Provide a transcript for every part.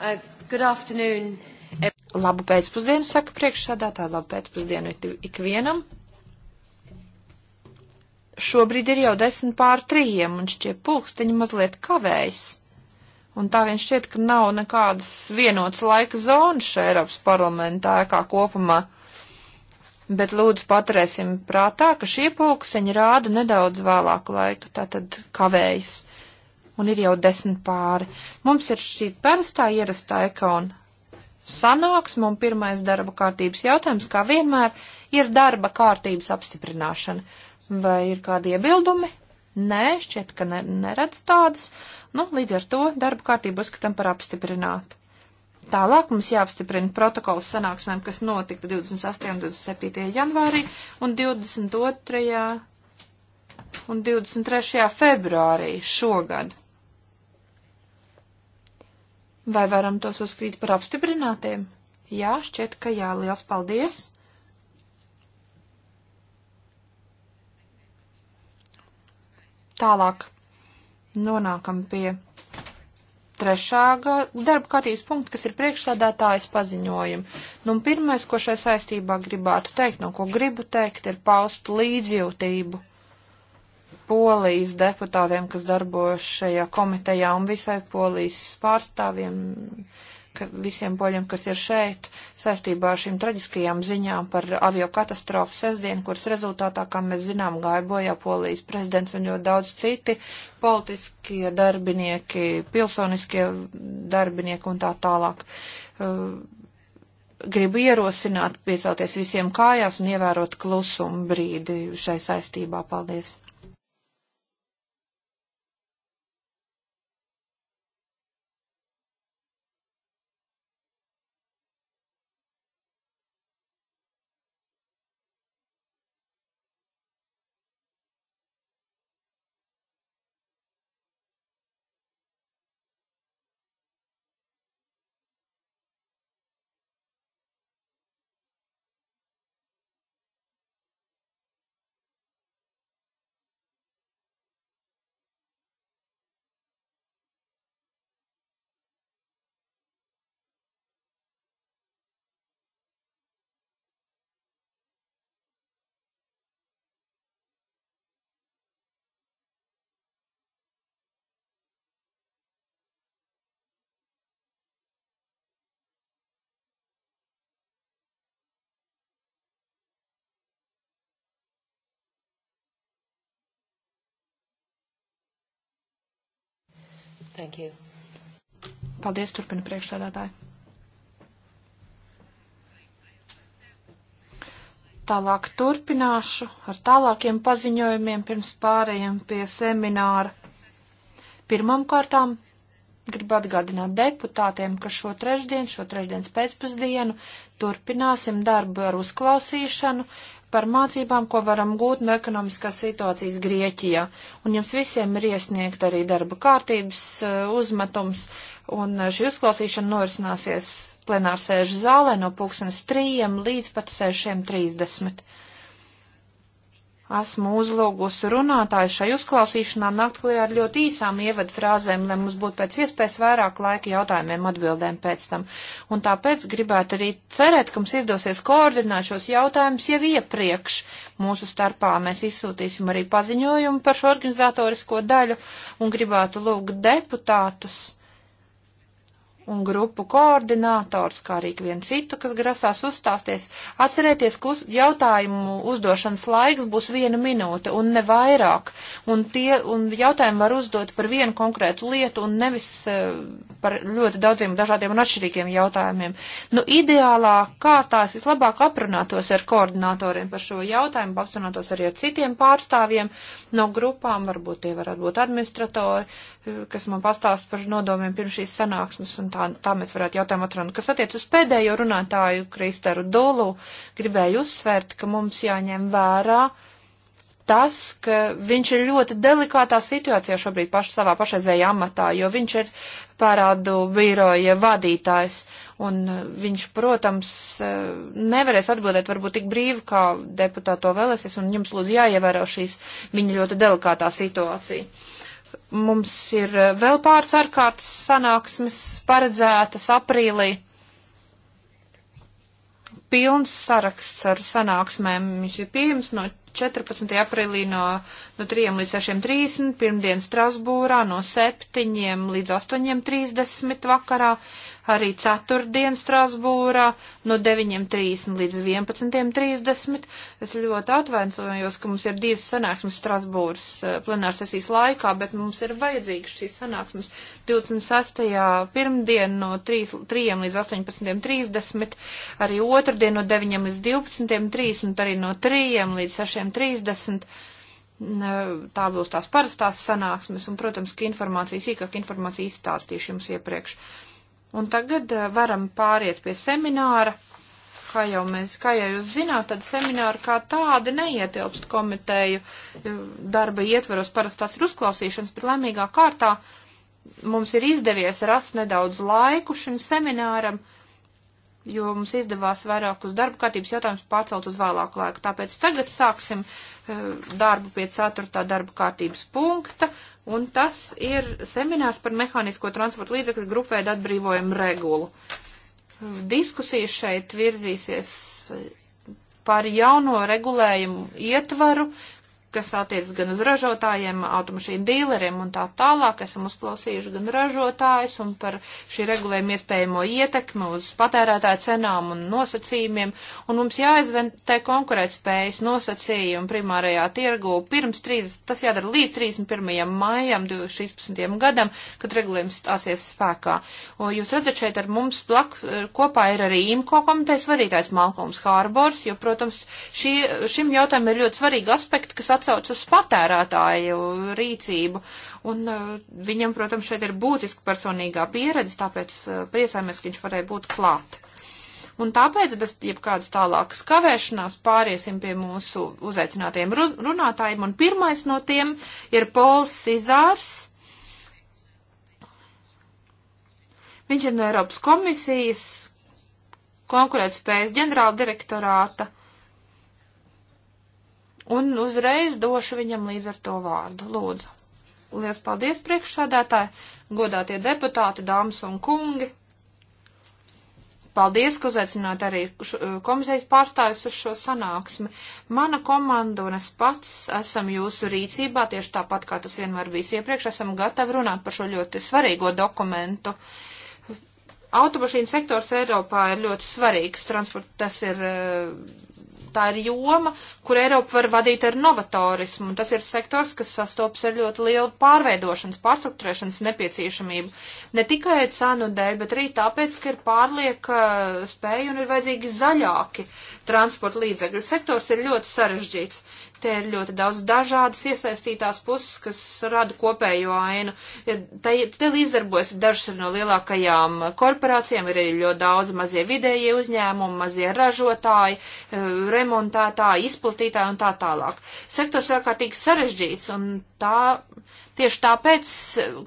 Uh, good afternoon. Labu pēcpusdienu, saka priekšsādātāja, labu pēcpusdienu ikvienam. Šobrīd ir jau desmit pār trījiem, un šķiet pulksteņi mazliet kavējas. Un tā vien šķiet, ka nav nekādas vienotas laika zonas šajā Eiropas parlamentā kā kopumā. Bet lūdzu paturēsim prātā, ka šie pulksteņi rāda nedaudz vēlāku laiku, tātad kavējas un ir jau desmit pāri. Mums ir šī parastā ierastā ekona sanāksme un pirmais darba kārtības jautājums, kā vienmēr, ir darba kārtības apstiprināšana. Vai ir kādi iebildumi? Nē, šķiet, ka ne, neredz tādas. Nu, līdz ar to darba kārtību uzskatām par apstiprinātu. Tālāk mums jāapstiprina protokols sanāksmēm, kas notika 28. un 27. janvārī un 22. un 23. februārī šogad. Vai varam tos uzskatīt par apstiprinātiem? Jā, šķiet, ka jā, liels paldies! Tālāk nonākam pie trešā darba kārtības punkta, kas ir priekšsādātājas paziņojumi. Nu, pirmais, ko šai saistībā gribētu teikt, no ko gribu teikt, ir paust līdzjūtību polijas deputātiem, kas darbojas šajā komitejā, un visai polijas pārstāvjiem, ka, visiem poļiem, kas ir šeit, saistībā ar šīm traģiskajām ziņām par avio katastrofu sestdienu, kuras rezultātā, kā mēs zinām, gāja bojā polijas prezidents un ļoti daudz citi politiskie darbinieki, pilsoniskie darbinieki un tā tālāk. Uh, gribu ierosināt piecelties visiem kājās un ievērot klusumu brīdi šai saistībā. Paldies! Thank you. Paldies, turpina priekšsēdētāji. Tālāk turpināšu ar tālākiem paziņojumiem pirms pārējiem pie semināra. Pirmam kārtām gribu atgādināt deputātiem, ka šo trešdienu, šo trešdienas pēcpusdienu turpināsim darbu ar uzklausīšanu par mācībām, ko varam gūt no ekonomiskās situācijas Grieķijā. Un jums visiem ir iesniegt arī darba kārtības eh, uzmetums, un eh, šī uzklausīšana norisināsies plenārsēžu zālē no pulkstens 3 līdz pat 6.30. Esmu uzlūgusi runātāju šai uzklausīšanā nakt klajā ar ļoti īsām ievadu frāzēm, lai mums būtu pēc iespējas vairāk laika jautājumiem atbildēm pēc tam. Un tāpēc gribētu arī cerēt, ka mums izdosies koordinēt šos jautājumus jau iepriekš. Mūsu starpā mēs izsūtīsim arī paziņojumu par šo organizatorisko daļu un gribētu lūgt deputātus un grupu koordinātors, kā arī vienu citu, kas grasās uzstāsties. Atcerieties, ka uz, jautājumu uzdošanas laiks būs viena minūte un ne vairāk, un, tie, un jautājumi var uzdot par vienu konkrētu lietu un nevis uh, par ļoti daudziem dažādiem un atšķirīgiem jautājumiem. Nu, ideālā kārtā es vislabāk aprunātos ar koordinātoriem par šo jautājumu, aprunātos arī ar citiem pārstāvjiem no grupām, varbūt tie varētu būt administratori, eh, kas man pastāst par nodomiem pirms šīs sanāksmes un un tā, tā mēs varētu jautājumu atrunāt. Kas attiec uz pēdējo runātāju, Kristaru Dolu, gribēju uzsvērt, ka mums jāņem vērā tas, ka viņš ir ļoti delikātā situācijā šobrīd paš, savā pašreizējā amatā, jo viņš ir pārādu biroja vadītājs, un uh, viņš, protams, uh, nevarēs atbildēt varbūt tik brīvi, kā deputāto vēlēsies, un jums lūdzu jāievēro šīs viņa ļoti delikātā situācija. Mums ir eh, vēl pāris ārkārtas sanāksmes paredzētas aprīlī. Pilns saraksts ar sanāksmēm viņš ir pieejams no 14. aprīlī no, no 3 līdz 6.30, pirmdien Strasbūrā no 7 līdz 8.30 vakarā. Uh, arī ceturtdien Strasbūrā no 9.30 līdz 11.30. Es ļoti atvainojos, ka mums ir divas sanāksmes Strasbūras eh, plenārsesijas laikā, bet mums ir vajadzīgs šīs sanāksmes 26. pirmdien no 3, 3 līdz 18.30, arī otrdien no 9 līdz 12.30, arī no 3 līdz 6.30 eh, tā būs tās parastās sanāksmes, un, protams, ka informācija, sīkāk informācija izstāstīšu jums iepriekš. Uh, Un tagad eh, varam pāriet pie semināra. Kā jau, mēs, kā jau jūs zināt, tad semināri kā tādi neietilpst komiteju eh, darba ietveros. Parasti tas ir uzklausīšanas, bet laimīgā kārtā mums ir izdevies rast nedaudz laiku šim semināram, jo mums izdevās vairākus darba kārtības jautājumus pārcelt uz vēlāku laiku. Tāpēc tagad sāksim eh, darbu pie ceturtā darba kārtības punkta. Uh, un tas ir seminārs par mehānisko transporta līdzekļu grupveidu atbrīvojumu regulu. Diskusijas šeit virzīsies par jauno regulējumu ietvaru kas attiecas gan uz ražotājiem, automašīnu dīleriem un tā tālāk. Esam uzklausījuši gan ražotājus un par šī regulējuma iespējamo ietekmi uz patērētāju cenām un nosacījumiem. Un mums jāizventē konkurētspējas nosacījumi primārajā tirgu pirms 30, tas jādara līdz 31. maijam 2016. gadam, kad regulējums stāsies spēkā. Un jūs redzat, šeit ar mums blakus er, kopā ir arī IMCO komitejas vadītājs Malkolms Hārbors, jo, protams, šī, šim jautājumam ir ļoti svarīgi aspekti, kas attiecas atsauc uz patērētāju rīcību, un eh, viņam, protams, šeit ir būtiska personīgā pieredze, tāpēc eh, priecājamies, ka viņš varēja būt klāt. Un tāpēc bez jebkādas tālākas kavēšanās pāriesim pie mūsu uzaicinātiem runātājiem, un pirmais no tiem ir Pols Cizārs. Viņš ir no Eiropas komisijas konkurētspējas ģenerāla direktorāta un uzreiz došu viņam līdz ar to vārdu. Lūdzu. Lielas paldies priekšsādātāji, godātie deputāti, dāmas un kungi. Paldies, ka uzaicināt arī eh, komisijas pārstāvis uz šo sanāksmi. Mana komanda un es pats esam jūsu rīcībā, tieši tāpat kā tas vienmēr bijis iepriekš, esam gatavi runāt par šo ļoti svarīgo dokumentu. Automašīnu sektors Eiropā ir ļoti svarīgs, transports tas ir uh, tā ir joma, kur Eiropa var vadīt ar novatorismu, un tas ir sektors, kas sastopas ar ļoti lielu pārveidošanas, pārstruktūrēšanas nepieciešamību. Ne tikai cenu dēļ, bet arī tāpēc, ka ir pārlieka uh, spēja un ir vajadzīgi zaļāki transporta līdzekļi. Sektors ir ļoti sarežģīts. Te ir ļoti daudz dažādas iesaistītās puses, kas rada kopējo ainu. Ir, te, te līdzdarbojas dažas no lielākajām korporācijām, ir arī ļoti daudz mazie vidējie uzņēmumi, mazie ražotāji, eh, remontētāji, izplatītāji un tā tālāk. Sektors ir ārkārtīgi sarežģīts un tā Tieši tāpēc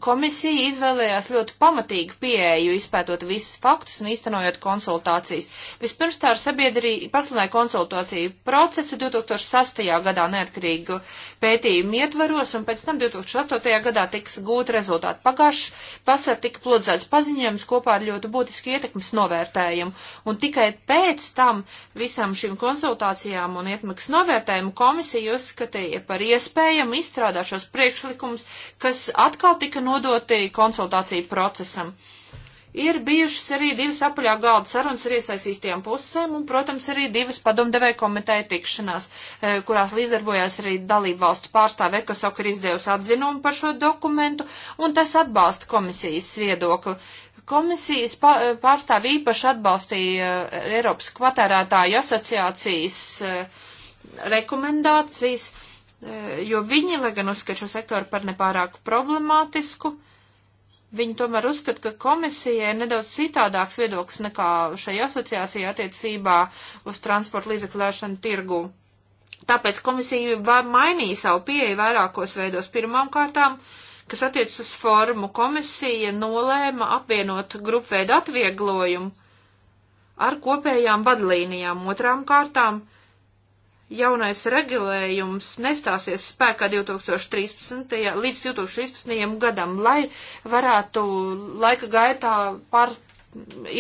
komisija izvēlējās ļoti pamatīgu pieeju, izpētot visus faktus un īstenojot konsultācijas. Vispirms tā ar sabiedrību pasludināja konsultāciju procesu 2006. gadā neatkarīgu pētījumu ietvaros, un pēc tam 2008. gadā tiks gūti rezultāti. Pagājuši pasar tika plodzēts paziņojums kopā ar ļoti būtisku ietekmes novērtējumu, un tikai pēc tam visam šīm konsultācijām un ietekmes novērtējumu komisija uzskatīja par iespējamu izstrādāt šos priekšlikumus kas atkal tika nodoti konsultāciju procesam. Ir bijušas arī divas apaļā galda sarunas ar iesaistītajām pusēm un, protams, arī divas padomdevēja komiteja tikšanās, e, kurās līdzdarbojās arī dalību valstu pārstāve, kas ok ir izdevusi atzinumu par šo dokumentu, un tas atbalsta komisijas viedokli. Komisijas pārstāvi īpaši atbalstīja e, Eiropas kvatērētāju asociācijas e, rekomendācijas Eh, jo viņi, lai gan uzskata šo sektoru par nepārāk problemātisku, viņi tomēr uzskata, ka komisijai ir nedaudz citādāks viedoklis nekā šai asociācijai attiecībā uz transporta līdzekļu lēšanu tirgu. Tāpēc komisija mainīja savu pieeju vairākos veidos. Pirmām kārtām, kas attiec uz formu, komisija nolēma apvienot grupveidu atvieglojumu ar kopējām vadlīnijām. Otrām kārtām, jaunais regulējums nestāsies spēkā 2013. līdz 2013. gadam, lai varētu laika gaitā pār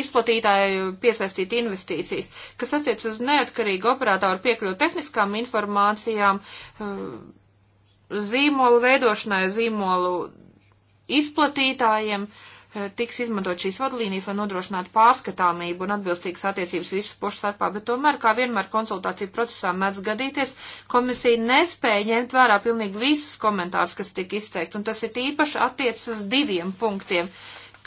izplatītāju piesaistīt investīcijas, kas attiec uz neatkarīgu operātoru piekļuvu tehniskām informācijām, eh, zīmolu veidošanai, zīmolu izplatītājiem. Uh, Eh, tiks izmantot šīs vadlīnijas, lai nodrošinātu pārskatāmību un atbilstīgas attiecības visu pušu starpā, bet tomēr, kā vienmēr konsultāciju procesā mēdz gadīties, komisija nespēja ņemt vērā pilnīgi visus komentārus, kas tika izteikti, un tas ir īpaši attiecis uz diviem punktiem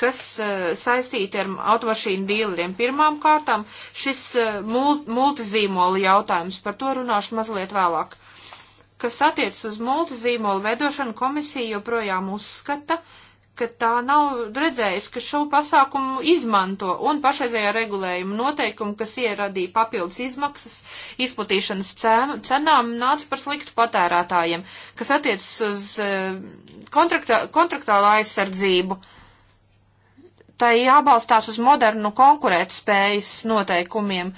kas uh, saistīti ar automašīnu dīleriem. Pirmām kārtām šis eh, uh, multizīmola jautājums, par to runāšu mazliet vēlāk. Kas attiec uz multizīmola veidošanu, komisija joprojām uzskata, uh, ka tā nav redzējusi, ka šo pasākumu izmanto un pašreizējā regulējuma noteikumu, kas ieradīja papildus izmaksas izplatīšanas cēnu, cenām, nāca par sliktu patērētājiem, kas attiecas uz eh, kontrakta, kontraktālu aizsardzību. Tā jābalstās uz modernu konkurētspējas noteikumiem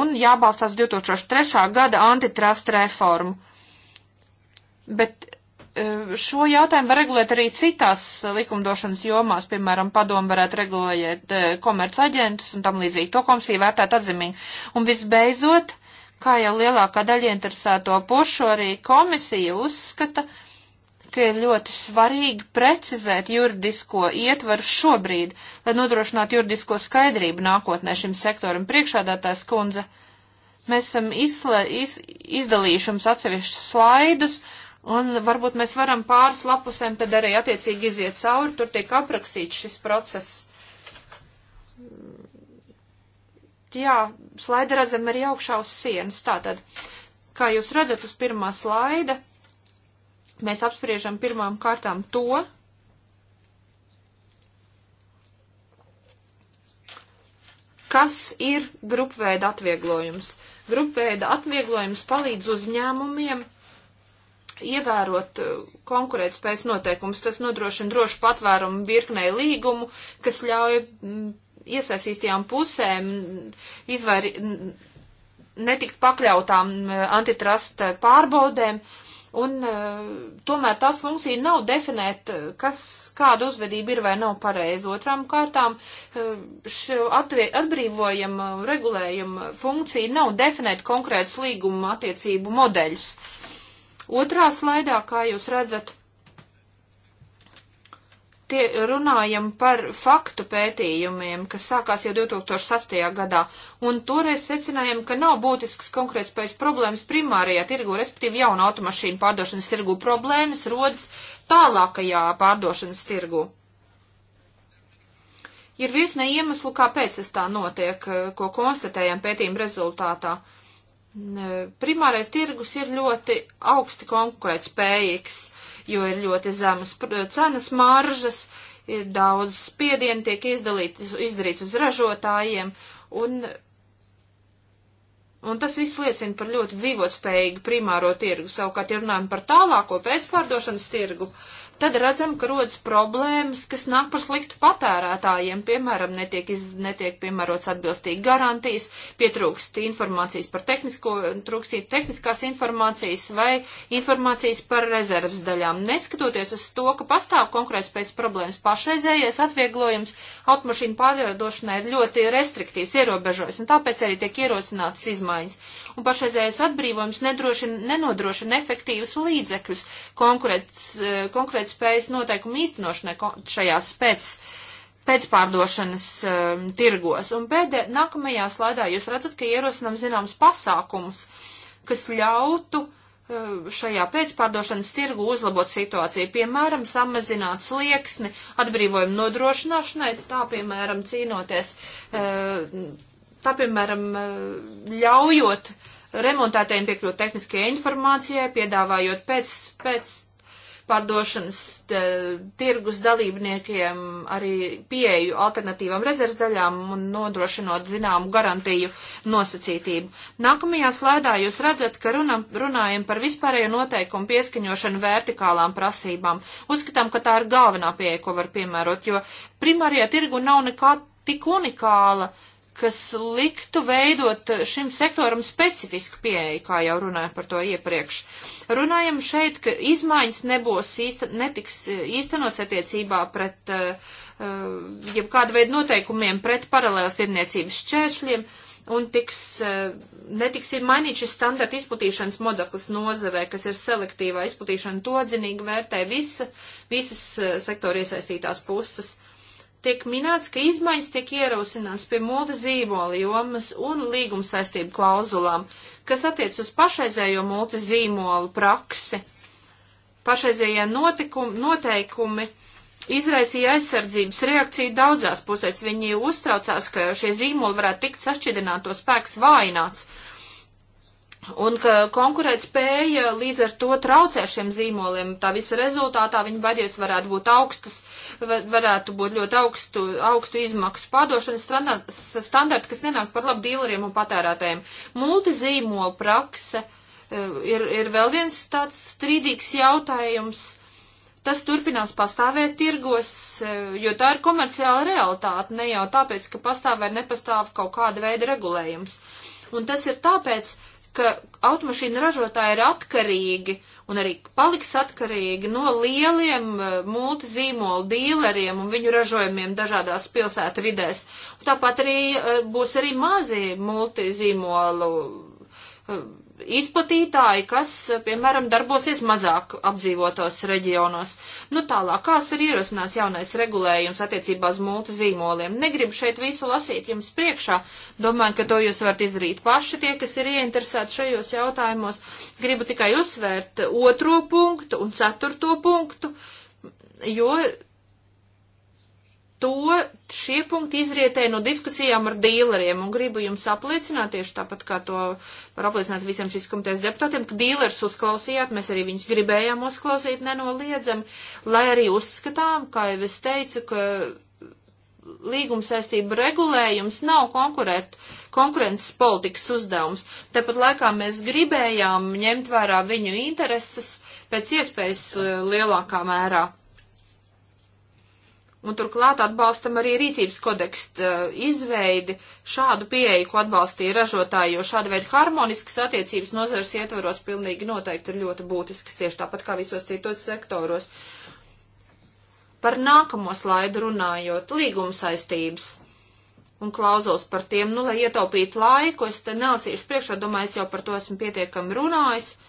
un jābalstās 2003. gada antitrust reformu. Bet Eh, šo jautājumu var regulēt arī citās eh, likumdošanas jomās, piemēram, padomu varētu regulēt eh, komercaģentus un tam līdzīgi. To komisija vērtētu atzīmīgi. Un visbeidzot, kā jau lielākā daļa interesēto pušu, arī komisija uzskata, ka ir ļoti svarīgi precizēt juridisko ietvaru šobrīd, lai nodrošinātu juridisko skaidrību nākotnē šim sektoram. Priekšādātājs kundze, mēs esam izslē, iz, izdalījuši jums atsevišķus slaidus, uh, Un varbūt mēs varam pāris lapusēm tad arī attiecīgi iziet cauri, tur tiek aprakstīts šis process. Jā, slaida redzam arī augšā uz sienas. Tātad, kā jūs redzat uz pirmā slaida, mēs apspriežam pirmām kārtām to, kas ir grupveida atvieglojums. Grupveida atvieglojums palīdz uzņēmumiem ievērot uh, konkurētspējas noteikumus. Tas nodrošina drošu patvērumu virknei līgumu, kas ļauj mm, iesaistītajām pusēm izvairi, netikt pakļautām uh, antitrusta pārbaudēm. Un uh, tomēr tās funkcija nav definēt, kas, kāda uzvedība ir vai nav pareiza. Otrām kārtām šo atbrīvojama regulējuma funkcija nav definēt konkrētas līguma attiecību modeļus. Uh, Otrā slaidā, kā jūs redzat, tie runājam par faktu pētījumiem, kas sākās jau 2008. gadā, un toreiz secinājām, ka nav būtisks konkrēts pēc problēmas primārajā tirgu, respektīvi jauna automašīna pārdošanas tirgu problēmas rodas tālākajā pārdošanas tirgu. Ir virkne iemeslu, kāpēc tas tā notiek, ko konstatējam pētījuma rezultātā. Uh, Primārais tirgus ir ļoti augsti konkurētspējīgs, jo ir ļoti zemas cenas maržas, ir daudz spiedienu tiek izdalīt, izdarīts uz ražotājiem, un, un tas viss liecina par ļoti dzīvotspējīgu primāro tirgu. Savukārt, ja runājam par tālāko pēcpārdošanas tirgu, uh, tad redzam, ka rodas problēmas, kas nāk par sliktu patērētājiem. Piemēram, netiek, iz, netiek piemērots atbilstīgi garantijas, pietrūkst informācijas par tehnisko, trūkstīt tehniskās informācijas vai informācijas par rezerves daļām. Neskatoties uz to, ka pastāv konkurētspējas problēmas, pašreizējais atvieglojums automašīnu pārdošanai ir ļoti restriktīvs, ierobežojis, un tāpēc arī tiek ierosinātas izmaiņas. Un pašreizējais atbrīvojums nedrošina, nenodrošina efektīvus līdzekļus eh, konkurētspējas konkurētspējas noteikumu īstenošanai šajās pēc pēcpārdošanas um, tirgos. Un pēdē, nākamajā slaidā jūs redzat, ka ierosinām zināms pasākums, kas ļautu uh, šajā pēcpārdošanas tirgu uzlabot situāciju, piemēram, samazināt slieksni atbrīvojumu nodrošināšanai, tā piemēram cīnoties, uh, tā piemēram um, ļaujot remontētējiem piekļūt tehniskajai informācijai, piedāvājot pēc, pēc pārdošanas te, tirgus dalībniekiem arī pieeju alternatīvām rezerves daļām un nodrošinot zināmu garantiju nosacītību. Nākamajā slaidā jūs redzat, ka runa, runājam par vispārējo noteikumu pieskaņošanu vertikālām prasībām. Uzskatām, ka tā ir galvenā pieeja, ko var piemērot, jo primārajā tirgu nav nekā tik unikāla. Uh, kas liktu veidot šim sektoram specifisku pieeju, kā jau runāju par to iepriekš. Runājam šeit, ka izmaiņas nebūs īsta, netiks e, īstenots attiecībā pret uh, e, e, jebkāda veida noteikumiem pret paralēlas tirniecības šķēršļiem un tiks, netiks ir mainīt šis standarta izplatīšanas modeklis nozarē, kas ir selektīvā izplatīšana, to atzinīgi vērtē visa, visas sektora iesaistītās puses. Uh, tiek minēts, ka izmaiņas tiek ierosināts pie multi zīmola jomas un līguma saistību klauzulām, kas attiec uz pašreizējo multi zīmolu praksi. Pašreizējie notikumi, noteikumi izraisīja aizsardzības reakciju daudzās pusēs. Viņi uztraucās, ka šie zīmoli varētu tikt sašķidrināto spēks vājināts Un ka konkurēt spēja līdz ar to traucē šiem zīmoliem. Tā visa rezultātā viņa baļķis varētu būt augstas, varētu būt ļoti augstu, augstu izmaksu pārdošanas standarti, kas nenāk par labu dīleriem un patērētājiem. Multizīmola prakse eh, ir, ir vēl viens tāds strīdīgs jautājums. Tas turpinās pastāvēt tirgos, eh, jo tā ir komerciāla realitāte, ne jau tāpēc, ka pastāv vai nepastāv kaut kāda veida regulējums. Un tas ir tāpēc, ka ka automašīnu ražotāji ir atkarīgi un arī paliks atkarīgi no lieliem eh, multizīmolu dīleriem un viņu ražojumiem dažādās pilsēta vidēs. Un tāpat arī eh, būs arī mazi multizīmolu eh, izplatītāji, kas, piemēram, darbosies mazāk apdzīvotos reģionos. Nu tālāk, kāds ir ierosināts jaunais regulējums attiecībā uz multizīmoliem? Negribu šeit visu lasīt jums priekšā. Domāju, ka to jūs varat izdarīt paši tie, kas ir ieinteresēti šajos jautājumos. Gribu tikai uzsvērt otro punktu un ceturto punktu, jo to šie punkti izrietēja no diskusijām ar dīleriem, un gribu jums apliecināt, tieši tāpat kā to var apliecināt visiem šīs komitejas deputātiem, ka dīlers uzklausījāt, mēs arī viņus gribējām uzklausīt nenoliedzami, lai arī uzskatām, kā jau es teicu, ka līguma saistība regulējums nav konkurēt, konkurences politikas uzdevums. Tāpat laikā mēs gribējām ņemt vērā viņu intereses pēc iespējas eh, lielākā mērā. Un turklāt atbalstam arī rīcības kodeksta izveidi, šādu pieeju, ko atbalstīja ražotāji, jo šāda veida harmoniskas attiecības nozars ietvaros pilnīgi noteikti ir ļoti būtiskas, tieši tāpat kā visos citos sektoros. Par nākamo slaidu runājot, līguma saistības un klauzulas par tiem, nu, lai ietaupītu laiku, es te nelasīšu priekšā, domāju, es jau par to esmu pietiekami runājis. Uh,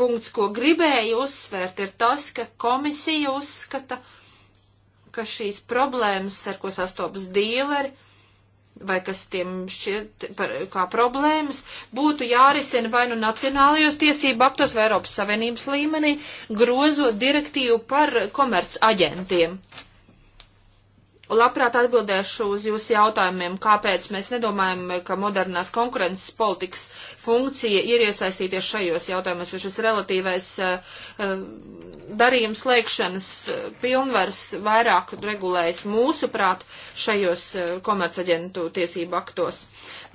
punkts, ko gribēju uzsvērt, ir tas, ka komisija uzskata, ka šīs problēmas, ar ko sastopas dīleri, vai kas tiem šķiet par, kā problēmas, būtu jārisina vai nu nacionālajos tiesību aktos vai Eiropas Savienības līmenī, grozot direktīvu par komerc aģentiem. Labprāt atbildēšu uz jūsu jautājumiem, kāpēc mēs nedomājam, ka modernās konkurences politikas funkcija ir iesaistīties šajos jautājumos, jo šis relatīvais eh, eh, darījums slēgšanas eh, pilnvars vairāk regulējas mūsuprāt šajos komercaģentu tiesību aktos.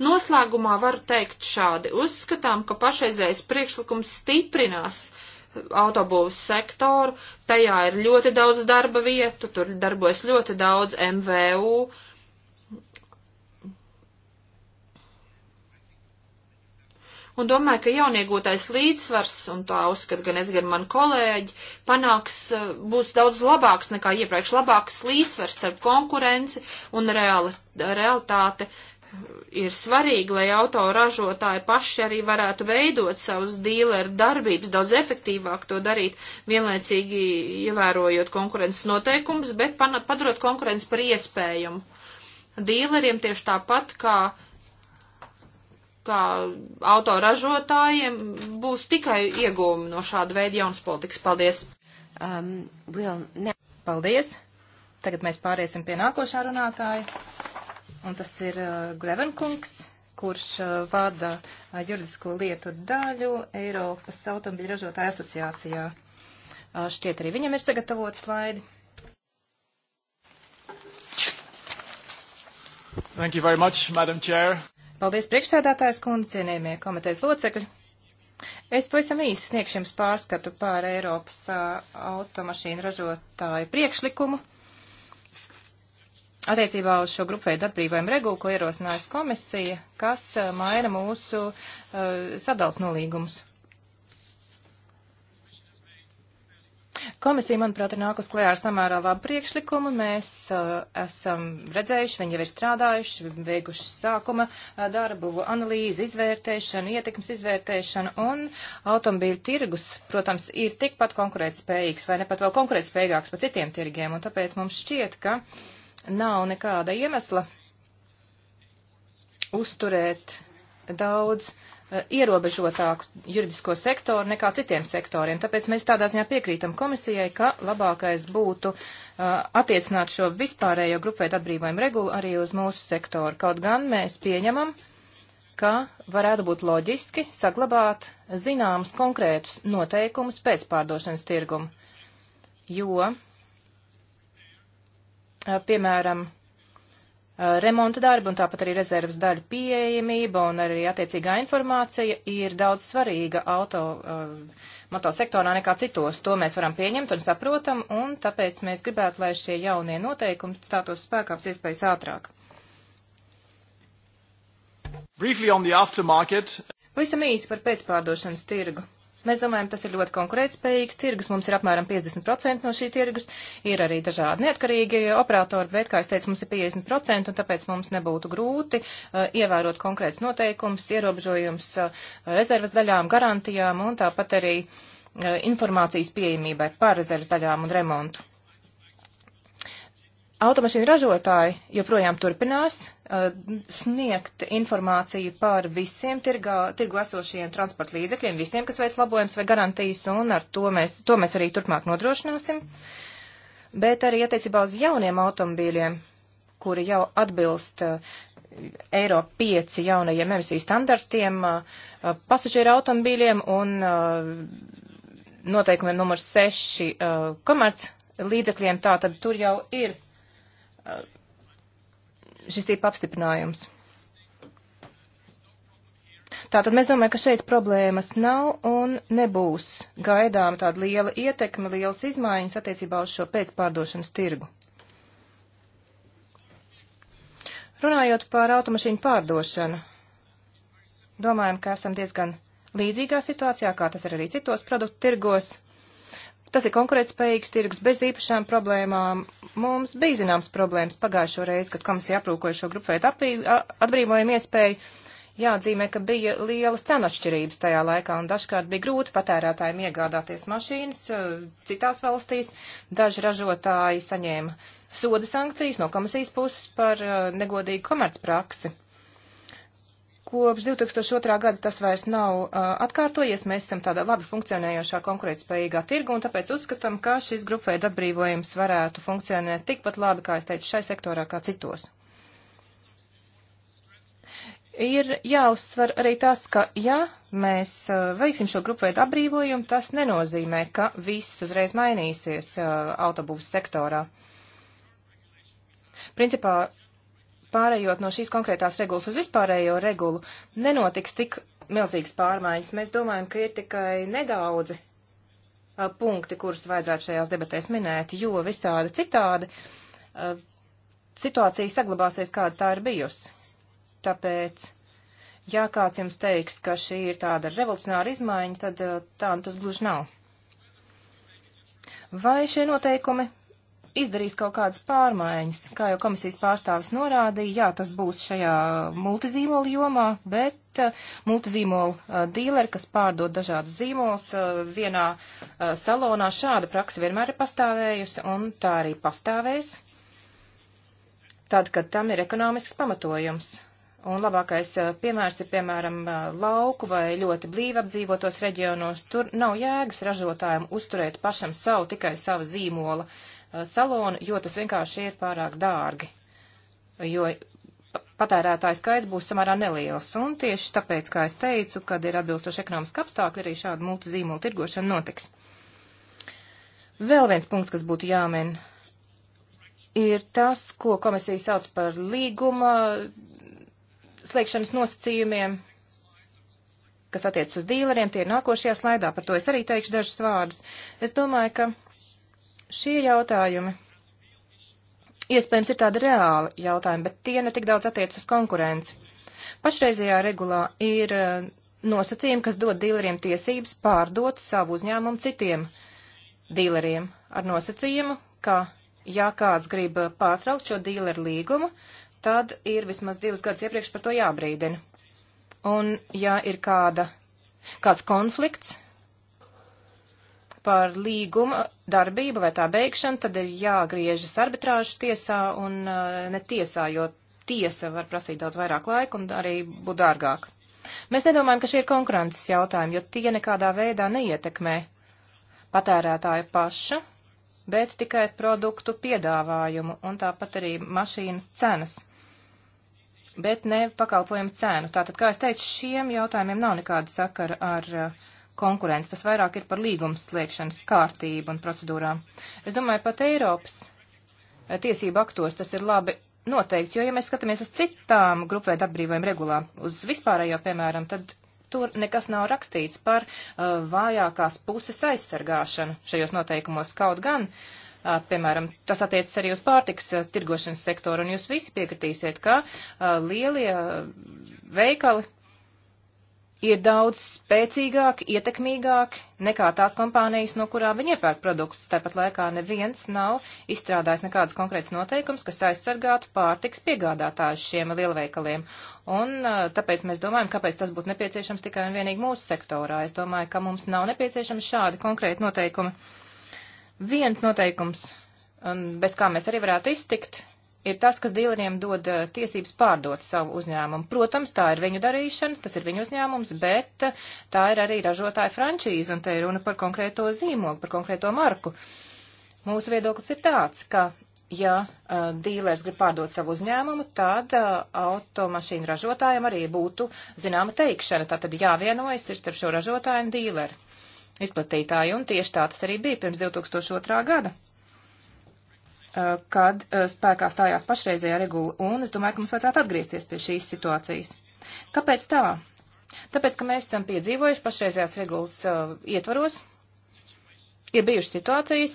Noslēgumā var teikt šādi. Uzskatām, ka pašreizējais priekšlikums stiprinās uh, autobūvas sektoru, tajā ir ļoti daudz darba vietu, tur darbojas ļoti daudz MVU. Un domāju, ka jauniegūtais līdzsvars, un tā uzskat gan es, gan man kolēģi, panāks, būs daudz labāks nekā iepriekš, labāks līdzsvars starp konkurenci un reali, realitāti. Uh, ir svarīgi, lai autoražotāji paši arī varētu veidot savus dīleru darbības, daudz efektīvāk to darīt, vienlaicīgi ievērojot konkurences noteikumus, bet padarot konkurences par iespējumu. Dīleriem tieši tāpat kā, kā autoražotājiem būs tikai iegūmi no šāda veida jaunas politikas. Paldies! Um, well, ne. Paldies! Tagad mēs pāriesim pie nākošā runātāja un tas ir uh, Grevenkungs, kurš uh, vada uh, juridisko lietu daļu Eiropas automobiļu ražotāju asociācijā. Šķiet arī viņam ir sagatavot slaidi. Thank you very much, Madam Chair. Paldies priekšsēdētājs kundze, cienījamie komitejas locekļi. Es pavisam īsi sniegšu jums pārskatu pār Eiropas automašīnu ražotāju priekšlikumu attiecībā uz šo grupveidu atbrīvojumu regulu, ko ierosinājusi komisija, kas uh, maina mūsu uh, sadals nolīgumus. Komisija, manuprāt, ir nākus klējā ar samērā labu priekšlikumu. Mēs uh, esam redzējuši, viņi jau ir strādājuši, veikuši sākuma uh, darbu, analīzi, izvērtēšanu, ietekmes izvērtēšanu un automobīļu tirgus, protams, ir tikpat konkurētspējīgs vai ne pat vēl konkurētspējīgāks par citiem tirgiem. Un tāpēc mums šķiet, ka uh, nav nekāda iemesla uzturēt daudz eh, ierobežotāku juridisko sektoru nekā citiem sektoriem. Tāpēc mēs tādā ziņā piekrītam komisijai, ka labākais būtu uh, attiecināt šo vispārējo grupveidu atbrīvojumu regulu arī uz mūsu sektoru. Kaut gan mēs pieņemam, ka varētu būt loģiski saglabāt zināmus konkrētus noteikumus pēc pārdošanas tirguma, jo Eh, piemēram, eh, remonta darbi un tāpat arī rezerves daļu pieejamība un arī attiecīgā informācija ir daudz svarīga auto uh, motosektorā nekā citos. To mēs varam pieņemt un saprotam, un tāpēc mēs gribētu, lai šie jaunie noteikumi stātos spēkā pēc iespējas ātrāk. Briefly on the aftermarket. Visam īsi par pēcpārdošanas tirgu. Mēs domājam, tas ir ļoti konkurētspējīgs tirgus, mums ir apmēram 50% no šī tirgus, ir arī dažādi neatkarīgi operatori, bet, kā es teicu, mums ir 50%, un tāpēc mums nebūtu grūti uh, ievērot konkrēts noteikums, ierobežojums uh, rezervas daļām, garantijām un tāpat arī uh, informācijas pieejamībai par rezervas daļām un remontu automašīnu ražotāji joprojām turpinās uh, sniegt informāciju par visiem tirgā, tirgu esošajiem transporta līdzekļiem, visiem, kas veic labojums vai garantijas, un ar to mēs, to mēs arī turpmāk nodrošināsim. Bet arī attiecībā uz jauniem automobīļiem, kuri jau atbilst uh, Eiro 5 jaunajiem emisiju standartiem, uh, uh pasažieru automobīļiem un uh, noteikumiem numurs 6 uh, komerc līdzekļiem, tātad tur jau ir šis ir apstiprinājums. Tātad mēs domājam, ka šeit problēmas nav un nebūs gaidām tāda liela ietekme, lielas izmaiņas attiecībā uz šo pēcpārdošanas tirgu. Runājot par automašīnu pārdošanu, domājam, ka esam diezgan līdzīgā situācijā, kā tas ir arī citos produktu tirgos. Tas ir konkurētspējīgs tirgus bez īpašām problēmām, Mums bija zināms problēmas pagājušo reizi, kad komisija aprūkoja šo grupveidu atbrīvojumu iespēju. Jāatzīmē, ka bija lielas cenu atšķirības tajā laikā, un dažkārt bija grūti patērētājiem iegādāties mašīnas citās valstīs. Daži ražotāji saņēma soda sankcijas no komisijas puses par negodīgu komercpraksi. Kopš 2002. gada tas vairs nav uh, atkārtojies, mēs esam tādā labi funkcionējošā konkurētspējīgā tirgu, un tāpēc uzskatām, ka šis grupveida atbrīvojums varētu funkcionēt tikpat labi, kā es teicu, šai sektorā kā citos. Ir jāuzsver arī tas, ka ja mēs uh, veiksim šo grupveidu atbrīvojumu, tas nenozīmē, ka viss uzreiz mainīsies uh, autobūvas sektorā. Principā pārējot no šīs konkrētās regulas uz vispārējo regulu, nenotiks tik milzīgas pārmaiņas. Mēs domājam, ka ir tikai nedaudzi a, punkti, kurus vajadzētu šajās debatēs minēt, jo visādi citādi a, situācija saglabāsies, kāda tā ir bijusi. Tāpēc, ja kāds jums teiks, ka šī ir tāda revolucionāra izmaiņa, tad a, tā nu tas gluži nav. Vai šie noteikumi izdarīs kaut kādas pārmaiņas. Kā jau komisijas pārstāvis norādīja, jā, tas būs šajā multizīmolu jomā, bet uh, eh, multizīmolu uh, eh, dīleri, kas pārdod dažādas zīmolas uh, eh, vienā uh, salonā, šāda praksa vienmēr ir pastāvējusi un tā arī pastāvēs, tad, kad tam ir ekonomisks pamatojums. Un labākais piemērs ir, piemēram, lauku vai ļoti blīvi apdzīvotos reģionos. Tur nav jēgas ražotājiem uzturēt pašam savu tikai savu zīmola uh, salonu, jo tas vienkārši ir pārāk dārgi, jo patērētāju skaits būs samērā neliels. Un tieši tāpēc, kā es teicu, kad ir atbilstoši ekonomiski apstākļi, arī šāda multizīmola tirgošana notiks. Vēl viens punkts, kas būtu jāmin, ir tas, ko komisija sauc par līguma slēgšanas nosacījumiem, kas attiec uz dīleriem, tie ir nākošajā slaidā, par to es arī teikšu dažus vārdus. Es domāju, ka Šie jautājumi iespējams ir tādi reāli jautājumi, bet tie ne tik daudz attiec uz konkurenci. Pašreizajā regulā ir eh, nosacījumi, kas dod dīleriem tiesības pārdot savu uzņēmumu citiem dīleriem ar nosacījumu, ka, ja kāds grib eh, pārtraukt šo dīleru līgumu, tad ir vismaz divus gadus iepriekš par to jābrīdina. Un, ja ir kāda, kāds konflikts par līguma darbību vai tā beigšanu, tad ir jāgriežas arbitrāžas tiesā un eh, ne tiesā, jo tiesa var prasīt daudz vairāk laika un arī būt dārgāk. Mēs nedomājam, ka šie ir konkurences jautājumi, jo tie nekādā veidā neietekmē patērētāja paša, bet tikai produktu piedāvājumu un tāpat arī mašīnu cenas, bet ne pakalpojumu cenu. Tātad, kā es teicu, šiem jautājumiem nav nekāda sakara ar uh, konkurence. Tas vairāk ir par līgums slēgšanas kārtību un procedūrām. Es domāju, pat Eiropas eh, tiesību aktos tas ir labi noteikts, jo, ja mēs skatāmies uz citām grupveidu atbrīvojumu regulām, uz vispārējo, piemēram, tad tur nekas nav rakstīts par uh, vājākās puses aizsargāšanu šajos noteikumos kaut gan. Uh, piemēram, tas attiecas arī uz pārtiks uh, tirgošanas sektoru, un jūs visi piekritīsiet, ka uh, lielie uh, veikali ir daudz spēcīgāki, ietekmīgāki nekā tās kompānijas, no kurām viņi iepērk produktus. Tāpat laikā neviens nav izstrādājis nekādas konkrētas noteikums, kas aizsargātu pārtiks piegādātājus šiem lielveikaliem. Un tāpēc mēs domājam, kāpēc tas būtu nepieciešams tikai un vienīgi mūsu sektorā. Es domāju, ka mums nav nepieciešams šādi konkrēti noteikumi. Viens noteikums, bez kā mēs arī varētu iztikt, ir tas, kas dīleriem dod eh, tiesības pārdot savu uzņēmumu. Protams, tā ir viņu darīšana, tas ir viņu uzņēmums, bet eh, tā ir arī ražotāja frančīze, un te ir runa par konkrēto zīmogu, par konkrēto marku. Mūsu viedoklis ir tāds, ka ja uh, eh, dīlers grib pārdot savu uzņēmumu, tad uh, automašīnu ražotājiem arī būtu zināma teikšana. Tātad jāvienojas ir starp šo ražotāju un dīleru izplatītāju, un tieši tā tas arī bija pirms 2002. gada. Eh, kad eh, spēkā stājās pašreizējā regula, un es domāju, ka mums vajadzētu atgriezties pie šīs situācijas. Kāpēc tā? Tāpēc, ka mēs esam piedzīvojuši pašreizējās regulas uh, ietvaros, ir bijušas situācijas,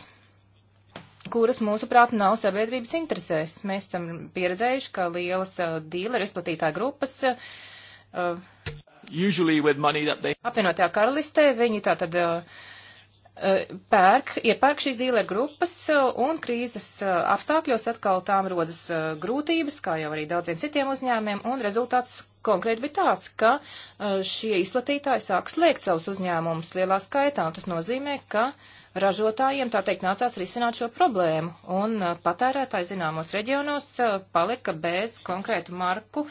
kuras, mūsuprāt, nav sabiedrības interesēs. Mēs esam pieredzējuši, ka lielas uh, dīleru izplatītāja grupas uh, they... apvienotajā karalistē viņi tātad uh, pērk, iepērk šīs dīleru grupas un krīzes eh, apstākļos atkal tām rodas eh, grūtības, kā jau arī daudziem citiem uzņēmiem, un rezultāts konkrēti bija tāds, ka eh, šie izplatītāji sāk slēgt savus uzņēmumus lielā skaitā, un tas nozīmē, ka ražotājiem, tā teikt, nācās risināt šo problēmu, un patērētāji zināmos reģionos palika bez konkrētu marku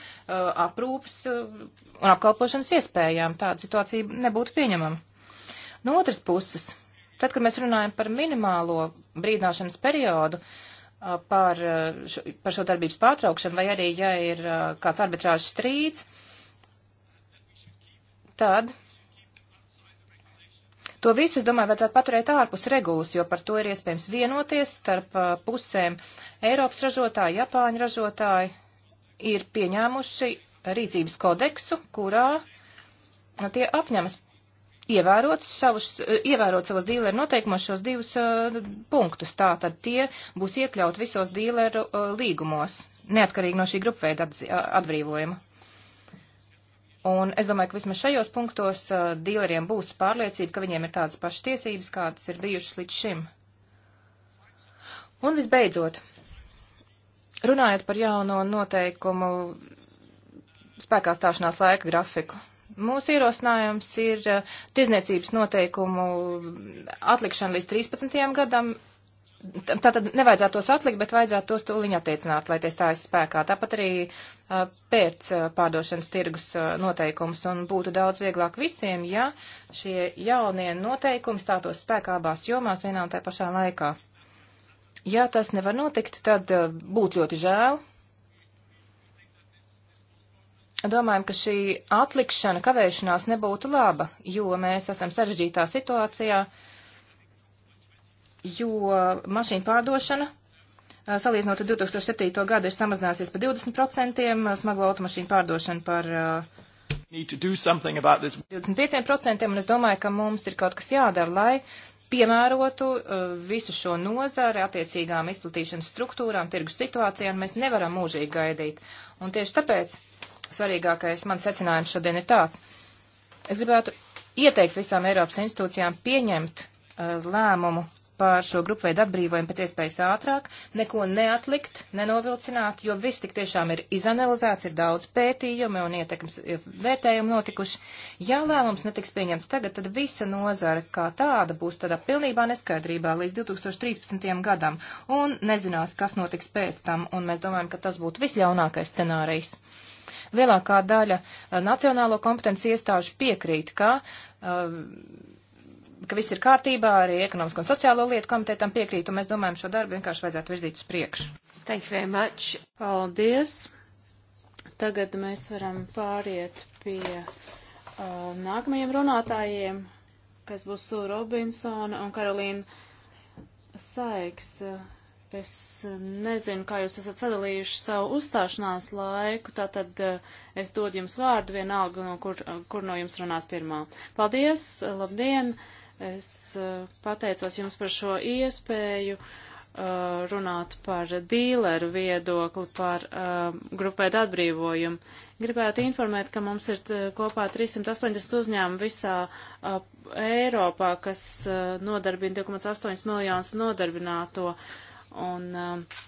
aprūpas un apkalpošanas iespējām. Tāda situācija nebūtu pieņemama. No otras puses, Tad, kad mēs runājam par minimālo brīdināšanas periodu, par šo, par šo darbības pārtraukšanu, vai arī, ja ir kāds arbitrāžs strīds, tad to visu, es domāju, vajadzētu paturēt ārpus regulas, jo par to ir iespējams vienoties starp pusēm. Eiropas ražotāji, Japāņu ražotāji ir pieņēmuši rīcības kodeksu, kurā nu, tie apņemas ievērot savus, ievērot savus dīleru noteikumos šos divus uh, punktus. Tā tad tie būs iekļaut visos dīleru uh, eh, līgumos, neatkarīgi no šī grupveida atbrīvojuma. Un es domāju, ka vismaz šajos punktos uh, eh, dīleriem būs pārliecība, ka viņiem ir tādas pašas tiesības, kādas ir bijušas līdz šim. Un visbeidzot, runājot par jauno noteikumu spēkā stāšanās laika grafiku. Mūsu ierosinājums ir eh, tirzniecības noteikumu atlikšana līdz 13. gadam. Tātad nevajadzētu tos atlikt, bet vajadzētu tos tūliņ attiecināt, lai tie stājas spēkā. Tāpat arī eh, pēc eh, pārdošanas tirgus noteikums un būtu daudz vieglāk visiem, ja šie jaunie noteikumi stātos spēkā abās jomās vienā un tajā pašā laikā. Ja tas nevar notikt, tad būtu ļoti žēl, domājam, ka šī atlikšana, kavēšanās nebūtu laba, jo mēs esam sarežģītā situācijā, jo mašīnu pārdošana salīdzinot ar 2007. gadu ir samazinājusies par 20%, smago automašīnu pārdošana par 25%, un es domāju, ka mums ir kaut kas jādara, lai piemērotu visu šo nozari attiecīgām izplatīšanas struktūrām, tirgus situācijām, mēs nevaram mūžīgi gaidīt. Un tieši tāpēc svarīgākais mans secinājums šodien ir tāds. Es gribētu ieteikt visām Eiropas institūcijām pieņemt uh, lēmumu pār šo grupu veidu atbrīvojumu pēc iespējas ātrāk, neko neatlikt, nenovilcināt, jo viss tik tiešām ir izanalizēts, ir daudz pētījumi un ietekmes vērtējumi notikuši. Ja lēmums netiks pieņemts tagad, tad visa nozara kā tāda būs tādā pilnībā neskaidrībā līdz 2013. gadam un nezinās, kas notiks pēc tam, un mēs domājam, ka tas būtu visļaunākais scenārijs. Lielākā daļa eh, nacionālo kompetenci iestāžu piekrīt, ka, eh, ka viss ir kārtībā, arī ekonomisko un sociālo lietu komitētam piekrīt, un mēs domājam, šo darbu vienkārši vajadzētu virzīt uz priekšu. Thank you very much. Paldies. Tagad mēs varam pāriet pie uh, nākamajiem runātājiem, kas būs Sūra Robinsona un Karolīna Saiks. Uh, Es nezinu, kā jūs esat sadalījuši savu uzstāšanās laiku, tātad eh, es dodu jums vārdu vienalga, no kur, eh, kur no jums runās pirmā. Paldies, eh, labdien! Es pateicos jums par šo iespēju runāt par dīleru viedokli, par grupēt atbrīvojumu. Gribētu informēt, ka mums ir kopā 380 uzņēmumu visā Eiropā, kas nodarbina 2,8 miljonus nodarbināto. Uh, Un uh,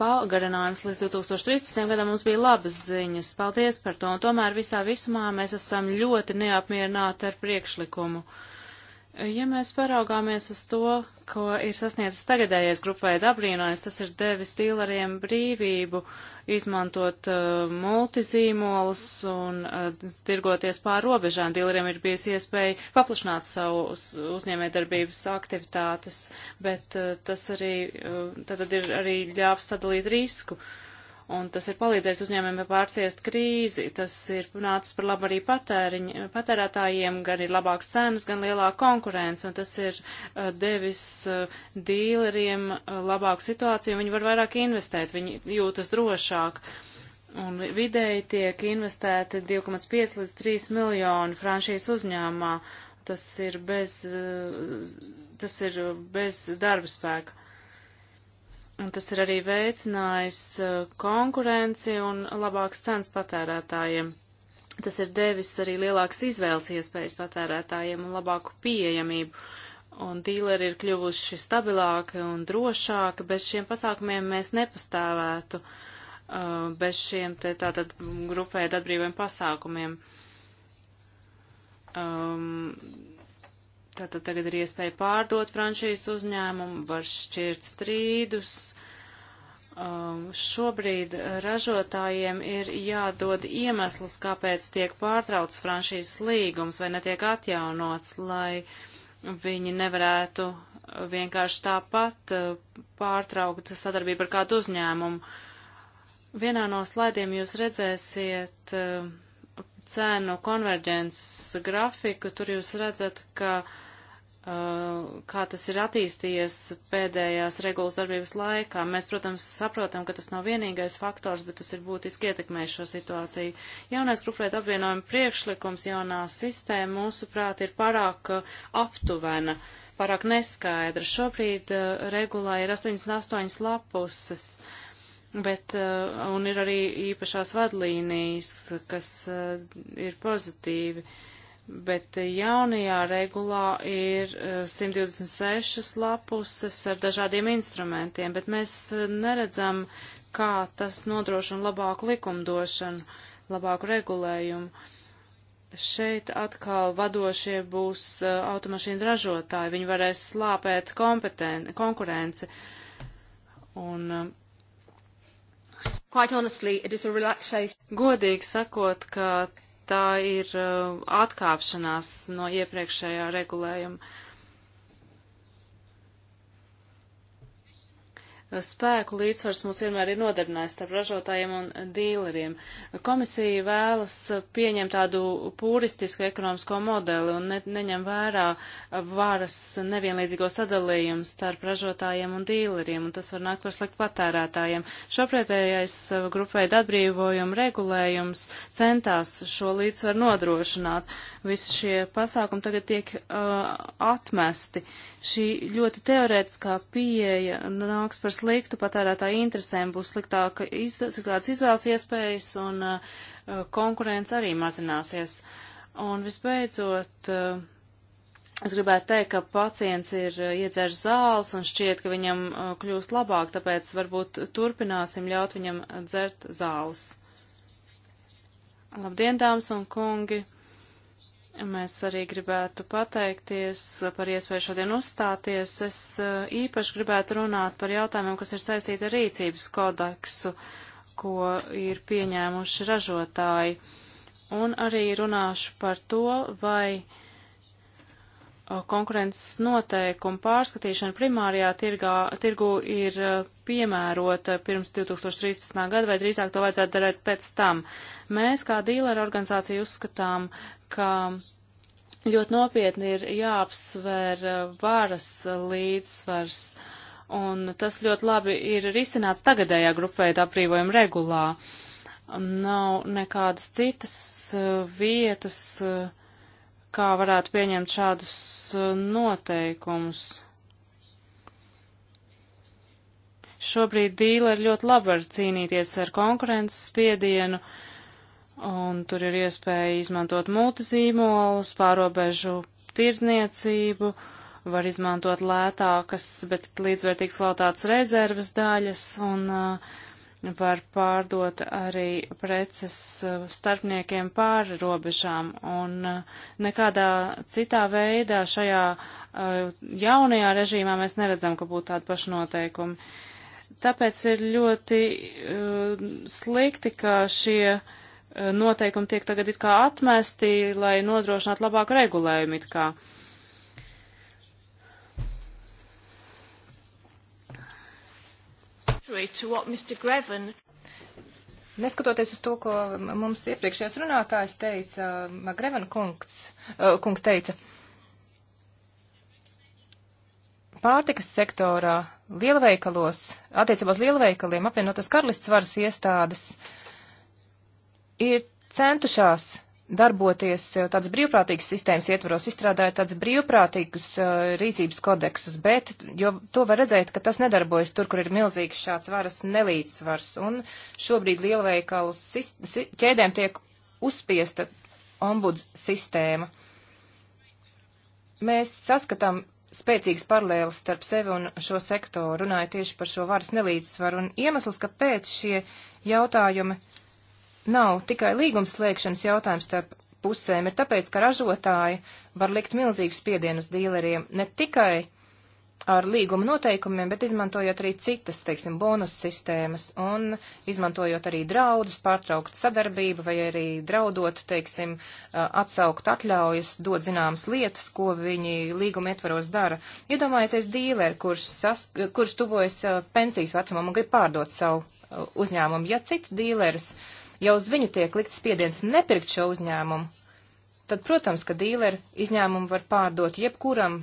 pagarinājums līdz 2013. gadam mums bija labas ziņas. Paldies par to. Un tomēr visā visumā mēs esam ļoti neapmierināti ar priekšlikumu. Uh, Ja mēs paraugāmies uz to, ko ir sasniedzis tagadējais grupai Dablīnojas, tas ir devis dīleriem brīvību izmantot uh, multizīmolus un uh, tirgoties pār robežām. Dīleriem ir bijusi iespēja paplašināt savu uz, uzņēmējdarbības aktivitātes, bet uh, tas arī, uh, tad ir arī ļāvis sadalīt risku. Uh, un tas ir palīdzējis uzņēmumiem pārciest krīzi. Tas ir nācis par labu arī patēriņ, patērētājiem, gan ir labāks cenas, gan lielāka konkurence, un tas ir uh, devis uh, dīleriem uh, labāku situāciju, viņi var vairāk investēt, viņi jūtas drošāk. Un vidēji tiek investēti 2,5 līdz 3 miljoni franšīs uzņēmumā. Tas ir bez, uh, tas ir bez darba spēka. Un tas ir arī veicinājis uh, konkurenci un labāks cenas patērētājiem. Tas ir devis arī lielākas izvēles iespējas patērētājiem un labāku pieejamību. Un dīleri ir kļuvuši stabilāki un drošāki. Bez šiem pasākumiem mēs nepastāvētu, uh, bez šiem te tātad grupēt atbrīviem pasākumiem. Um, Tātad tagad ir iespēja pārdot franšīzes uzņēmumu, var šķirt strīdus. Um, šobrīd ražotājiem ir jādod iemesls, kāpēc tiek pārtrauc franšīzes līgums vai netiek atjaunots, lai viņi nevarētu vienkārši tāpat uh, pārtraukt sadarbību ar kādu uzņēmumu. Vienā no slaidiem jūs redzēsiet uh, cēnu konverģences grafiku, tur jūs redzat, ka uh, Uh, kā tas ir attīstījies pēdējās regulas darbības laikā. Mēs, protams, saprotam, ka tas nav vienīgais faktors, bet tas ir būtiski ietekmējis šo situāciju. Jaunais grupēta apvienojuma priekšlikums, jaunā sistēma, mūsuprāt, ir pārāk uh, aptuvena, pārāk neskaidra. Šobrīd uh, regulā ir 88 lapuses. Bet, uh, un ir arī īpašās vadlīnijas, kas uh, ir pozitīvi. Uh, bet jaunajā regulā ir 126 e, lapuses ar dažādiem instrumentiem, bet mēs e, neredzam, kā tas nodrošina labāku likumdošanu, labāku regulējumu. Šeit atkal vadošie būs e, automašīnu ražotāji, viņi varēs slāpēt konkurenci. Un, Godīgi sakot, ka tā ir uh, atkāpšanās no iepriekšējā regulējuma. spēku līdzsvars mūs vienmēr ir nodarbinājis starp ražotājiem un dīleriem. Komisija vēlas pieņemt tādu pūristisku ekonomisko modeli un ne, neņem vērā varas nevienlīdzīgo sadalījumu starp ražotājiem un dīleriem, un tas var nākt par sliktu patērētājiem. Šoprietējais grupveida atbrīvojuma regulējums centās šo līdzsvaru nodrošināt. Visi šie pasākumi tagad tiek uh, atmesti. Uh, Šī ļoti teorētiskā pieeja nāks par sliktu patērētāju interesēm, būs sliktāka iz, sliktāks izvēles iespējas un uh, konkurence arī mazināsies. Un visbeidzot, uh, Es gribētu teikt, ka pacients ir uh, iedzērs zāles un šķiet, ka viņam uh, kļūst labāk, tāpēc varbūt turpināsim ļaut viņam dzert zāles. Labdien, dāmas un kungi! Mēs arī gribētu pateikties par iespēju šodien uzstāties. Es eh, īpaši gribētu runāt par jautājumiem, kas ir saistīti ar rīcības kodeksu, ko ir pieņēmuši ražotāji. Un arī runāšu par to, vai eh, konkurences noteikumu pārskatīšana primārajā tirgā, tirgu ir eh, piemērota pirms 2013. gada, vai drīzāk to vajadzētu darīt pēc tam. Mēs kā dīlera organizācija uzskatām, ka ļoti nopietni ir jāapsver eh, varas līdzsvars, un tas ļoti labi ir risināts tagadējā grupveida aprīvojuma regulā. Nav nekādas citas eh, vietas, eh, kā varētu pieņemt šādus noteikumus. Šobrīd dīleri ļoti labi var cīnīties ar konkurences spiedienu, uh, un tur ir iespēja izmantot multizīmolus, pārobežu tirdzniecību, var izmantot lētākas, bet līdzvērtīgas kvalitātes rezerves daļas un uh, var pārdot arī preces uh, starpniekiem pāri robežām, un uh, nekādā citā veidā šajā uh, jaunajā režīmā mēs neredzam, ka būtu tādi pašnoteikumi. Tāpēc ir ļoti uh, slikti, ka šie uh, Eh, noteikumi tiek tagad it kā atmesti, lai nodrošinātu labāku regulējumu it kā. Neskatoties uz to, ko mums iepriekšējais runātājs teica, Magrevena kungs, eh, kungs teica, pārtikas sektorā lielveikalos, attiecībā uz lielveikaliem apvienotas karalists varas iestādes uh, ir centušās darboties eh, tādas brīvprātīgas sistēmas ietvaros, izstrādāja tādas brīvprātīgas eh, rīcības kodeksus, bet jo to var redzēt, ka tas nedarbojas tur, kur ir milzīgs šāds varas nelīdzsvars, un šobrīd lielveikalu ķēdēm tiek uzspiesta ombuds sistēma. Mēs saskatām spēcīgas paralēles starp sevi un šo sektoru, runāja tieši par šo varas nelīdzsvaru, un iemesls, kāpēc šie jautājumi nav tikai līgums slēgšanas jautājums starp pusēm, ir tāpēc, ka ražotāji var likt milzīgu spiedienu uz dīleriem ne tikai ar līguma noteikumiem, bet izmantojot arī citas, teiksim, bonus sistēmas un izmantojot arī draudus, pārtraukt sadarbību vai arī draudot, teiksim, atsaukt atļaujas, dot zināmas lietas, ko viņi līguma ietvaros dara. Iedomājieties dīleri, kurš, sas, kurš tuvojas pensijas vecumam un grib pārdot savu uzņēmumu. Ja cits dīleris uh, ja uz viņu tiek likt spiediens nepirkt šo uzņēmumu, tad, protams, ka dīleri izņēmumu var pārdot jebkuram,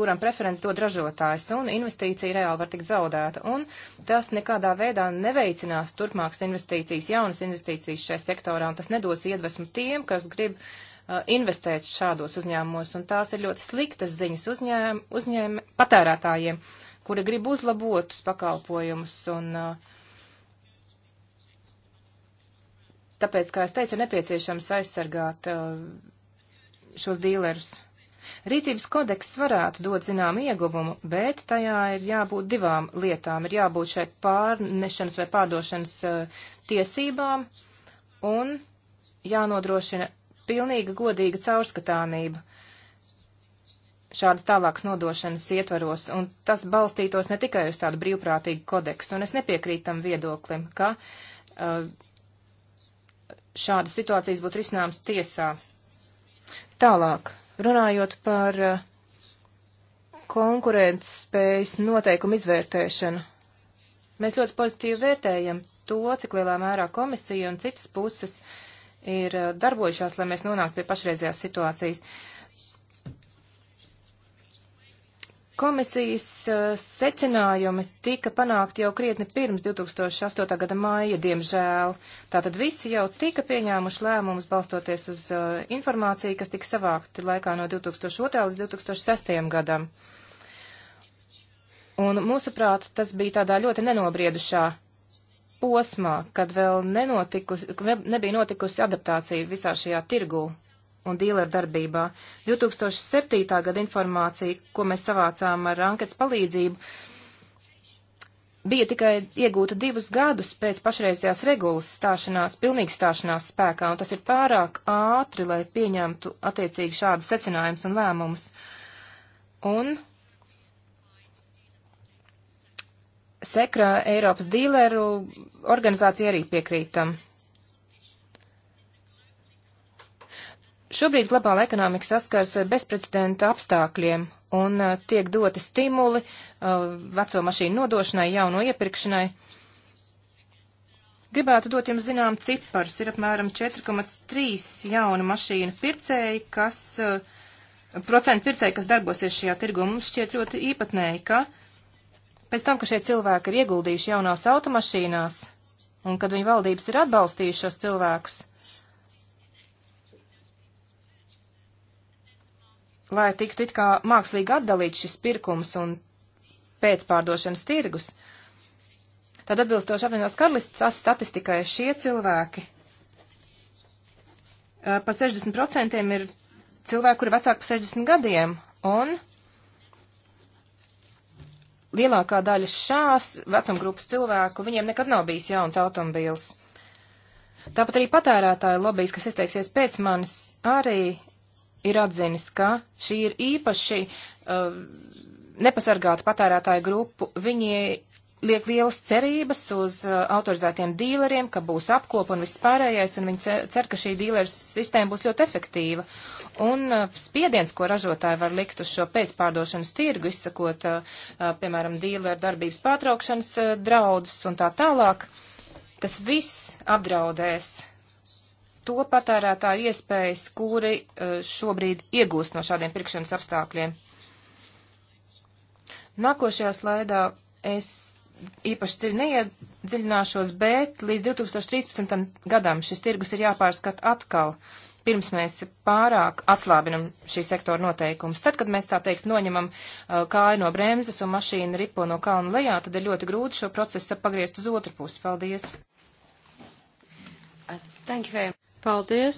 kuram preferences dod ražotājs, un investīcija reāli var tikt zaudēta, un tas nekādā veidā neveicinās turpmākas investīcijas, jaunas investīcijas šajā sektorā, un tas nedos iedvesmu tiem, kas grib uh, investēt šādos uzņēmumos, un tās ir ļoti sliktas ziņas uzņēm, uzņēm patērētājiem, kuri grib uzlabotus pakalpojumus un uh, Tāpēc, kā es teicu, ir nepieciešams aizsargāt uh, šos dīlerus. Rīcības kodeks varētu dot zinām ieguvumu, bet tajā ir jābūt divām lietām. Ir jābūt šai pārnešanas vai pārdošanas uh, tiesībām un jānodrošina pilnīga godīga caurskatāmība šādas tālākas nodošanas ietvaros, un tas balstītos ne tikai uz tādu brīvprātīgu kodeksu, un es nepiekrītu tam viedoklim, ka uh, šādas situācijas būtu risināmas tiesā. Tālāk, runājot par eh, konkurences spējas noteikumu izvērtēšanu, mēs ļoti pozitīvi vērtējam to, cik lielā mērā komisija un citas puses ir eh, darbojušās, lai mēs nonāktu pie pašreizējās situācijas. Uh, Komisijas eh, secinājumi tika panākti jau krietni pirms 2008. gada māja, diemžēl. Tātad visi jau tika pieņēmuši lēmumus balstoties uz uh, informāciju, kas tika savākti laikā no 2002. līdz 2006. gadam. Un, mūsuprāt, tas bija tādā ļoti nenobriedušā posmā, kad vēl, nebija notikusi adaptācija visā šajā tirgū un dīleru darbībā. 2007. gada informācija, ko mēs savācām ar anketas palīdzību, bija tikai iegūta divus gadus pēc pašreizējās regulas stāšanās, pilnīgi stāšanās spēkā, un tas ir pārāk ātri, lai pieņemtu attiecīgi šādus secinājumus un lēmumus. Un sekra Eiropas dīleru organizācija arī piekrītam. Šobrīd globāla ekonomika saskars ar bezprecedenta apstākļiem un uh, tiek doti stimuli uh, veco mašīnu nodošanai, jauno iepirkšanai. Gribētu dot jums zinām ciparus. Ir apmēram 4,3 jauna mašīna pircēji, kas, uh, procentu pircēji, kas darbosies šajā tirgu. Mums šķiet ļoti īpatnēji, ka pēc tam, ka šie cilvēki ir ieguldījuši jaunās automašīnās un kad viņu valdības ir atbalstījušos cilvēkus, lai tiktu it kā mākslīgi atdalīts šis pirkums un pēcpārdošanas tirgus, tad atbilstoši apvienotās karalists statistikai šie cilvēki pa 60% ir cilvēki, kuri vecāki par 60 gadiem, un lielākā daļa šās vecumgrupas cilvēku, viņiem nekad nav bijis jauns automobīls. Tāpat arī patērētāju lobbyis, kas izteiksies pēc manis, arī ir atzinis, ka šī ir īpaši uh, nepasargāta patērētāja grupu. Viņi liek lielas cerības uz uh, autorizētiem dīleriem, ka būs apkop un viss pārējais, un viņi cer, ka šī dīleru sistēma būs ļoti efektīva. Un uh, spiediens, ko ražotāji var likt uz šo pēcpārdošanas tirgu, izsakot, uh, uh piemēram, dīleru darbības pārtraukšanas uh, draudus un tā tālāk, tas viss apdraudēs to patērētāju iespējas, kuri eh, šobrīd iegūst no šādiem pirkšanas apstākļiem. Nākošajā slaidā es īpaši dziļi neiedziļināšos, bet līdz 2013. gadam šis tirgus ir jāpārskat atkal, pirms mēs pārāk atslābinam šī sektora noteikumus. Tad, kad mēs tā teikt noņemam eh, kāju no bremzes un mašīna ripo no kalna lejā, tad ir ļoti grūti šo procesu pagriezt uz otru pusi. Paldies! Uh, thank you very much. Paldies!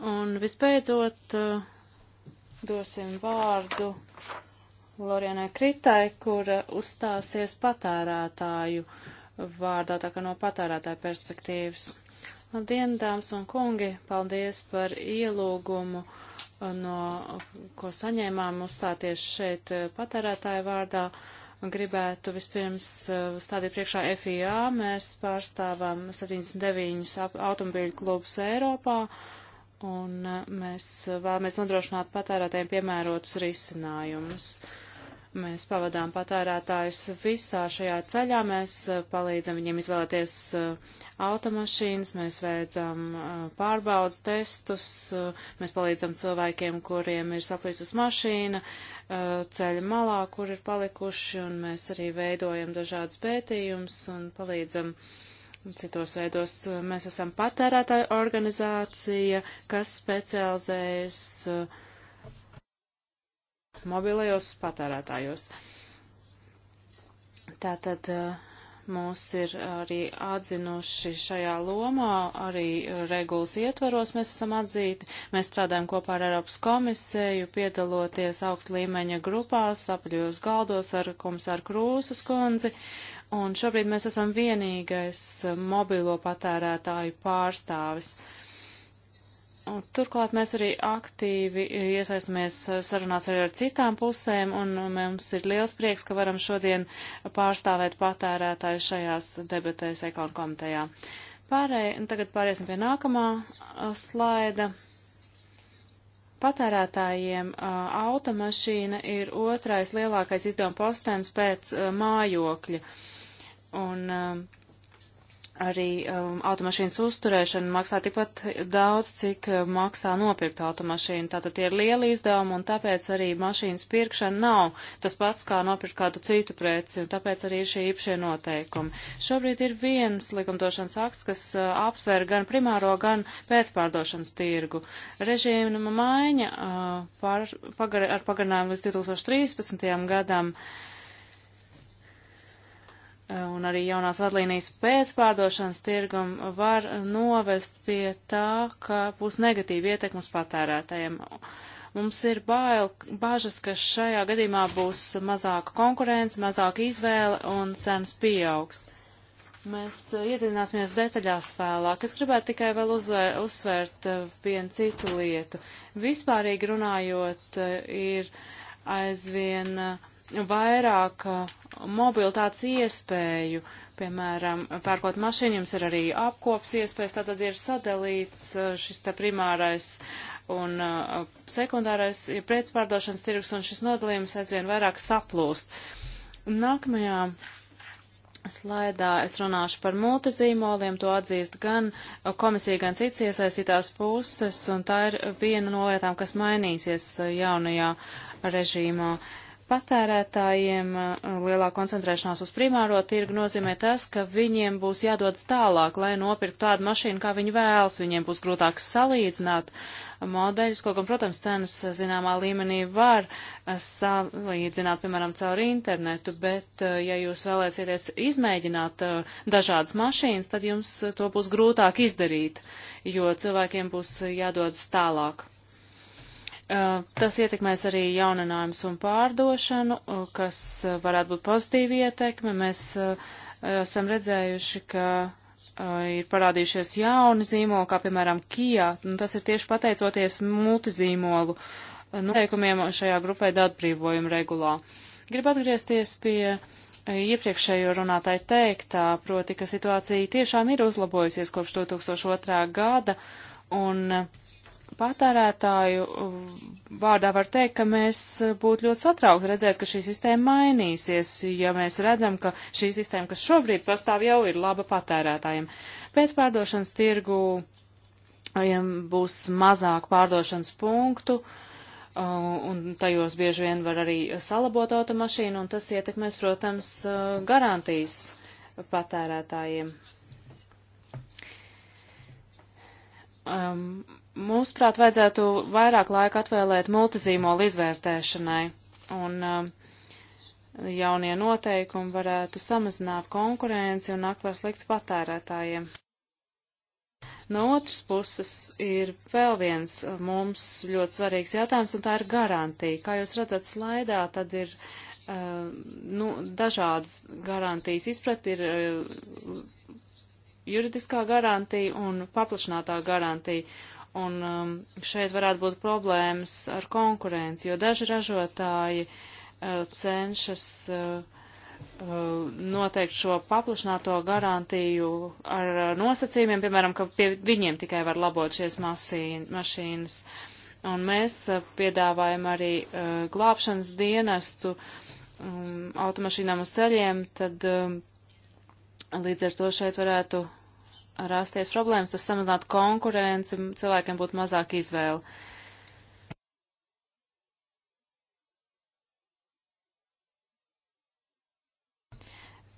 Un visbeidzot eh, dosim vārdu Lorienai Kritai, kura eh, uzstāsies patērētāju vārdā, tā kā no patērētāja perspektīvas. Labdien, dāmas un kungi! Paldies par ielūgumu, eh, no, ko saņēmām uzstāties šeit patērētāju vārdā gribētu vispirms eh, stādīt priekšā FIA. Mēs pārstāvam 79 automobīļu klubus Eiropā, un eh, mēs eh, vēlamies nodrošināt patērētājiem piemērotus risinājumus. Uh, Mēs pavadām patērētājus visā šajā ceļā, mēs uh, palīdzam viņiem izvēlēties uh, automašīnas, mēs veicam uh, pārbaudas testus, mēs palīdzam cilvēkiem, kuriem ir saplīsus mašīna, ceļa malā, kur ir palikuši, un mēs arī veidojam dažādus pētījumus un palīdzam. Citos veidos mēs esam patērētāju organizācija, kas specializējas uh, mobilajos patērētājos. Tātad eh, mūs ir arī atzinuši šajā lomā, arī eh, regulas ietvaros mēs esam atzīti. Mēs strādājam kopā ar Eiropas komisiju, piedaloties augst līmeņa grupās, apļos galdos ar komisāru Krūsas kundzi. Un šobrīd mēs esam vienīgais eh, mobilo patērētāju pārstāvis. Uh, Turklāt mēs arī aktīvi e, iesaistamies e, sarunās arī ar citām pusēm, un mums ir liels prieks, ka varam šodien pārstāvēt patērētāju šajās debatēs ekonu komitejā. Pārēj, tagad pāriesim pie nākamā e, slaida. Patērētājiem automašīna ir otrais lielākais izdevuma postens pēc mājokļa. Un, uh, arī um, automašīnas uzturēšana maksā tikpat daudz, cik uh, maksā nopirkt automašīnu. Tātad tie ir lieli izdevumi, un tāpēc arī mašīnas pirkšana nav tas pats, kā nopirkt kādu citu preci, un tāpēc arī šie īpašie noteikumi. Šobrīd ir viens likumdošanas akts, kas uh, aptver gan primāro, gan pēcpārdošanas tirgu. Režīma maiņa uh, par, pagar, ar pagarinājumu līdz 2013. gadam. Uh, un arī jaunās vadlīnijas pēcpārdošanas tirgum var novest pie tā, ka būs negatīva ietekme uz patērētājiem. Mums ir bail, bažas, ka šajā gadījumā būs mazāka konkurence, mazāka izvēle un cenas pieaugs. Mēs eh, iedziļināsimies detaļās vēlāk. Es gribētu tikai vēl uzvēr, uzsvērt eh, vienu citu lietu. Vispārīgi runājot, eh, ir aizvien uh, vairāk uh, mobilitātes iespēju, piemēram, pērkot mašīnu, jums ir arī apkops iespējas, tātad ir sadalīts uh, šis te primārais un uh, sekundārais pretspārdošanas tirgus, un šis nodalījums aizvien vairāk saplūst. Nākamajā slaidā es runāšu par multizīmoliem, to atzīst gan komisija, gan cits iesaistītās puses, un tā ir viena no lietām, kas mainīsies jaunajā režīmā. Uh, Patērētājiem eh, lielā koncentrēšanās uz primāro tirgu nozīmē tas, ka viņiem būs jādodas tālāk, lai nopirktu tādu mašīnu, kā viņi vēlas. Viņiem būs grūtāk salīdzināt modeļus, kaut gan, protams, cenas zināmā līmenī var eh, salīdzināt, piemēram, caur internetu, bet eh, ja jūs vēlēsieties izmēģināt dažādas mašīnas, tad jums to būs grūtāk izdarīt, jo cilvēkiem būs jādodas tālāk. Tas ietekmēs arī jauninājumus un pārdošanu, kas varētu būt pozitīva ietekme. Mēs esam redzējuši, ka ir parādījušies jauni zīmoli, kā piemēram Kijā. Nu, tas ir tieši pateicoties multizīmolu noteikumiem šajā grupai datbrīvojuma regulā. Gribu atgriezties pie iepriekšējo runātāju teiktā, proti, ka situācija tiešām ir uzlabojusies kopš 2002. gada, un patērētāju um, vārdā var teikt, ka mēs uh, būtu ļoti satraukti redzēt, ka šī sistēma mainīsies, ja mēs redzam, ka šī sistēma, kas šobrīd pastāv, jau ir laba patērētājiem. Pēc pārdošanas tirgu ja um, būs mazāk pārdošanas punktu, uh, un tajos bieži vien var arī salabot automašīnu, un tas ietekmēs, protams, uh, garantijas patērētājiem. Um, Mūsuprāt, vajadzētu vairāk laika atvēlēt multizīmolu izvērtēšanai, un um, jaunie noteikumi varētu samazināt konkurenci un nākt par sliktu patērētājiem. No otras puses ir vēl viens uh, mums ļoti svarīgs jautājums, un tā ir garantija. Kā jūs redzat slaidā, tad ir uh, nu, dažādas garantijas izprat, ir uh, juridiskā garantija un paplašinātā garantija. Un um, šeit varētu būt problēmas ar konkurenci, jo daži ražotāji uh, cenšas uh, uh, noteikt šo paplašināto garantiju ar uh, nosacījumiem, piemēram, ka pie viņiem tikai var labot šies masīn, mašīnas. Un mēs uh, piedāvājam arī uh, glābšanas dienestu um, automašīnām uz ceļiem, tad um, līdz ar to šeit varētu rasties problēmas, tas samazinātu konkurenci, cilvēkiem būtu mazāk izvēle.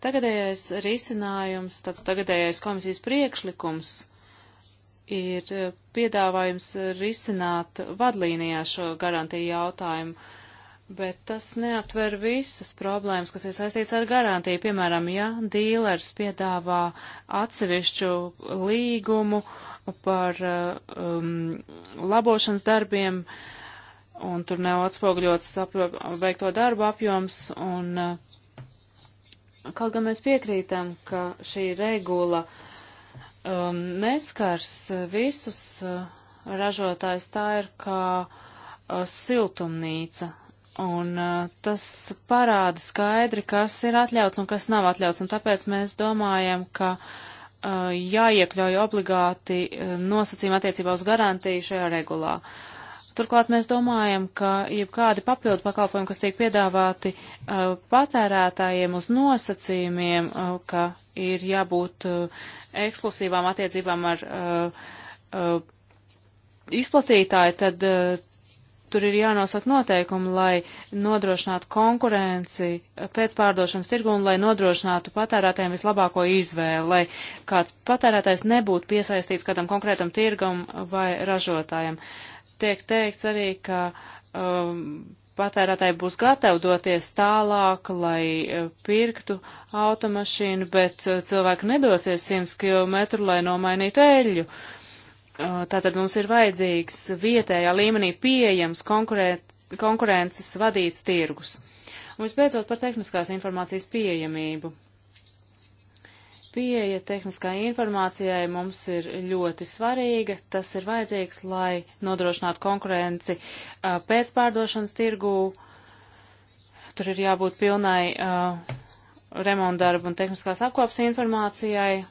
Tagadējais risinājums, tad tagadējais komisijas priekšlikums ir eh, piedāvājums risināt vadlīnijā šo garantiju jautājumu bet tas neaptver visas problēmas, kas ir saistīts ar garantiju. Piemēram, ja dīlers piedāvā atsevišķu līgumu par uh, um, labošanas darbiem, un tur nav atspoguļots veikto darbu apjoms, un uh, kaut gan mēs piekrītam, ka šī regula um, neskars visus uh, ražotājs, tā ir kā siltumnīca, Un uh, tas parāda skaidri, kas ir atļauts un kas nav atļauts, un tāpēc mēs domājam, ka uh, jāiekļauj obligāti uh, nosacījumi attiecībā uz garantiju šajā regulā. Turklāt mēs domājam, ka jebkādi papildu pakalpojumi, kas tiek piedāvāti uh, patērētājiem uz nosacījumiem, uh, ka ir jābūt uh, eksklusīvām attiecībām ar uh, uh, izplatītāju, tad uh, Tur ir jānosaka noteikumi, lai nodrošinātu konkurenci pēc pārdošanas tirgu un lai nodrošinātu patērētājiem vislabāko izvēli, lai kāds patērētājs nebūtu piesaistīts kādam konkrētam tirgam vai ražotājam. Tiek teikts arī, ka um, patērētāji būs gatavi doties tālāk, lai uh, pirktu automašīnu, bet uh, cilvēki nedosies 100 km, lai nomainītu eļļu. Uh, Uh, tātad mums ir vajadzīgs vietējā līmenī pieejams konkurences vadīts tirgus. Un visbeidzot par tehniskās informācijas pieejamību. Pieeja tehniskai informācijai mums ir ļoti svarīga. Tas ir vajadzīgs, lai nodrošinātu konkurenci uh, pēcpārdošanas tirgū. Tur ir jābūt pilnai uh, remontdarbu un tehniskās apkopas informācijai.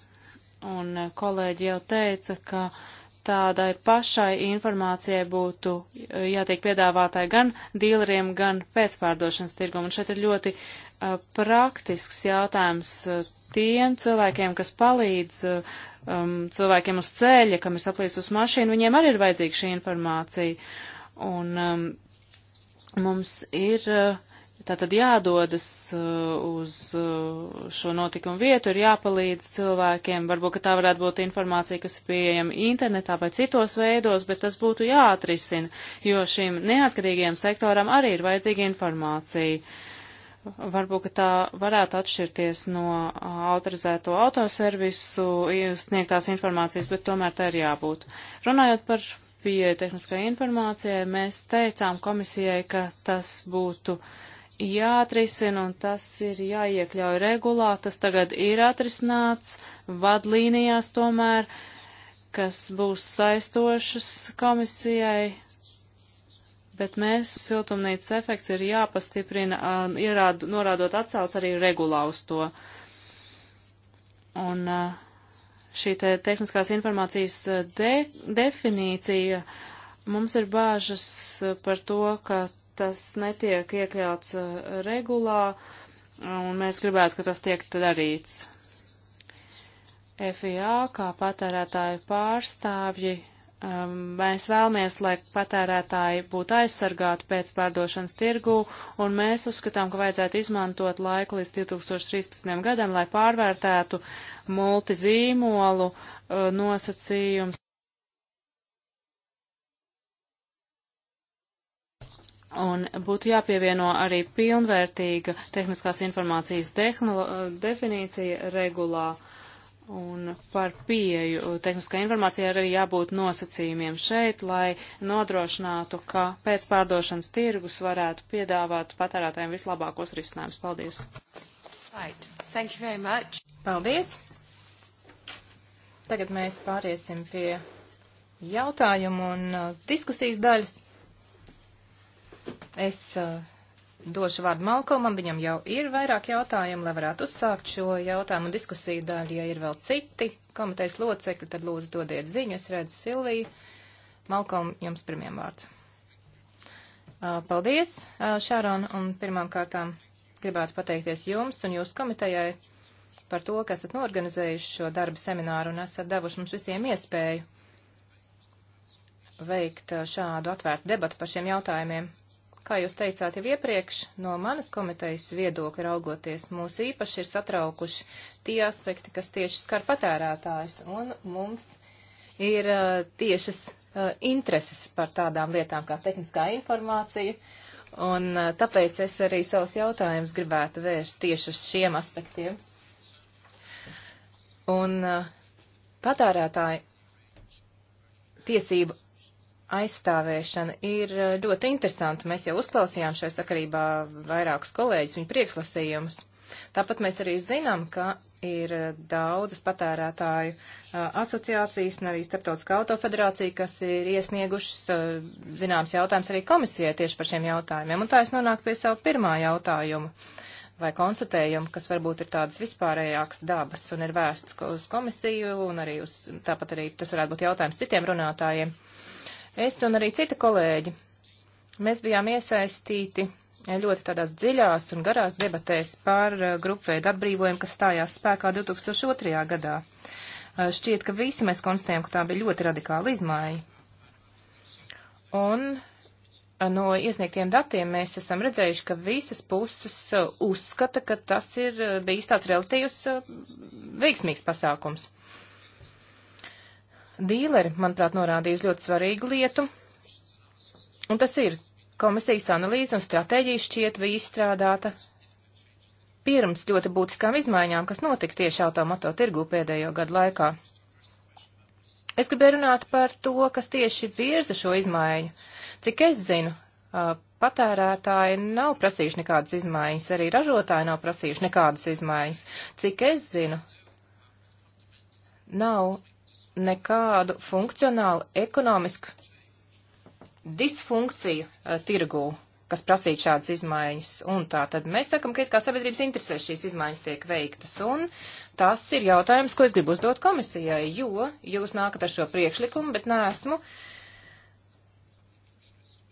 Un uh, kolēģi jau teica, ka uh, tādai pašai informācijai būtu e, jātiek piedāvātai gan dīleriem, gan pēcpārdošanas tirgum. Un šeit ir ļoti uh, praktisks jautājums e, tiem cilvēkiem, kas palīdz uh, um, cilvēkiem uz ceļa, kam ir saplīsus mašīna, viņiem arī ir vajadzīga šī informācija. Un um, mums ir uh, Tātad jādodas uh, uz uh, šo notikumu vietu, ir jāpalīdz cilvēkiem, varbūt, ka tā varētu būt informācija, kas ir pieejama internetā vai citos veidos, bet tas būtu jāatrisina, jo šim neatkarīgiem sektoram arī ir vajadzīga informācija. Varbūt, ka tā varētu atšķirties no autorizēto autoservisu sniegtās informācijas, bet tomēr tā ir jābūt. Runājot par pieeja tehniskajai informācijai, mēs teicām komisijai, ka tas būtu uh, jāatrisina, un tas ir jāiekļauj regulā. Tas tagad ir atrisināts vadlīnijās tomēr, kas būs saistošas komisijai, bet mēs siltumnīcas efekts ir jāpastiprina, um, ierād, norādot atsauc arī regulā uz to. Un uh, šī te tehniskās informācijas uh, de, definīcija mums ir bāžas uh, par to, ka tas netiek iekļauts uh, regulā, un mēs gribētu, ka tas tiek darīts. FIA kā patērētāju pārstāvji um, mēs vēlamies, lai patērētāji būtu aizsargāti pēc pārdošanas tirgū, un mēs uzskatām, ka vajadzētu izmantot laiku līdz 2013. gadam, lai pārvērtētu multizīmolu uh, nosacījums. Un būtu jāpievieno arī pilnvērtīga tehniskās informācijas eh, definīcija regulā. Un par pieeju tehniskā informācija arī jābūt nosacījumiem šeit, lai nodrošinātu, ka pēc pārdošanas tirgus varētu piedāvāt patērētājiem vislabākos risinājumus. Paldies! Right. Thank you very much. Paldies! Tagad mēs pāriesim pie jautājumu un uh, diskusijas daļas. Es uh, došu vārdu Malkolmam, viņam jau ir vairāk jautājumu, lai varētu uzsākt šo jautājumu diskusiju daļu. Ja ir vēl citi komitejas locekļi, tad lūdzu dodiet ziņu. Es redzu Silviju. Malkolm, jums pirmiem vārds. Uh, paldies, uh, Šaron, un pirmām kārtām gribētu pateikties jums un jūsu komitejai par to, ka esat norganizējuši šo darba semināru un esat devuši mums visiem iespēju veikt uh, šādu atvērtu debatu par šiem jautājumiem. Kā jūs teicāt jau iepriekš, no manas komitejas viedokļa raugoties, mūs īpaši ir satraukuši tie aspekti, kas tieši skar patērētājs, un mums ir uh, tiešas uh, intereses par tādām lietām kā tehniskā informācija, un uh, tāpēc es arī savus jautājumus gribētu vērst tieši uz šiem aspektiem. Un uh, patērētāji tiesību aizstāvēšana ir eh, ļoti interesanta. Mēs jau uzklausījām šai sakarībā vairākus kolēģus viņu priekšlasījumus. Tāpat mēs arī zinām, ka ir eh, daudzas patērētāju eh, asociācijas un arī Starptautiskā autofederācija, kas ir iesniegušas zināms jautājums arī komisijai tieši par šiem jautājumiem. Un tā es nonāku pie savu pirmā jautājumu vai konstatējumu, kas varbūt ir tādas vispārējākas dabas un ir vērsts uz komisiju un arī uz, tāpat arī tas varētu būt jautājums citiem runātājiem. Uh, Es un arī citi kolēģi, mēs bijām iesaistīti ļoti tādās dziļās un garās debatēs par eh, grupveidu atbrīvojumu, kas stājās spēkā 2002. gadā. Eh, šķiet, ka visi mēs konstatējam, ka tā bija ļoti radikāla izmaiņa. Un eh, no iesniegtiem datiem mēs esam redzējuši, ka visas puses uzskata, ka tas ir bijis tāds relatīvs veiksmīgs pasākums. Uh, Dīleri, manuprāt, norādījis ļoti svarīgu lietu, un tas ir komisijas analīze un stratēģija šķiet bija izstrādāta pirms ļoti būtiskām izmaiņām, kas notika tieši automoto tirgu pēdējo gadu laikā. Es gribēju runāt par to, kas tieši virza šo izmaiņu. Cik es zinu, patērētāji nav prasījuši nekādas izmaiņas, arī ražotāji nav prasījuši nekādas izmaiņas. Cik es zinu, nav nekādu funkcionālu ekonomisku disfunkciju uh, tirgū, kas prasītu šādas izmaiņas. Un tā tad mēs sakam, ka it kā sabiedrības interesēs šīs izmaiņas tiek veiktas. Un tas ir jautājums, ko es gribu uzdot komisijai, jo jūs nākat ar šo priekšlikumu, bet neesmu uh,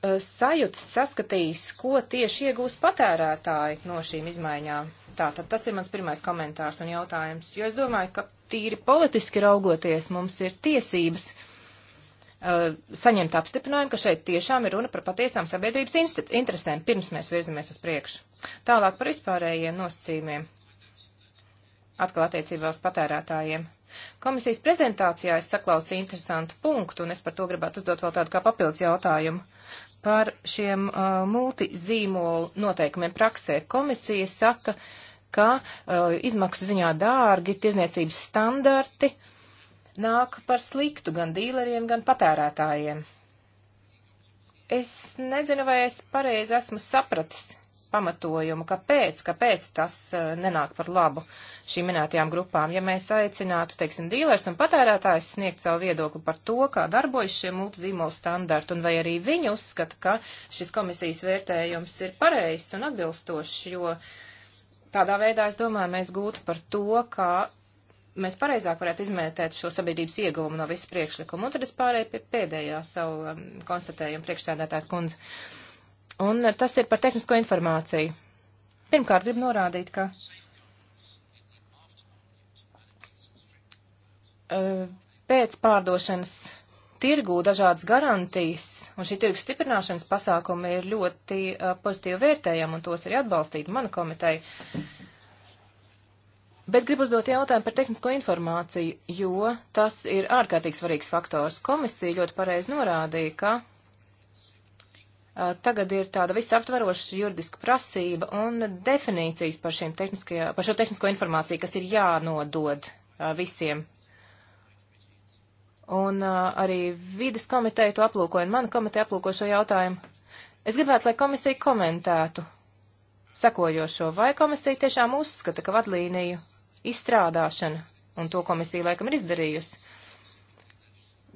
Eh, sajūtas saskatījis, ko tieši iegūs patērētāji no šīm izmaiņām. Tātad tas ir mans pirmais komentārs un jautājums, jo es domāju, ka tīri politiski raugoties mums ir tiesības uh, saņemt apstiprinājumu, ka šeit tiešām ir runa par patiesām sabiedrības interesēm, pirms mēs virzamies uz priekšu. Tālāk par vispārējiem nosacījumiem. Atkal attiecībā uz patērētājiem. Komisijas prezentācijā es saklausīju interesantu punktu, un es par to gribētu uzdot vēl tādu kā papildus jautājumu par šiem uh, multizīmolu noteikumiem praksē. Komisija saka, ka uh, izmaksu ziņā dārgi tirzniecības standarti nāk par sliktu gan dīleriem, gan patērētājiem. Es nezinu, vai es pareizi esmu sapratis pamatojumu, kāpēc, kāpēc tas eh, nenāk par labu šīm minētajām grupām. Ja mēs aicinātu, teiksim, dīlers un patērētājs sniegt savu viedokli par to, kā darbojas šie multizīmolu standarti, un vai arī viņi uzskata, ka šis komisijas vērtējums ir pareizs un atbilstošs, jo tādā veidā, es domāju, mēs gūtu par to, kā mēs pareizāk varētu izmērtēt šo sabiedrības ieguvumu no visu priekšlikumu. Un tad es pārēju pie pēdējā savu um, konstatējumu priekšsēdētājs kundze. Uh, Un tas ir par tehnisko informāciju. Pirmkārt, gribu norādīt, ka e, pēc pārdošanas tirgū dažādas garantijas un šī tirgus stiprināšanas pasākumi ir ļoti e, pozitīvi vērtējami un tos ir atbalstīti mana komiteja. Bet gribu uzdot jautājumu par tehnisko informāciju, jo tas ir ārkārtīgi svarīgs faktors. Komisija ļoti pareizi norādīja, ka Uh, tagad ir tāda visaptveroša juridiska prasība un definīcijas par, par šo tehnisko informāciju, kas ir jānodod uh, visiem. Un uh, arī vides komiteja to aplūkoja, un mana komiteja aplūko šo jautājumu. Es gribētu, lai komisija komentētu sekojošo, vai komisija tiešām uzskata, ka vadlīniju izstrādāšana, un to komisija laikam ir izdarījusi,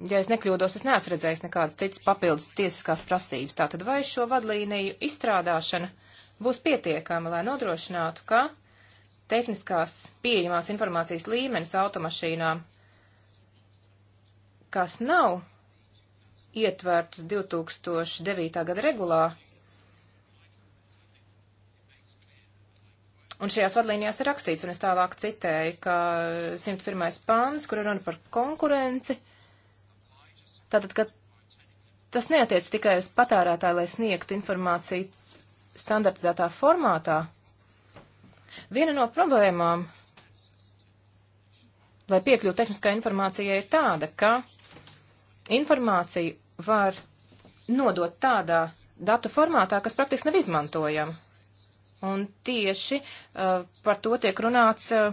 ja es nekļūdos, es neesmu redzējis nekādas citas papildus tiesiskās prasības. Tātad vai šo vadlīniju izstrādāšana būs pietiekama, lai nodrošinātu, ka tehniskās pieejamās informācijas līmenis automašīnām, kas nav ietverts 2009. gada regulā, Un šajās vadlīnijās ir rakstīts, un es tālāk citēju, ka 101. pāns, kur ir runa par konkurenci, Tātad, ka tas neatiec tikai uz patērētāju, lai sniegtu informāciju standartizētā formātā. Viena no problēmām, lai piekļūtu tehniskai informācijai, ir tāda, ka informāciju var nodot tādā datu formātā, kas praktiski nav izmantojama. Un tieši uh, par to tiek runāts uh,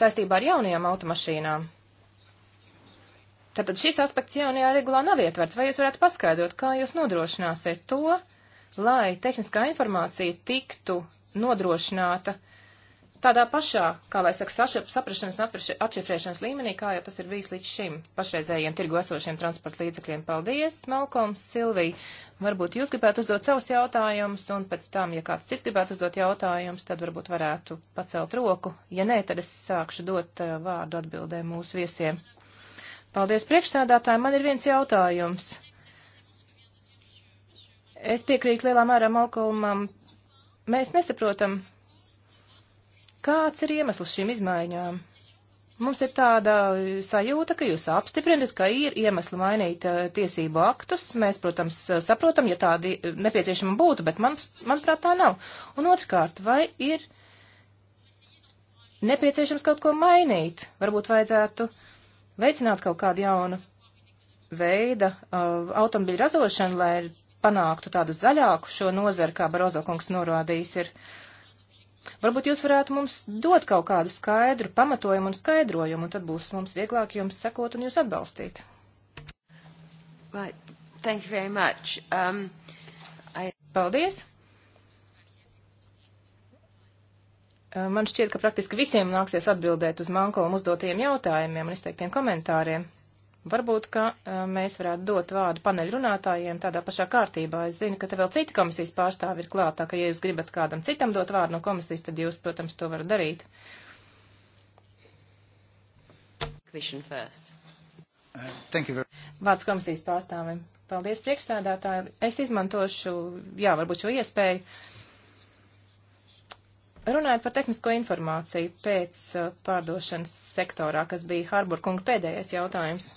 saistībā ar jaunajām automašīnām. Tātad šis aspekts jaunajā regulā nav ietverts. Vai jūs varētu paskaidrot, kā jūs nodrošināsiet to, lai tehniskā informācija tiktu nodrošināta tādā pašā, kā lai saka, sašap, saprašanas un atšifrēšanas līmenī, kā jau tas ir bijis līdz šim pašreizējiem tirgu esošiem transporta līdzekļiem. Paldies, Malkoms, Silvija. Varbūt jūs gribētu uzdot savus jautājumus, un pēc tam, ja kāds cits gribētu uzdot jautājumus, tad varbūt varētu pacelt roku. Ja nē, tad es sākšu dot uh, vārdu atbildē mūsu viesiem. Paldies priekšsēdātājiem. Man ir viens jautājums. Es piekrītu lielā mērā Malkolmam. Mēs nesaprotam, kāds ir iemesls šīm izmaiņām. Mums ir tāda sajūta, ka jūs apstiprinat, ka ir iemesli mainīt uh, tiesību aktus. Mēs, protams, saprotam, ja tādi nepieciešama būtu, bet man, manuprāt tā nav. Un otrkārt, vai ir nepieciešams kaut ko mainīt? Varbūt vajadzētu uh, veicināt kaut kādu jaunu veida uh, automobīļu ražošanu, lai panāktu tādu zaļāku šo nozaru, kā Barozo kungs norādījis ir. Varbūt jūs varētu mums dot kaut kādu skaidru pamatojumu un skaidrojumu, un tad būs mums vieglāk jums sekot un jūs atbalstīt. Right. Thank you very much. Um, I... Paldies! Eh, man šķiet, ka praktiski visiem nāksies atbildēt uz Mankolam uzdotiem jautājumiem un izteiktiem komentāriem. Varbūt, ka eh, mēs varētu dot vārdu paneļrunātājiem tādā pašā kārtībā. Es zinu, ka te vēl citi komisijas pārstāvi ir klāt, tā ka, ja jūs gribat kādam citam dot vārdu no komisijas, tad jūs, protams, to varat darīt. Uh, Vārds komisijas pārstāvim. Paldies priekšsēdētāji. Es izmantošu, jā, varbūt šo iespēju Runājot par tehnisko informāciju pēc uh, pārdošanas sektorā, kas bija Harburkunga pēdējais jautājums.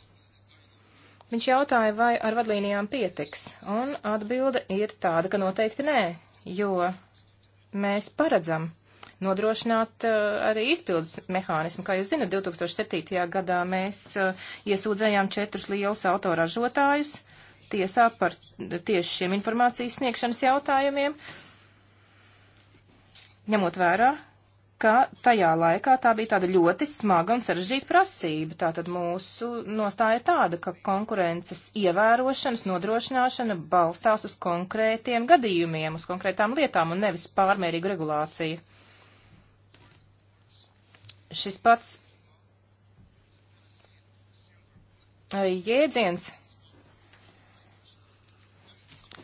Viņš jautāja, vai ar vadlīnijām pietiks, un atbilde ir tāda, ka noteikti nē, jo mēs paredzam nodrošināt uh, arī izpildus mehānismu. Kā jūs zinat, 2007. gadā mēs uh, iesūdzējām četrus lielus autoražotājus tiesā par tieši šiem informācijas sniegšanas jautājumiem. Uh, ņemot vērā, ka tajā laikā tā bija tāda ļoti smaga un sarežģīta prasība. Tātad mūsu nostāja ir tāda, ka konkurences ievērošanas nodrošināšana balstās uz konkrētiem gadījumiem, uz konkrētām lietām un nevis pārmērīgu regulāciju. Šis pats eh, jēdziens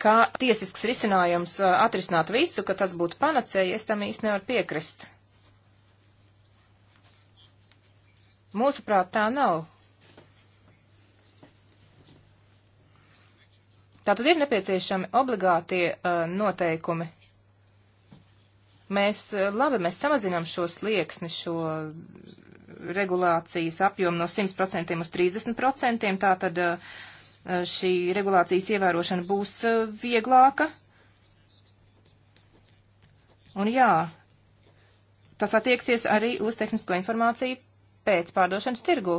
kā tiesisks risinājums uh, atrisināt visu, ka tas būtu panacēja, es tam īsti nevaru piekrist. Mūsuprāt, tā nav. Tātad ir nepieciešami obligātie uh, noteikumi. Mēs, uh, labi, mēs samazinām šo slieksni, šo regulācijas apjomu no 100% uz 30%, tātad uh, Eh, šī regulācijas ievērošana būs eh, vieglāka. Un jā, tas attieksies arī uz tehnisko informāciju pēc pārdošanas tirgu.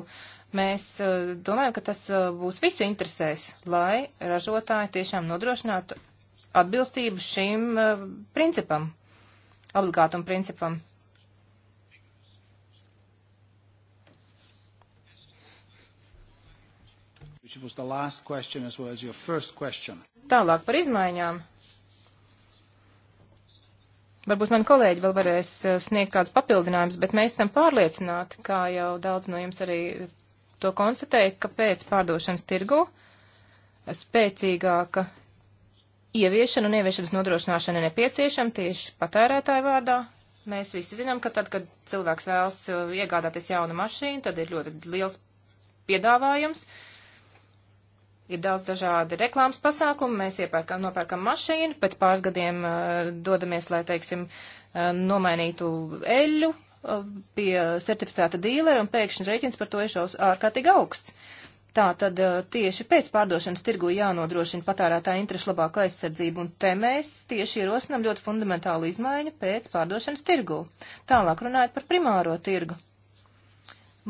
Mēs eh, domājam, ka tas būs visu interesēs, lai ražotāji tiešām nodrošinātu atbilstību šim principam, obligātum principam. which was the last question as well as your first question. Tālāk par izmaiņām. Varbūt man kolēģi vēl varēs eh, sniegt kāds papildinājums, bet mēs esam pārliecināti, kā jau daudz no jums arī to konstatēja, ka pēc pārdošanas tirgu spēcīgāka ieviešana un ieviešanas nodrošināšana ir nepieciešama tieši patērētāju vārdā. Mēs visi zinām, ka tad, kad cilvēks vēlas eh, iegādāties jaunu mašīnu, tad ir ļoti liels piedāvājums. Uh, ir daudz dažādi reklāmas pasākumi, mēs iepērkam, nopērkam mašīnu, pēc pāris gadiem uh, dodamies, lai, teiksim, uh, nomainītu eļu uh, pie certificēta dīlera, un pēkšņi rēķins par to ir šaus ārkārtīgi augsts. Tā tad uh, tieši pēc pārdošanas tirgu jānodrošina patērētāja interešu labāku aizsardzību, un te mēs tieši ierosinām ļoti fundamentālu izmaiņu pēc pārdošanas tirgu. Tālāk runājot par primāro tirgu.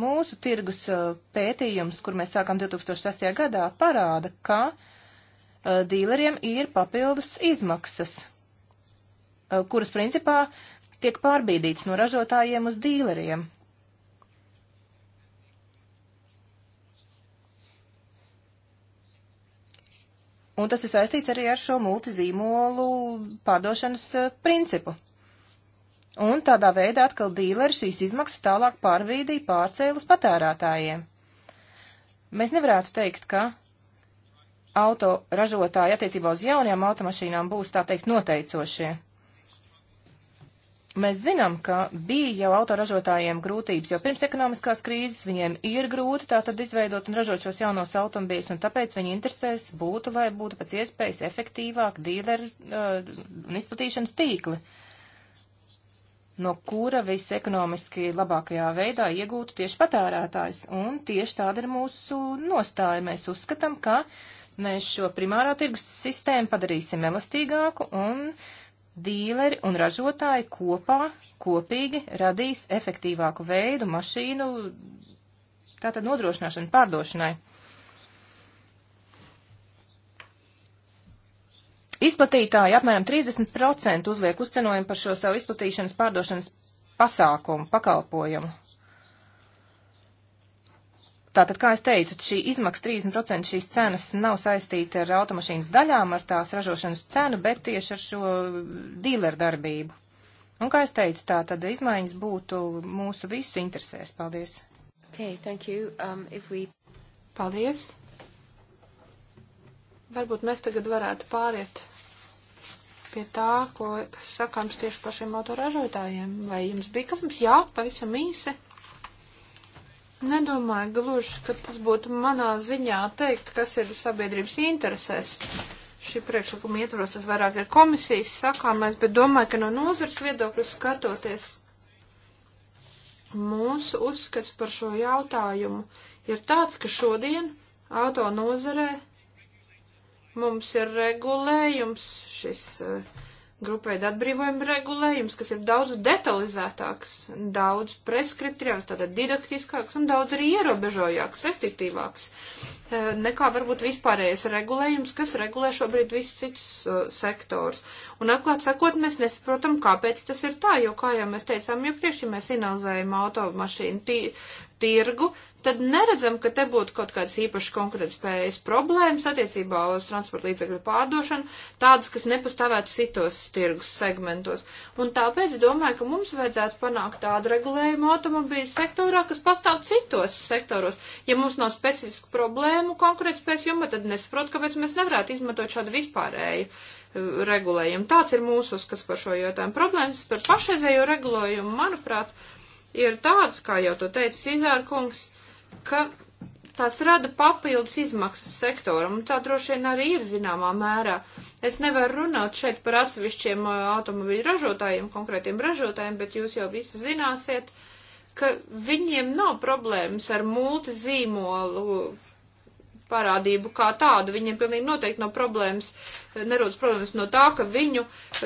Mūsu tirgus uh, pētījums, kur mēs sākam 2006. gadā, parāda, ka uh, dīleriem ir papildus izmaksas, uh, kuras principā tiek pārbīdīts no ražotājiem uz dīleriem. Un tas ir saistīts arī ar šo multizīmolu pārdošanas principu. Un tādā veidā atkal dīleri šīs izmaksas tālāk pārvīdīja pārcēlu uz patērētājiem. Mēs nevarētu teikt, ka auto ražotāji attiecībā uz jaunajām automašīnām būs tā teikt noteicošie. Mēs zinām, ka bija jau autoražotājiem grūtības jau pirms ekonomiskās krīzes, viņiem ir grūti tātad izveidot un ražot šos jaunos automobīļus, un tāpēc viņi interesēs būtu, lai būtu pēc iespējas efektīvāk dīleru uh, un izplatīšanas tīkli. Uh, no kura visekonomiski labākajā veidā iegūtu tieši patērētājs. Un tieši tāda ir mūsu nostāja. Mēs uzskatām, ka mēs šo primārā tirgus sistēmu padarīsim elastīgāku un dīleri un ražotāji kopā, kopīgi radīs efektīvāku veidu mašīnu tātad nodrošināšanu pārdošanai. Izplatītāji apmēram 30% uzliek uzcenojumu par šo savu izplatīšanas pārdošanas pasākumu, pakalpojumu. Tātad, kā es teicu, šī izmaksa 30% šīs cenas nav saistīta ar automašīnas daļām, ar tās ražošanas cenu, bet tieši ar šo dīleru darbību. Un, kā es teicu, tā tad izmaiņas būtu mūsu visu interesēs. Paldies. Okay, thank you. Um, if we... Paldies. Varbūt mēs tagad varētu pāriet pie tā, ko, kas sakāms tieši pašiem autoražotājiem. Vai jums bija kas mums? Jā, pavisam īsi. Nedomāju gluži, ka tas būtu manā ziņā teikt, kas ir sabiedrības interesēs. Šī priekšlikuma ietvaros tas vairāk ir komisijas sakāmais, bet domāju, ka no nozars viedokļa skatoties mūsu uzskats par šo jautājumu ir tāds, ka šodien auto nozarē Mums ir regulējums, šis eh, grupēda atbrīvojuma regulējums, kas ir daudz detalizētāks, daudz preskriptīvāks, tātad didaktiskāks un daudz arī ierobežojāks, restriktīvāks eh, nekā varbūt vispārējais regulējums, kas regulē šobrīd visus citus uh, sektors. Un atklāt sakot, mēs nesaprotam, kāpēc tas ir tā, jo, kā jau mēs teicām iepriekš, ja mēs analizējam automašīnu tī, tirgu, tad neredzam, ka te būtu kaut kādas īpašas konkurētspējas problēmas attiecībā uz transporta līdzekļu pārdošanu, tādas, kas nepastāvētu citos tirgus segmentos. Un tāpēc domāju, ka mums vajadzētu panākt tādu regulējumu automobīļu sektorā, kas pastāv citos sektoros. Ja mums nav specifisku problēmu konkurētspējas jomā, tad nesaprotu, kāpēc mēs nevarētu izmantot šādu vispārēju uh, regulējumu. Tāds ir mūsu uzskats par šo jautājumu. Problēmas par pašreizējo regulējumu, manuprāt, ir tāds, kā jau to teica Cizārkungs, ka tās rada papildus izmaksas sektoram, un tā droši vien arī ir zināmā mērā. Es nevaru runāt šeit par atsevišķiem uh, automobīļu ražotājiem, konkrētiem ražotājiem, bet jūs jau visi zināsiet, ka viņiem nav problēmas ar multizīmolu parādību kā tādu. Viņiem pilnīgi noteikti nav problēmas nerodas problēmas no tā, ka viņu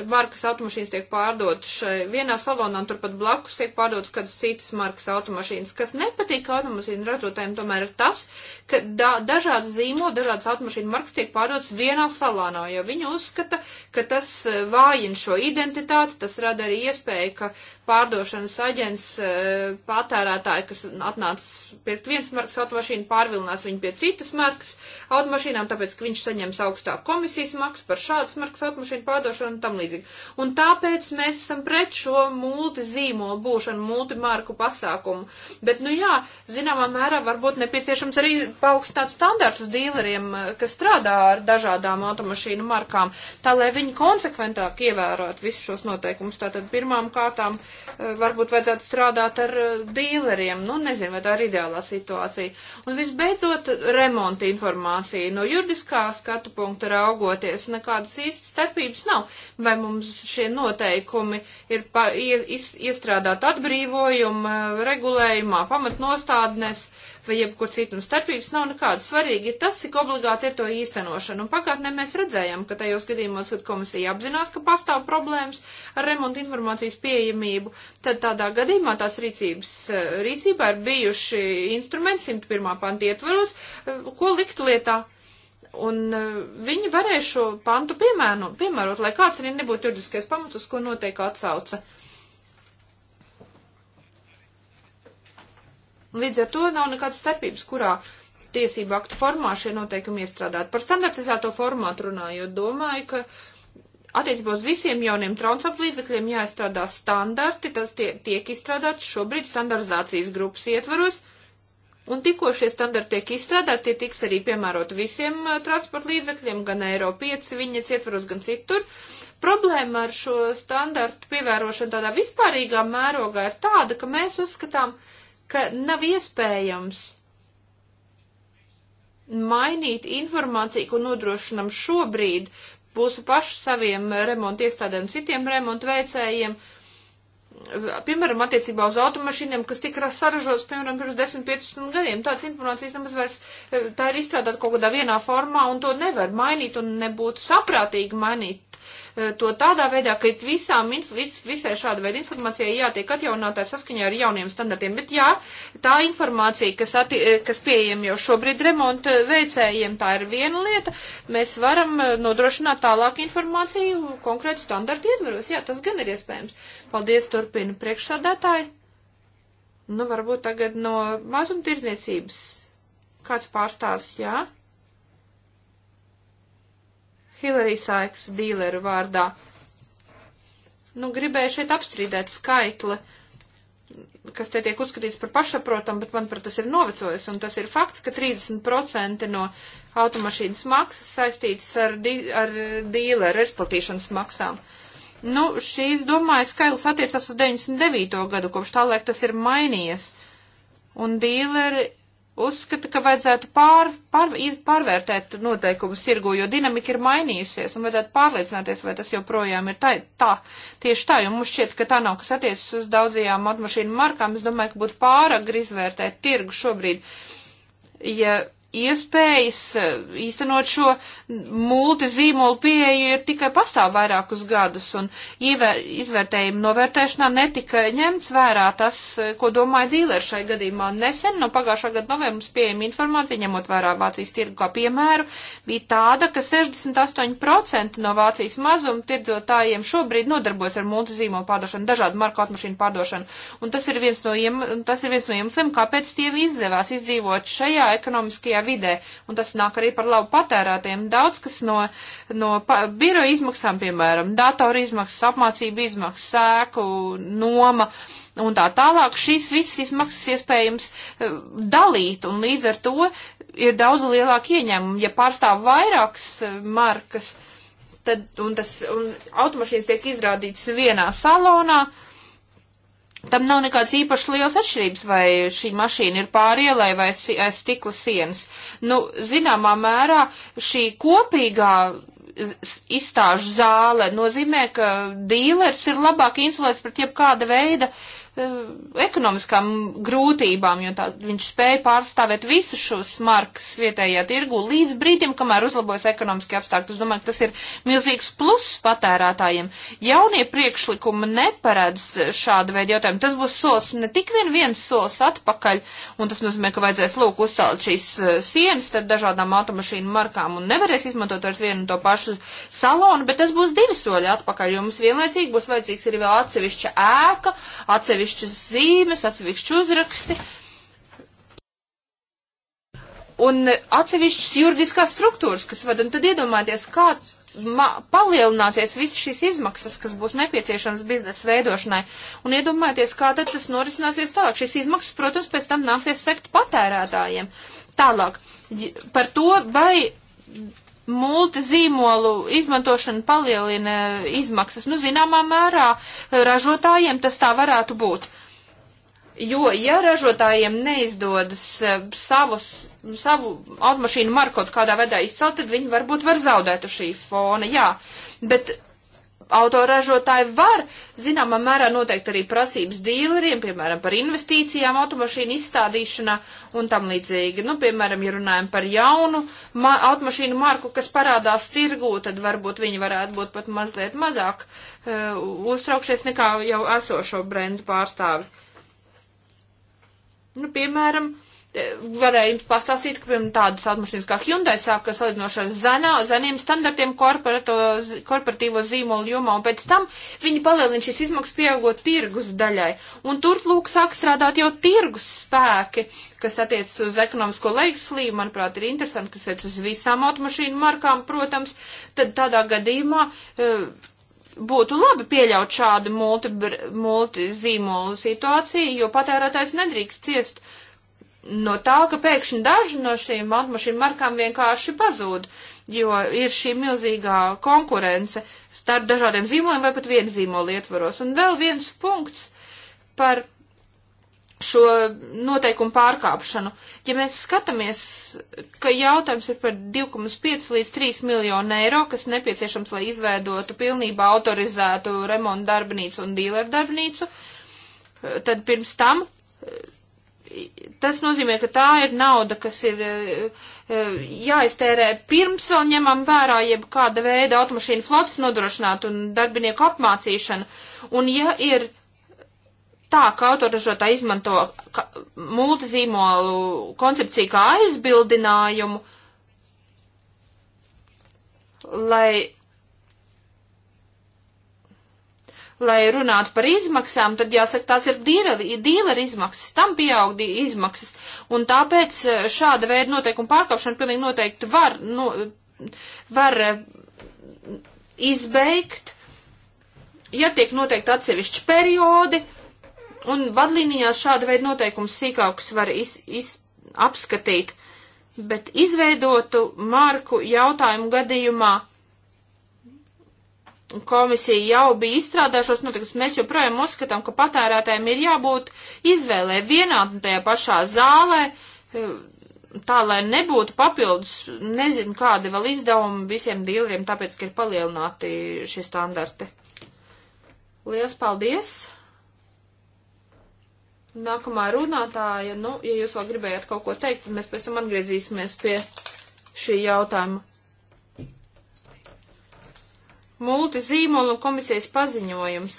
markas automašīnas tiek pārdotas šai vienā salonā, un turpat blakus tiek pārdotas kādas citas markas automašīnas. Kas nepatīk automašīnu ražotājiem tomēr ir tas, ka da dažādas zīmo, dažādas automašīnu markas tiek pārdotas vienā salonā, jo viņi uzskata, ka tas eh, vājina šo identitāti, tas rada arī iespēju, ka pārdošanas aģents eh, patērētāji, kas atnāca pirkt viens markas automašīnu, pārvilinās viņu pie citas markas automašīnām, tāpēc, ka viņš saņems augstāku komisijas maksu maksu par šādas markas automašīnu pārdošanu un tam līdzīgi. Un tāpēc mēs esam pret šo multizīmolu būšanu, multimārku pasākumu. Bet, nu jā, zināmā mērā varbūt nepieciešams arī paaugstināt standartus dīleriem, kas strādā ar dažādām automašīnu markām, tā lai viņi konsekventāk ievērot visus šos noteikumus. Tātad pirmām kārtām eh, varbūt vajadzētu strādāt ar eh, dīleriem. Nu, nezinu, vai tā ir ideālā situācija. Un visbeidzot, remonta informācija. No juridiskā skatu punkta raugoties, nekādas īstas starpības nav. Vai mums šie noteikumi ir pa, ies, iestrādāt atbrīvojuma regulējumā, pamatnostādnēs vai jebkur citur starpības nav nekādas. Svarīgi ir tas, cik obligāti ir to īstenošana. Un pagātnē mēs redzējām, ka tajos gadījumos, kad komisija apzinās, ka pastāv problēmas ar remontu informācijas pieejamību, tad tādā gadījumā tās rīcības, rīcībā ir bijuši instrumenti 101. pantu ietvaros, ko likt lietā Un e, viņi varēja šo pantu piemēno, piemērot, lai kāds arī nebūtu juridiskais pamats, uz ko notiek atsauce. Līdz ar to nav nekādas starpības, kurā tiesību aktu formā šie noteikumi iestrādāt. Par standartizēto formātu runājot, domāju, ka attiecībā uz visiem jauniem transporta līdzekļiem jāizstrādā standarti, tas tie, tiek izstrādāts šobrīd standartizācijas grupas ietvaros. Un tikko šie standarti tiek izstrādāti, tie tiks arī piemērot visiem transporta līdzekļiem, gan Eiro 5, viņas ietvaros, gan citur. Problēma ar šo standartu pievērošanu tādā vispārīgā mērogā ir tāda, ka mēs uzskatām, ka nav iespējams mainīt informāciju, ko nodrošinam šobrīd, būsu pašu saviem remontu iestādēm, citiem remontu veicējiem, uh, piemēram, attiecībā uz automašīniem, kas tika saražotas, piemēram, pirms 10-15 gadiem. Tāds informācijas nemaz vairs, e, tā ir izstrādāta kaut kādā vienā formā, un to nevar mainīt, un nebūtu saprātīgi mainīt Eh, to tādā veidā, ka visām, vis, visai šāda veida informācijai jātiek atjaunātā saskaņā ar jauniem standartiem. Bet jā, tā informācija, kas, atti, eh, kas pieejama jau šobrīd remonta veicējiem, tā ir viena lieta. Mēs varam eh, nodrošināt tālāk informāciju konkrētu standartu ietvaros. Jā, tas gan ir iespējams. Paldies, turpina priekšsādātāji. Nu, varbūt tagad no mazumtirdzniecības kāds pārstāvs, jā. Ja? Hillary Saiks dīleru vārdā. Nu, gribēju šeit apstrīdēt skaitli, kas te tiek uzskatīts par pašsaprotam, bet manuprāt tas ir novecojis, un tas ir fakts, ka 30% no automašīnas maksas saistītas ar, di ar dīleru izplatīšanas maksām. Nu, šīs, domāju, skaitlis attiecas uz 99. gadu, kopš tā laika tas ir mainījies. Un dīleri uzskata, ka vajadzētu pār, pār, pārvērtēt noteikumus tirgu, jo dinamika ir mainījusies un vajadzētu pārliecināties, vai tas joprojām ir tā, tā tieši tā, jo mums šķiet, ka tā nav, kas attiecas uz daudzajām automašīnu markām. Es domāju, ka būtu pāragri izvērtēt tirgu šobrīd, ja iespējas eh, īstenot šo multizīmolu pieeju ir tikai pastāv vairākus gadus, un ievēr, izvērtējumu novērtēšanā netika ņemts vērā tas, eh, ko domāja dīleri šai gadījumā. Nesen no pagājušā gada novembra mums pieejama informācija, ņemot vērā Vācijas tirgu kā piemēru, bija tāda, ka 68% no Vācijas mazuma tirdzotājiem šobrīd nodarbojas ar multizīmolu pārdošanu, dažādu marku automašīnu pārdošanu, un tas ir viens no, iem, tas ir viens no iemesliem, kāpēc tie izdevās izdzīvot šajā ekonomiskajā šajā vidē, un tas nāk arī par labu patērētiem. Daudz kas no, no biro izmaksām, piemēram, datoru izmaksas, apmācību izmaksas, sēku, noma un tā tālāk, šīs visas izmaksas iespējams e, dalīt, un līdz ar to ir daudz lielāk ieņēmumi. Ja pārstāv vairākas e, markas, tad, un, tas, un automašīnas tiek izrādītas vienā salonā, uh, Tam nav nekāds īpaši liels atšķirības, vai šī mašīna ir pārielai vai aiz stikla sienas. Nu, zināmā mērā šī kopīgā izstāžu zāle nozīmē, ka dīlers ir labāk insulēts pret jebkāda veida uh, Eh, ekonomiskām grūtībām, jo tā, viņš spēja pārstāvēt visus šos markas vietējā tirgu līdz brīdim, kamēr uzlabojas ekonomiskie apstākļi. Es domāju, ka tas ir milzīgs pluss patērētājiem. Jaunie priekšlikumi neparedz šādu veidu jautājumu. Tas būs solis ne tik vien viens solis atpakaļ, un tas nozīmē, ka vajadzēs lūk uzcelt šīs eh, sienas ar dažādām automašīnu markām un nevarēs izmantot ar vienu un to pašu salonu, bet tas būs divi soļi atpakaļ, jo mums vienlaicīgi būs vajadzīgs arī vēl atsevišķa ēka, atsevišķa atsevišķas zīmes, atsevišķi uzraksti un atsevišķas juridiskās struktūras, kas vada. Un tad iedomājieties, kā palielināsies visas šīs izmaksas, kas būs nepieciešamas biznesa veidošanai. Un iedomājieties, kā tad tas norisināsies tālāk. Šīs izmaksas, protams, pēc tam nāksies sekt patērētājiem. Tālāk par to, vai multizīmolu izmantošana palielina izmaksas. Nu, zināmā mērā ražotājiem tas tā varētu būt. Jo, ja ražotājiem neizdodas eh, savus, savu automašīnu markotu kādā veidā izcelt, tad viņi varbūt var zaudēt uz šī fona, jā. Bet autoražotāji var, zināmā mērā, noteikt arī prasības dīleriem, piemēram, par investīcijām automašīnu izstādīšanā un tam līdzīgi. Nu, piemēram, ja runājam par jaunu ma automašīnu marku, kas parādās tirgū, tad varbūt viņi varētu būt pat mazliet mazāk uh, uztraukšies nekā jau esošo brendu pārstāvi. Nu, piemēram, uh, varēja jums pastāstīt, ka, piemēram, tādas automašīnas kā Hyundai sāka salīdzinoši ar zenā, zeniem standartiem korporatīvo zīmolu jomā, un pēc tam viņi palielina šīs izmaksas pieaugot tirgus daļai. Un tur, lūk, sāk strādāt jau tirgus spēki, kas attiecas uz ekonomisko lejkslību, manuprāt, ir interesanti, kas attiecas uz visām automašīnu markām, protams, tad tādā gadījumā. Uh, būtu labi pieļaut šādu multizīmolu multi, multi situāciju, jo patērētājs nedrīkst ciest no tā, ka pēkšņi daži no šīm automašīnu markām vienkārši pazūd, jo ir šī milzīgā konkurence starp dažādiem zīmoliem vai pat vienu zīmolu ietvaros. Un vēl viens punkts par šo noteikumu pārkāpšanu. Ja mēs skatāmies, ka jautājums ir par 2,5 līdz 3 miljonu eiro, kas nepieciešams, lai izveidotu pilnībā autorizētu remontu darbnīcu un dīleru darbnīcu, tad pirms tam Tas nozīmē, ka tā ir nauda, kas ir eh, eh, jāiztērē pirms vēl ņemam vērā jebkāda veida automašīnu flotas nodrošināt un darbinieku apmācīšanu. Un ja ir tā, ka autoražotāji izmanto multizīmolu koncepciju kā aizbildinājumu, lai lai runātu par izmaksām, tad jāsaka, tās ir dīleri izmaksas, tam pieaug izmaksas, un tāpēc e, šāda veida noteikuma pārkāpšana pilnīgi noteikti var, no, var e, izbeigt, ja tiek noteikti atsevišķi periodi, un vadlīnijās šāda veida noteikums sīkākus var iz, iz, apskatīt, bet izveidotu marku jautājumu gadījumā komisija jau bija izstrādājušos notikus, mēs joprojām uzskatām, ka patērētājiem ir jābūt izvēlē vienā un tajā pašā zālē, eh, tā lai nebūtu papildus, nezinu, kādi vēl izdevumi visiem dīleriem, tāpēc, ka ir palielināti šie standarti. Lielas paldies! Nākamā runātāja, nu, ja jūs vēl gribējāt kaut ko teikt, mēs pēc tam atgriezīsimies pie šī jautājuma multizīmolu un komisijas paziņojums.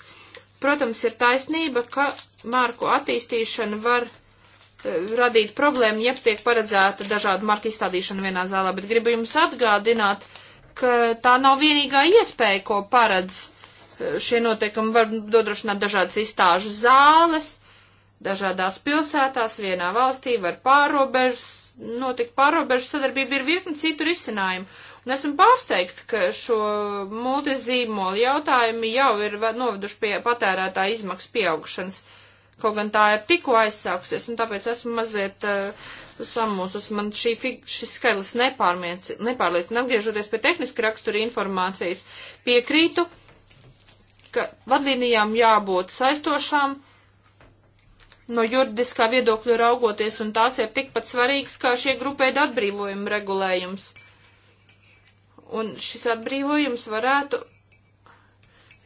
Protams, ir taisnība, ka marku attīstīšana var eh, radīt problēmu, ja tiek paredzēta dažādu marku izstādīšana vienā zālē, bet gribu jums atgādināt, ka tā nav vienīgā iespēja, ko paredz eh, šie noteikumi. Var dodrošināt dažādas izstāžu zāles, dažādās pilsētās, vienā valstī var pārobežas, notikt pārobežu sadarbība, ir virkni citu risinājumu. Un esmu pārsteigta, ka šo multizīmolu jautājumi jau ir noveduši pie patērētāja izmaksu pieaugšanas. Kaut gan tā ir tikko aizsākusies, un tāpēc esmu mazliet uh, eh, samūsus. Man šī, šis skaidrs nepārliecina. Atgriežoties pie tehniska rakstura informācijas, piekrītu, ka vadlīnijām jābūt saistošām no juridiskā viedokļa raugoties, un tās ir tikpat svarīgas kā šie grupēda atbrīvojuma regulējums. Un šis atbrīvojums varētu,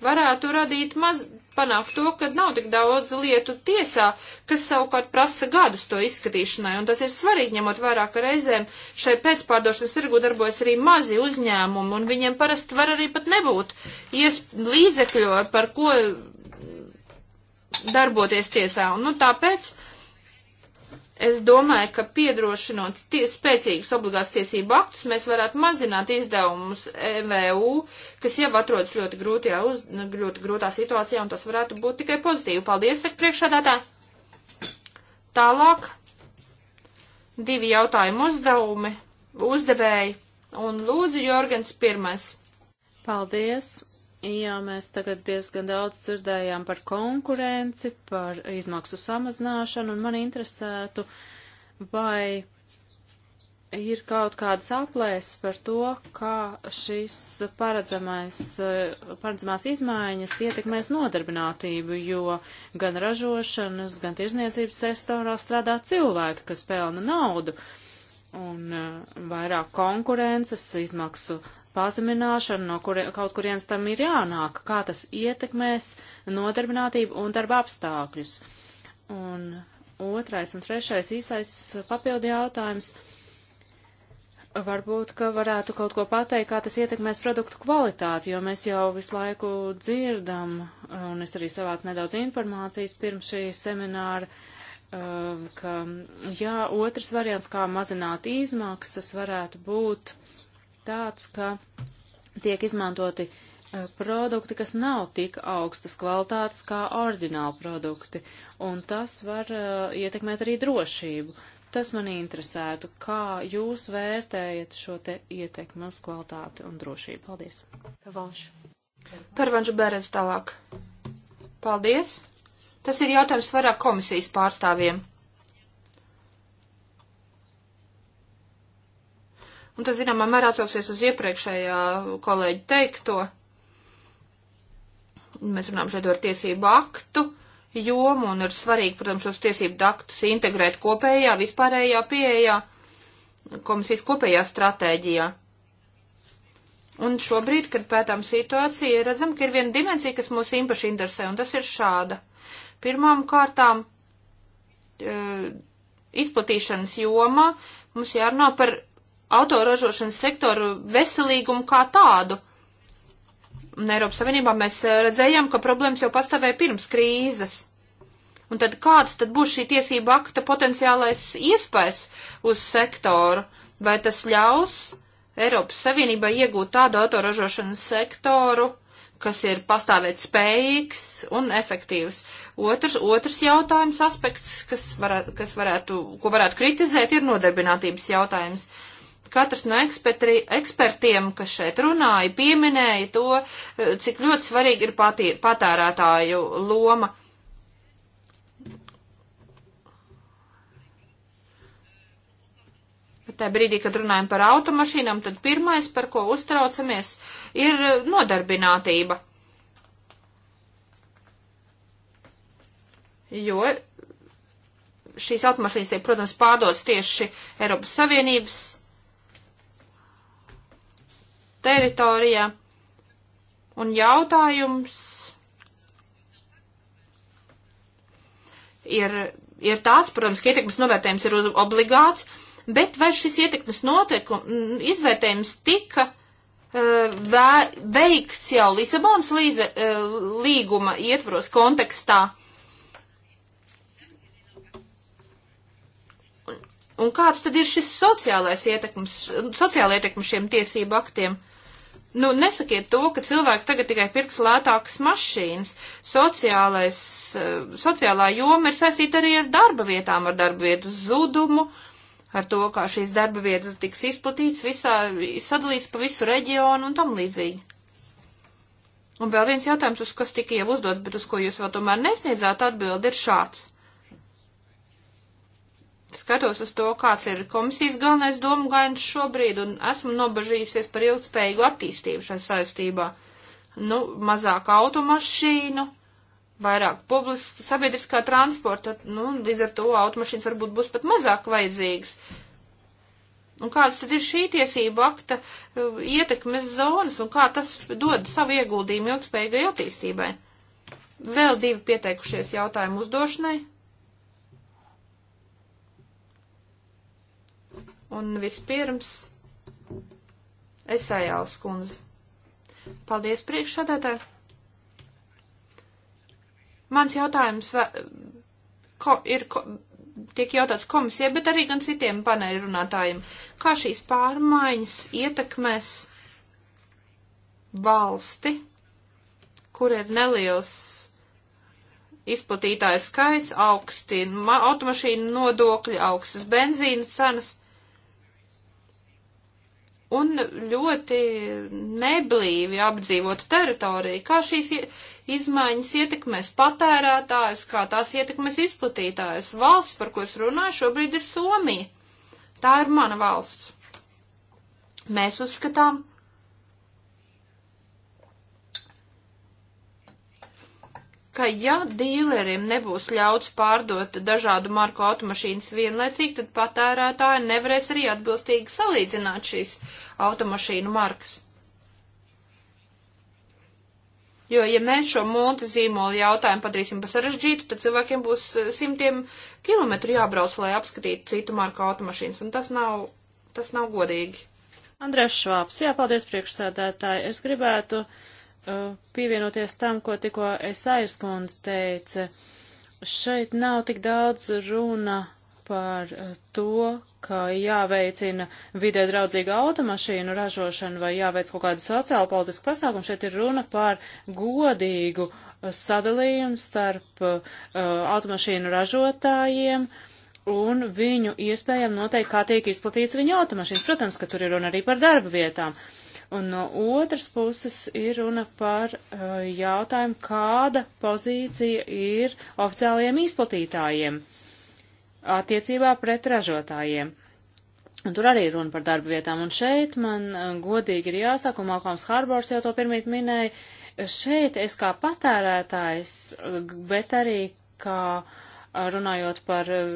varētu radīt maz, panākt to, ka nav tik daudz lietu tiesā, kas savukārt prasa gadus to izskatīšanai, un tas ir svarīgi, ņemot vairāk, ka reizēm šai pēcpārdošanas tirgu darbojas arī mazi uzņēmumi, un viņiem parasti var arī pat nebūt ies līdzekļo, par ko darboties tiesā, un nu tāpēc Es domāju, ka piedrošinot tie, spēcīgus obligāts tiesību aktus, mēs varētu mazināt izdevumus EVU, kas jau atrodas ļoti, grūtajā, uz, ļoti grūtā situācijā, un tas varētu būt tikai pozitīvi. Paldies, saka priekšādātā. Tālāk divi jautājumu uzdevumi, uzdevēji, un lūdzu, Jorgens, pirmais. Paldies, Jā, mēs tagad diezgan daudz dzirdējām par konkurenci, par izmaksu samazināšanu, un man interesētu, vai ir kaut kādas aplēses par to, kā šīs paredzamās izmaiņas ietekmēs nodarbinātību, jo gan ražošanas, gan tirzniecības sektorā strādā cilvēki, kas pelna naudu, un eh, vairāk konkurences izmaksu pazemināšana, no kur, kaut kurienes tam ir jānāk, kā tas ietekmēs nodarbinātību un darba apstākļus. Un otrais un trešais īsais papildi jautājums. Varbūt, ka varētu kaut ko pateikt, kā tas ietekmēs produktu kvalitāti, jo mēs jau visu laiku dzirdam, un es arī savācu nedaudz informācijas pirms šī semināra, uh, ka jā, otrs variants, kā mazināt izmaksas, varētu būt uh, tāds, ka tiek izmantoti e, produkti, kas nav tik augstas kvalitātes kā oriģināli produkti, un tas var uh, ietekmēt arī drošību. Tas man interesētu, kā jūs vērtējat šo te ietekmi uz kvalitāti un drošību. Paldies. Pavanš. Parvanšu Berez tālāk. Paldies. Tas ir jautājums vairāk komisijas pārstāvjiem. Un tas, zināmā mērā, atsauksies uz iepriekšējā kolēģi teikto. Mēs runājam šeit par tiesību aktu jomu un ir svarīgi, protams, šos tiesību aktus integrēt kopējā, vispārējā pieejā, komisijas kopējā stratēģijā. Un šobrīd, kad pētām situāciju, redzam, ka ir viena dimensija, kas mūs īpaši interesē, un tas ir šāda. Pirmām kārtām e, izplatīšanas jomā mums jārunā par autoražošanas sektoru veselīgumu kā tādu. Un Eiropas Savienībā mēs eh, redzējām, ka problēmas jau pastāvēja pirms krīzes. Un tad kāds tad būs šī tiesība akta potenciālais iespējas uz sektoru? Vai tas ļaus Eiropas Savienībai iegūt tādu autoražošanas sektoru, kas ir pastāvēt spējīgs un efektīvs. Otrs, otrs jautājums aspekts, kas varētu, kas varētu, ko varētu kritizēt, ir nodarbinātības jautājums. Uh, katrs no ekspertri, ekspertiem, kas šeit runāja, pieminēja to, eh, cik ļoti svarīgi ir patī, patērētāju loma. Bet tajā brīdī, kad runājam par automašīnām, tad pirmais, par ko uztraucamies, ir eh, nodarbinātība. Jo šīs automašīnas tiek, protams, pārdotas tieši Eiropas Savienības teritorijā. Un jautājums ir, ir tāds, protams, ka ietekmes novērtējums ir obligāts, bet vai šis ietekmes noteikums, mm, izvērtējums tika eh, vē, veikts jau Lisabonas līdze, eh, līguma ietvaros kontekstā? Un kāds tad ir šis sociālais ietekmes, sociāla ietekme šiem tiesību aktiem? Uh, Nu, nesakiet to, ka cilvēki tagad tikai pirks lētākas mašīnas. Sociālais, eh, sociālā joma ir saistīta arī ar darba vietām, ar darba vietu zudumu, ar to, kā šīs darba vietas tiks izplatīts visā, sadalīts pa visu reģionu un tam līdzīgi. Un vēl viens jautājums, uz kas tika jau uzdots, bet uz ko jūs vēl tomēr nesniedzāt atbildi, ir šāds skatos uz to, kāds ir komisijas galvenais domu gainis šobrīd, un esmu nobežījusies par ilgspējīgu attīstību šajā saistībā. Nu, mazāk automašīnu, vairāk publiska sabiedriskā transporta, nu, līdz ar to automašīnas varbūt būs pat mazāk vajadzīgas. Un kādas tad ir šī tiesība akta uh, ietekmes zonas un kā tas dod savu ieguldījumu ilgspējīgai attīstībai? Vēl divi pieteikušies jautājumu uzdošanai. Un vispirms Esējāls kundze. Paldies priekšsādātāji. Mans jautājums vē, ko, ir, ko, tiek jautāts komisijai, bet arī gan citiem paneļrunātājiem. Kā šīs pārmaiņas ietekmēs valsti, kur ir neliels izplatītājs skaits, augsti automašīnu nodokļi, augstas benzīna cenas? un ļoti neblīvi apdzīvot teritoriju, kā šīs izmaiņas ietekmēs patērētājs, kā tās ietekmēs izplatītājs. Valsts, par ko es runāju, šobrīd ir Somija. Tā ir mana valsts. Mēs uzskatām, ka ja dīleriem nebūs ļauts pārdot dažādu marku automašīnas vienlaicīgi, tad patērētāji nevarēs arī atbilstīgi salīdzināt šīs automašīnu markas. Jo, ja mēs šo monta zīmolu jautājumu padarīsim par sarežģītu, tad cilvēkiem būs eh, simtiem kilometru jābrauc, lai apskatītu citu marku automašīnas, un tas nav, tas nav godīgi. Andrēs Švāps, jā, paldies priekšsēdētāji. Es gribētu uh, Uh, pievienoties tam, ko tikko es aizskundz teica. Šeit nav tik daudz runa par uh, to, ka jāveicina vidē draudzīga automašīnu ražošana vai jāveic kaut kāda sociāla politiska pasākuma. Šeit ir runa par godīgu uh, sadalījumu starp uh, automašīnu ražotājiem un viņu iespējām noteikt, kā tiek izplatīts viņa automašīnas. Protams, ka tur ir runa arī par darba vietām. Un no otras puses ir runa par uh, jautājumu, kāda pozīcija ir oficiālajiem izplatītājiem attiecībā pret ražotājiem. Un tur arī runa par darba vietām. Un šeit man uh, godīgi ir jāsaka, un Malkoms Harbors jau to pirmīt minēja, šeit es kā patērētājs, eh, bet arī kā uh, runājot par eh,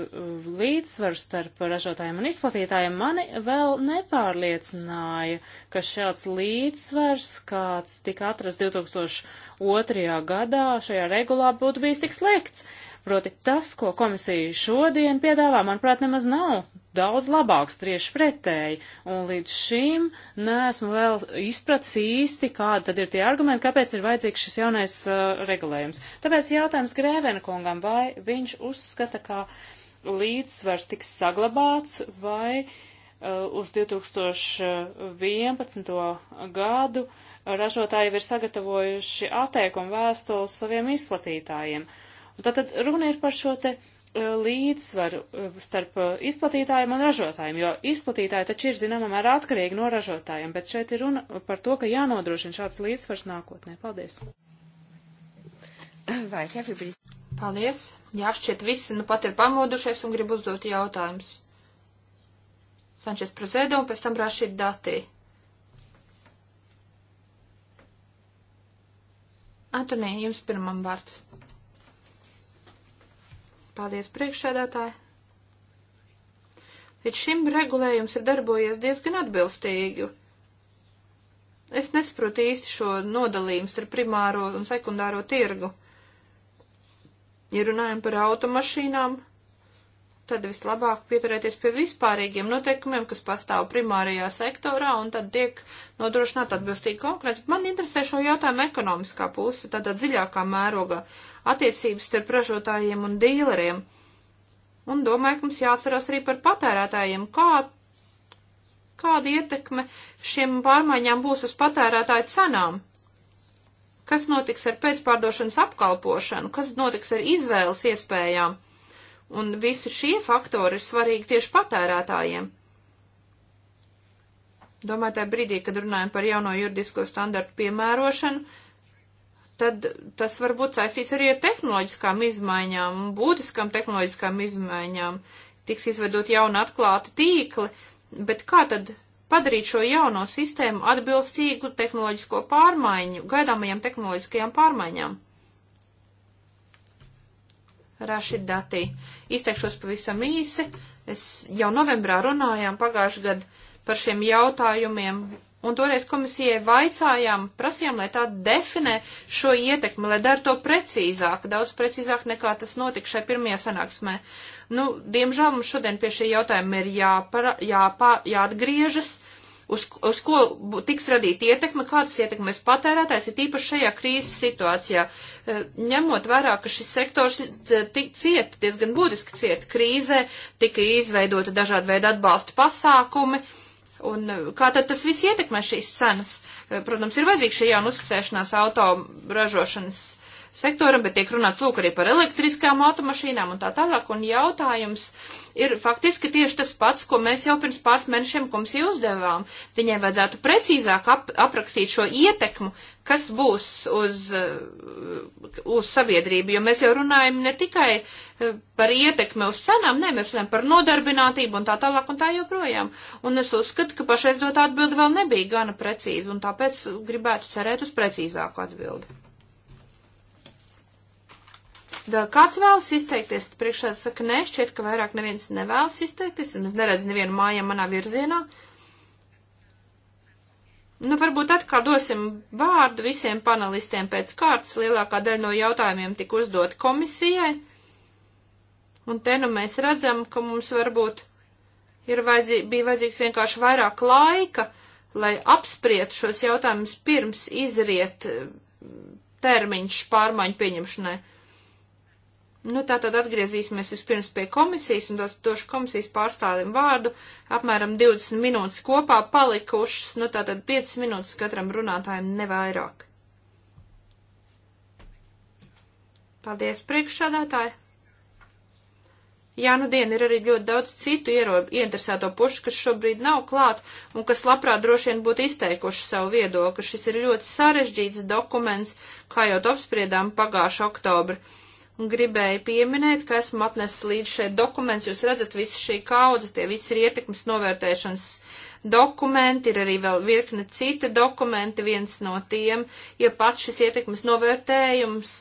līdzsvaru starp ražotājiem un izplatītājiem, mani vēl nepārliecināja, ka šāds līdzsvars, kāds tika atrasts 2002. gadā, šajā regulā būtu bijis tik slikts. Proti tas, ko komisija šodien piedāvā, manuprāt, nemaz nav daudz labāks, tieši pretēji. Un līdz šim neesmu vēl izpratis īsti, kāda tad ir tie argumenti, kāpēc ir vajadzīgs šis jaunais uh, regulējums. Tāpēc jautājums Grēvenkungam, vai viņš uzskata, ka līdzsvars tiks saglabāts vai uh, uz 2011. gadu ražotāji ir sagatavojuši atteikumu vēstules saviem izplatītājiem. Un tātad runa ir par šo te uh, E, līdzsvaru e, starp e, izplatītājiem un ražotājiem, jo izplatītāji taču ir zināmā mērā atkarīgi no ražotājiem, bet šeit ir runa par to, ka jānodrošina šāds līdzsvars nākotnē. Paldies! Paldies! Jā, šķiet visi nu pat ir pamodušies un grib uzdot jautājumus. Sančes Prozēdo un pēc tam Rašid Datī. Antonija, jums pirmam vārds. Paldies, priekšsēdētāji! Līdz šim regulējums ir darbojies diezgan atbilstīgi. Es nesaprotu īsti šo nodalījumu starp primāro un sekundāro tirgu. Ja runājam par automašīnām, tad vislabāk pieturēties pie vispārīgiem noteikumiem, kas pastāv primārajā sektorā, un tad tiek nodrošināta atbilstīga konkurence. Man interesē šo jautājumu ekonomiskā puse, tādā dziļākā mērogā attiecības starp ražotājiem un dīleriem. Un domāju, ka mums jāatcerās arī par patērētājiem, kā, kāda ietekme šiem pārmaiņām būs uz patērētāju cenām kas notiks ar pēcpārdošanas apkalpošanu, kas notiks ar izvēles iespējām. Un visi šie faktori ir svarīgi tieši patērētājiem. Domāju, tajā brīdī, kad runājam par jauno juridisko standartu piemērošanu, tad tas var būt saistīts arī ar tehnoloģiskām izmaiņām, būtiskām tehnoloģiskām izmaiņām. Tiks izvedot jauna atklāta tīkli, bet kā tad padarīt šo jauno sistēmu atbilstīgu tehnoloģisko pārmaiņu, gaidāmajām tehnoloģiskajām pārmaiņām? Rašid Datī. Izteikšos pavisam īsi. Es jau novembrā runājām pagājušajā gadā par šiem jautājumiem. Un toreiz komisijai vaicājām, prasījām, lai tā definē šo ietekmi, lai dara to precīzāk, daudz precīzāk nekā tas notika šai pirmajā sanāksmē. Nu, diemžēl mums šodien pie šī jautājuma ir jāpara, jāpā, jāatgriežas. Uh, uz, uz ko tiks radīta ietekme, kādas ietekmes patērētājs ir tīpaši šajā krīzes situācijā. E, ņemot vērā, ka šis sektors e, tik ciet, diezgan būtiski ciet krīzē, tika izveidota dažāda veida atbalsta pasākumi. Un e, kā tad tas viss ietekmē šīs cenas? Protams, ir vajadzīga šī jauna uzticēšanās auto ražošanas sektoram, bet tiek runāts lūk arī par elektriskām automašīnām un tā tālāk. Un jautājums ir faktiski tieši tas pats, ko mēs jau pirms pāris mēnešiem komisiju uzdevām. Viņai vajadzētu precīzāk ap, aprakstīt šo ietekmu, kas būs uz, uh, uz sabiedrību, jo mēs jau runājam ne tikai uh, par ietekmi uz cenām, nē, mēs runājam par nodarbinātību un tā tālāk un tā joprojām. Un es uzskatu, ka pašais dot atbildi vēl nebija gana precīzi, un tāpēc gribētu cerēt uz precīzāku atbildi. Vēl kāds vēlas izteikties? Priekšā saka, nē, šķiet, ka vairāk neviens nevēlas izteikties. Es neredzu nevienu mājā manā virzienā. Nu, varbūt atkal dosim vārdu visiem panelistiem pēc kārtas. Lielākā daļa no jautājumiem tika uzdot komisijai. Un te nu mēs redzam, ka mums varbūt ir vajadzī, bija vajadzīgs vienkārši vairāk laika, lai apspriet šos jautājumus pirms izriet eh, termiņš pārmaiņu pieņemšanai. Nu, tā tad atgriezīsimies vispirms pie komisijas un dos, došu komisijas pārstāvim vārdu. Apmēram 20 minūtes kopā palikušas, nu, tā tad 5 minūtes katram runātājam nevairāk. Paldies, priekšsādātāji! Jā, nu dien ir arī ļoti daudz citu ieinteresēto pušu, kas šobrīd nav klāt un kas labprāt droši vien būtu izteikuši savu viedokli. Šis ir ļoti sarežģīts dokuments, kā jau to apspriedām pagājušā oktobra gribēju pieminēt, ka esmu atnesis līdz šeit dokuments. Jūs redzat, visu šī kaudze, tie visi ir ietekmes novērtēšanas dokumenti, ir arī vēl virkne cita dokumenti, viens no tiem, ja pats šis ietekmes novērtējums,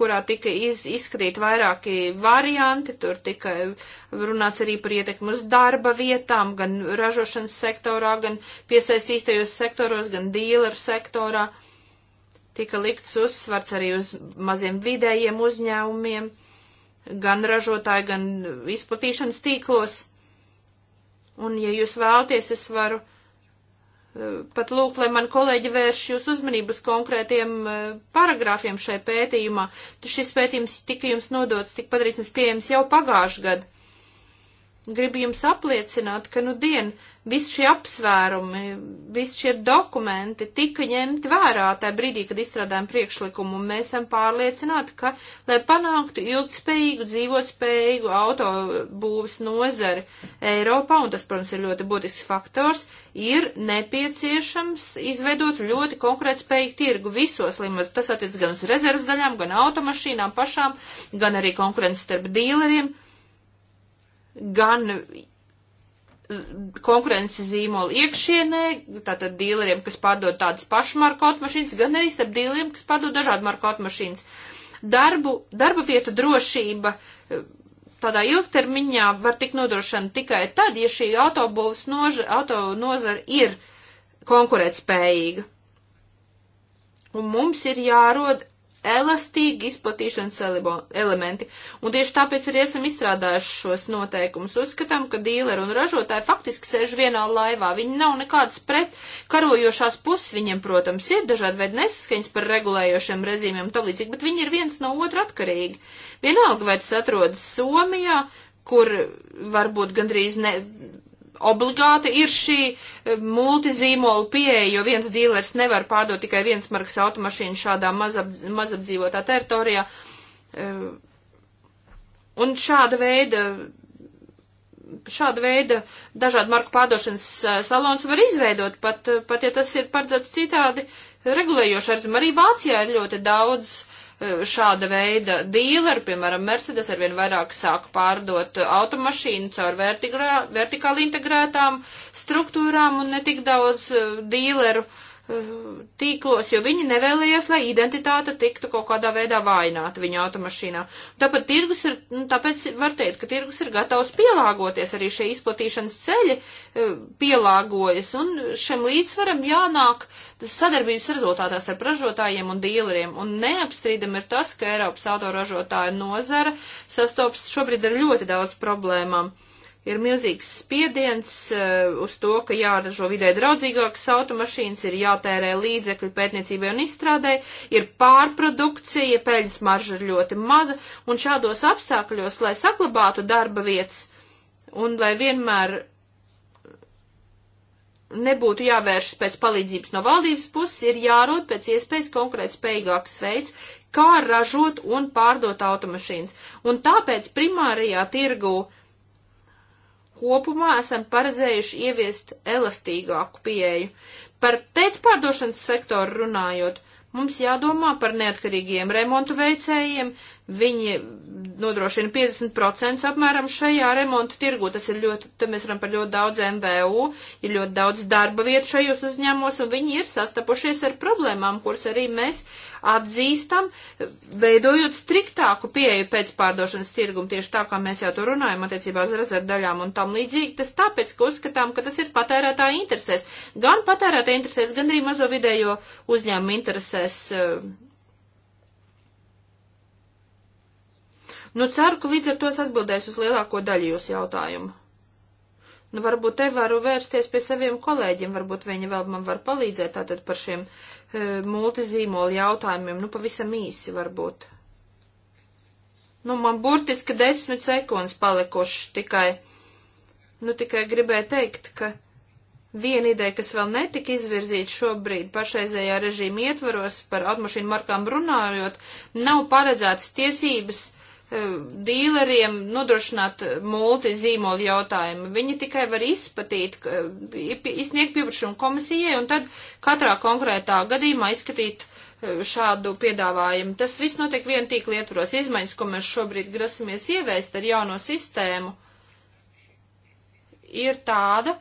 kurā tika iz, izskatīt vairāki varianti, tur tika runāts arī par ietekmu uz darba vietām, gan ražošanas sektorā, gan piesaistīstajos sektoros, gan dīleru sektorā. Uh, Tika likts uzsvarts arī uz maziem vidējiem uzņēmumiem, gan ražotāju, gan izplatīšanas tīklos. Un, ja jūs vēlaties, es varu eh, pat lūgt, lai man kolēģi vērš jūs uzmanību uz konkrētiem eh, paragrāfiem šai pētījumā. Tas šis pētījums tika jums nodots, tika padarīts mums pieejams jau pagājušajā gadā. Gribu jums apliecināt, ka nu dien visi šie apsvērumi, visi šie dokumenti tika ņemti vērā tajā brīdī, kad izstrādājam priekšlikumu, un mēs esam pārliecināti, ka, lai panāktu ilgspējīgu, dzīvotspējīgu autobūvis nozari Eiropā, un tas, protams, ir ļoti būtisks faktors, ir nepieciešams izveidot ļoti konkrētspējīgu tirgu visos līmeņos. Tas attiec gan uz rezervas daļām, gan automašīnām pašām, gan arī konkurences starp dīleriem gan konkurences zīmolu iekšienē, tātad dīleriem, kas pārdod tādas pašu marku automašīnas, gan arī starp dīleriem, kas pārdod dažādu marku automašīnas. Darbu, darba vietu drošība tādā ilgtermiņā var tikt nodrošina tikai tad, ja šī autobūvas noža, auto nozara ir konkurētspējīga. Un mums ir jārod elastīgi izplatīšanas elementi, un tieši tāpēc arī esam izstrādājuši šos noteikumus. Uzskatām, ka dīleri un ražotāji faktiski sēž vienā laivā. Viņi nav nekādas pret karojošās puses, viņiem, protams, ir dažādi veidi nesaskaņas par regulējošiem režīmiem un tālīdzīgi, bet viņi ir viens no otra atkarīgi. Vienalga, vai tas atrodas Somijā, kur varbūt gandrīz ne, obligāti ir šī eh, multizīmola pieeja, jo viens dīlers nevar pārdot tikai viens marks automašīnu šādā mazap, mazapdzīvotā teritorijā. Eh, un šāda veida, šāda veida dažādu marku pārdošanas eh, salons var izveidot, pat, pat ja tas ir paredzēts citādi regulējoši. Arī Vācijā ir ļoti daudz uh, šāda veida dīleri, piemēram, Mercedes arvien vairāk sāk pārdot automašīnu caur vertikāli integrētām struktūrām un netik daudz eh, dīleru uh, tīklos, jo viņi nevēlējās, lai identitāte tiktu kaut kādā veidā vājināta viņa automašīnā. Tāpēc tirgus ir, nu, tāpēc var teikt, ka tirgus ir gatavs pielāgoties, arī šie izplatīšanas ceļi e, pielāgojas, un šim līdzsvaram jānāk sadarbības rezultātā starp ražotājiem un dīleriem, un neapstrīdam ir tas, ka Eiropas autoražotāja nozara sastopas šobrīd ar ļoti daudz problēmām. Uh, ir milzīgs spiediens uh, uz to, ka jāražo vidē draudzīgākas automašīnas, ir jātērē līdzekļu pētniecībai un izstrādē, ir pārprodukcija, peļņas marža ir ļoti maza, un šādos apstākļos, lai saglabātu darba vietas un lai vienmēr nebūtu jāvēršas pēc palīdzības no valdības puses, ir jārod pēc iespējas konkrēt spējīgāks veids, kā ražot un pārdot automašīnas. Un tāpēc primārajā tirgū uh, kopumā esam paredzējuši ieviest elastīgāku pieeju. Par pēcpārdošanas sektoru runājot, mums jādomā par neatkarīgiem remontu veicējiem, Viņi nodrošina 50% apmēram šajā remontu tirgu. Tas ir ļoti, tad mēs runājam par ļoti daudz MVU, ir ļoti daudz darba vietu šajos uzņēmumos, un viņi ir sastapušies ar problēmām, kuras arī mēs atzīstam, veidojot striktāku pieeju pēc pārdošanas tirgumu, tieši tā, kā mēs jau to runājam attiecībā uz rezervdaļām un tam līdzīgi. Tas tāpēc, ka uzskatām, ka tas ir patērētāja interesēs. Gan patērētāja interesēs, gan arī mazo vidējo uzņēmumu interesēs. Uh, Nu, ceru, ka līdz ar to es atbildēšu uz lielāko daļu jūsu jautājumu. Nu, varbūt te varu vērsties pie saviem kolēģiem, varbūt viņi vēl man var palīdzēt tātad par šiem e, multizīmolu jautājumiem, nu, pavisam īsi varbūt. Nu, man burtiski desmit sekundes palikuši tikai, nu, tikai gribēju teikt, ka viena ideja, kas vēl netika izvirzīta šobrīd pašreizējā režīma ietvaros par automašīnu markām runājot, nav paredzētas tiesības Eh, dīleriem nodrošināt multizīmolu jautājumu. Viņi tikai var izpatīt, eh, izsniegt pieprasījumu komisijai un tad katrā konkrētā gadījumā izskatīt eh, šādu piedāvājumu. Tas viss notiek vien tīk lietvaros izmaiņas, ko mēs šobrīd grasamies ieviest ar jauno sistēmu, ir tāda,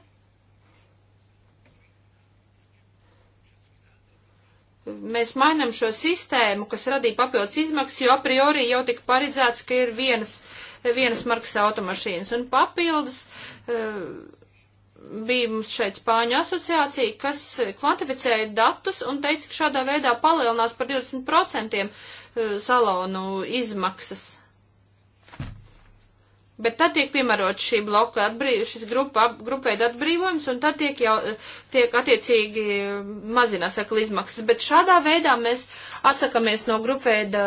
mēs mainam šo sistēmu, kas radīja papildus izmaksas, jo a priori jau tika paredzēts, ka ir vienas, vienas markas automašīnas un papildus. E, bija mums šeit Spāņu asociācija, kas kvantificēja datus un teica, ka šādā veidā palielinās par 20% e, salonu izmaksas Bet tad tiek piemērot šī bloka atbrīv, šis grupa, grupveida atbrīvojums, un tad tiek jau, tiek attiecīgi mazinās akli izmaksas. Bet šādā veidā mēs atsakamies no grupveida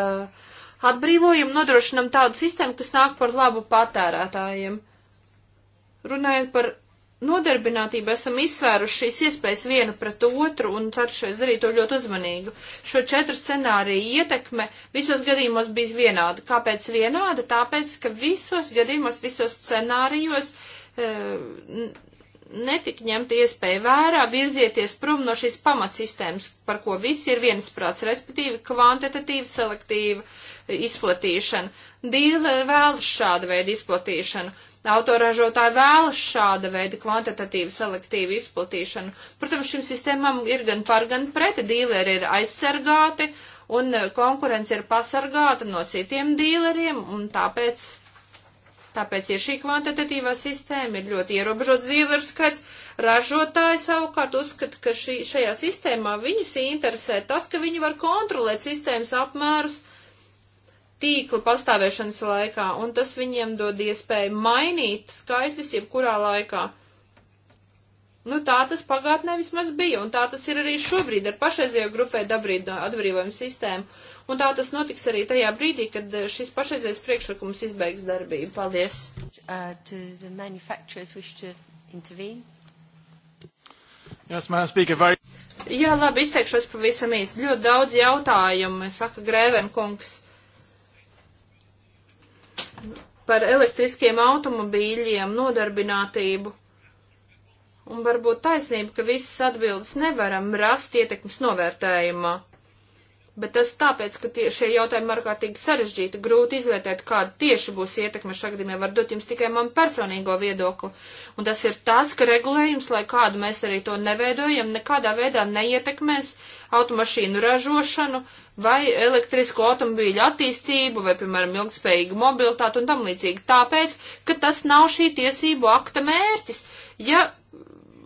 atbrīvojuma, nodrošinam tādu sistēmu, kas nāk par labu patērētājiem. Runājot par nodarbinātību esam izsvēruši šīs iespējas vienu pret otru un ceršies darīt to ļoti uzmanīgu. Šo četru scenāriju ietekme visos gadījumos bijis vienāda. Kāpēc vienāda? Tāpēc, ka visos gadījumos, visos scenārijos e, netik ņemta iespēja vērā virzieties prom no šīs pamatsistēmas, par ko visi ir viensprāts, respektīvi kvantitatīva, selektīva izplatīšana. Dīleri vēlas šādu veidu izplatīšanu Autoražotāji vēlas šāda veida kvantitatīvu selektīvu izplatīšanu. Protams, šim sistēmām ir gan par, gan pret. Dīleri ir aizsargāti un konkurence ir pasargāta no citiem dīleriem un tāpēc, tāpēc ir šī kvantitatīvā sistēma, ir ļoti ierobežots dīleru skaits. Ražotāji savukārt uzskata, ka šī, šajā sistēmā viņus interesē tas, ka viņi var kontrolēt sistēmas apmērus tīkla pastāvēšanas laikā, un tas viņiem dod iespēju mainīt skaitļus jebkurā laikā. Nu, tā tas pagātnē vismaz bija, un tā tas ir arī šobrīd ar pašreizējo grupē atbrīvojumu sistēmu, un tā tas notiks arī tajā brīdī, kad eh, šis pašreizējais priekšlikums izbeigs darbību. Paldies! Uh, Yes, speaker, very... Jā, labi, izteikšos pavisam īsti. Ļoti daudz jautājumu, saka Grēvenkungs par elektriskiem automobīļiem, nodarbinātību. Un varbūt taisnība, ka visas atbildes nevaram rast ietekmes novērtējumā bet tas tāpēc, ka tie, šie jautājumi ārkārtīgi sarežģīti, grūti izvērtēt, kāda tieši būs ietekme šagadījumā, var dot jums tikai man personīgo viedokli. Un tas ir tāds, ka regulējums, lai kādu mēs arī to neveidojam, nekādā veidā neietekmēs automašīnu ražošanu vai elektrisko automobīļu attīstību vai, piemēram, ilgspējīgu mobilitātu un tam līdzīgi. Tāpēc, ka tas nav šī tiesību akta mērķis. Ja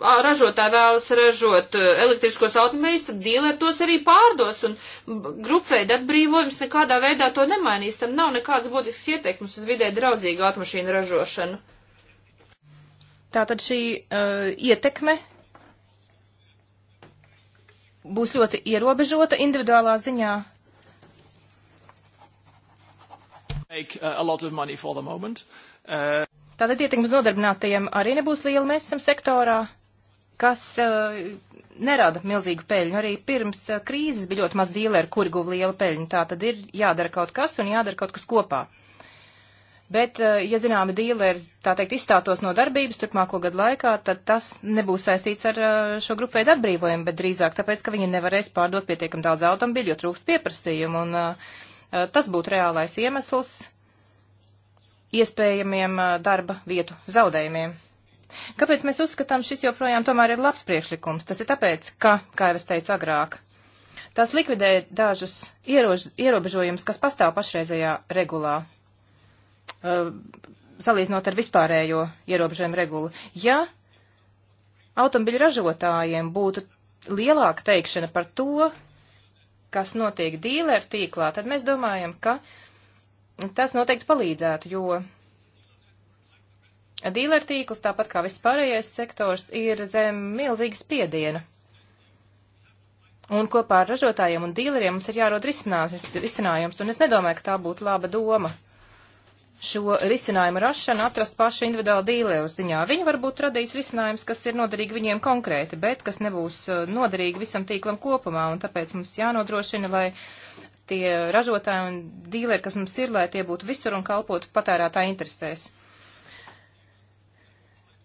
ražotāji vēlas ražot uh, elektriskos automobīļus, tad dīleri tos arī pārdos, un grupveida atbrīvojums nekādā veidā to nemainīs. Tam nav nekāds būtisks ieteikums uz vidē draudzīgu automašīnu ražošanu. Tātad šī uh, ietekme būs ļoti ierobežota individuālā ziņā. Make uh, a lot of money for the moment. Uh... Tātad ietekmes nodarbinātajiem arī nebūs liela. Mēs esam sektorā, kas uh, nerada milzīgu peļņu. Arī pirms uh, krīzes bija ļoti maz dīleri, kuri guva lielu peļņu. Tā tad ir jādara kaut kas un jādara kaut kas kopā. Bet, uh, ja zināmi dīleri, tā teikt, izstātos no darbības turpmāko gadu laikā, tad tas nebūs saistīts ar šo grupu veidu atbrīvojumu, bet drīzāk tāpēc, ka viņi nevarēs pārdot pietiekam daudz automobiļu, jo trūkst pieprasījumu. Un tas būtu reālais iemesls iespējamiem darba vietu zaudējumiem. Kāpēc mēs uzskatām, šis joprojām tomēr ir labs priekšlikums? Tas ir tāpēc, ka, kā jau es teicu agrāk, tās likvidē dažus ierož, ierobežojumus, kas pastāv pašreizējā regulā. Uh, salīdzinot ar vispārējo ierobežojumu regulu. Ja automobiļu ražotājiem būtu lielāka teikšana par to, kas notiek dīleru tīklā, tad mēs domājam, ka tas noteikti palīdzētu, jo Dīlertīkls, tāpat kā vispārējais sektors, ir zem milzīga spiediena. Un kopā ar ražotājiem un dīleriem mums ir jārod risinājums, un es nedomāju, ka tā būtu laba doma. Šo risinājumu rašanu atrast pašu individuālu dīleru ziņā. Viņi varbūt radīs risinājums, kas ir noderīgi viņiem konkrēti, bet kas nebūs uh, noderīgi visam tīklam kopumā, un tāpēc mums jānodrošina, lai tie ražotāji un dīleri, kas mums ir, lai tie būtu visur un kalpotu patērētāju interesēs.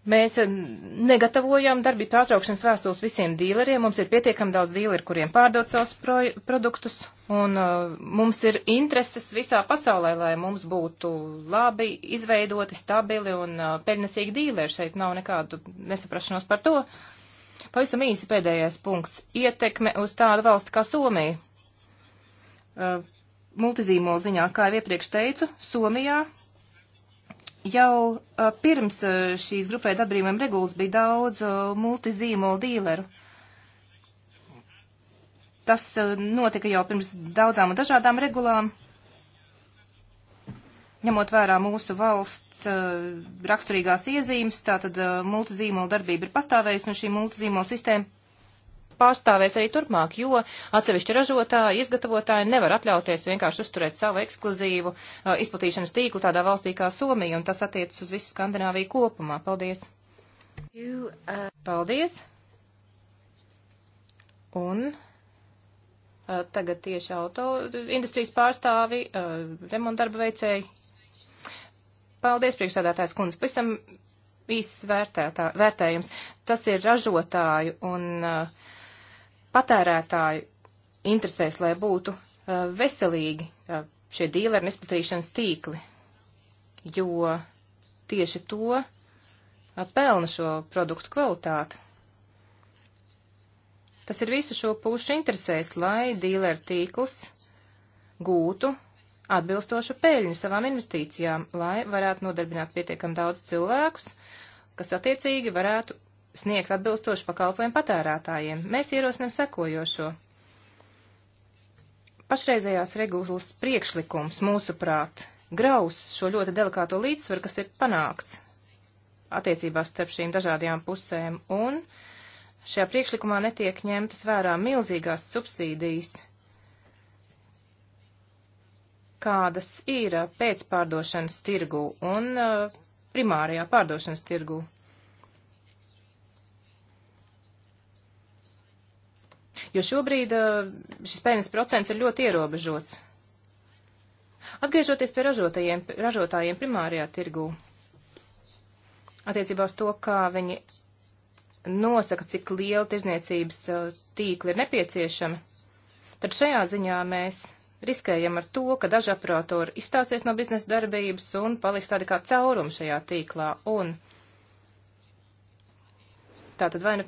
Mēs eh, negatavojam darbību pārtraukšanas vēstules visiem dīleriem. Mums ir pietiekami daudz dīleri, kuriem pārdot savus pro produktus, un uh, mums ir intereses visā pasaulē, lai mums būtu labi izveidoti, stabili un uh, eh, peļnesīgi dīleri. Šeit nav nekādu nesaprašanos par to. Pavisam īsi pēdējais punkts - ietekme uz tādu valsti kā Somija. Uh, multizīmola ziņā, kā jau iepriekš teicu, Somijā Jau pirms šīs grupēta atbrīvojuma regulas bija daudz multizīmolu dīleru. Tas notika jau pirms daudzām un dažādām regulām. Ņemot vērā mūsu valsts raksturīgās iezīmes, tātad multizīmola darbība ir pastāvējusi un šī multizīmola sistēma pārstāvēs arī turpmāk, jo atsevišķi ražotāji, izgatavotāji nevar atļauties vienkārši uzturēt savu ekskluzīvu uh, izplatīšanas tīklu tādā valstī kā Somija, un tas attiecas uz visu Skandināviju kopumā. Paldies! You, uh... Paldies! Un uh, tagad tieši auto industrijas pārstāvi, uh, remontdarba veicēji. Paldies, priekšsādātājs kundze. Pavisam īsts vērtējums. Tas ir ražotāju un uh, patērētāju interesēs, lai būtu uh, veselīgi uh, šie dīleri un izplatīšanas tīkli, jo tieši to uh, pelna šo produktu kvalitāti. Tas ir visu šo pušu interesēs, lai dīleri tīkls gūtu atbilstošu peļņu savām investīcijām, lai varētu nodarbināt pietiekam daudz cilvēkus, kas attiecīgi varētu sniegt atbilstošu pakalpojumu patērētājiem. Mēs ierosinam sekojošo. Pašreizējās regulas priekšlikums, mūsuprāt, graus šo ļoti delikāto līdzsvaru, kas ir panākts attiecībās starp šīm dažādajām pusēm, un šajā priekšlikumā netiek ņemtas vērā milzīgās subsīdijas, kādas ir pēcpārdošanas tirgu un uh, primārajā pārdošanas tirgu. jo šobrīd eh, šis peļņas procents ir ļoti ierobežots. Atgriežoties pie ražotājiem, ražotājiem primārajā tirgū, attiecībā uz to, kā viņi nosaka, cik liela tirzniecības eh, tīkla ir nepieciešama, tad šajā ziņā mēs riskējam ar to, ka daži operatori izstāsies no biznesa darbības un paliks tādi kā caurumi šajā tīklā. Un tātad vai nu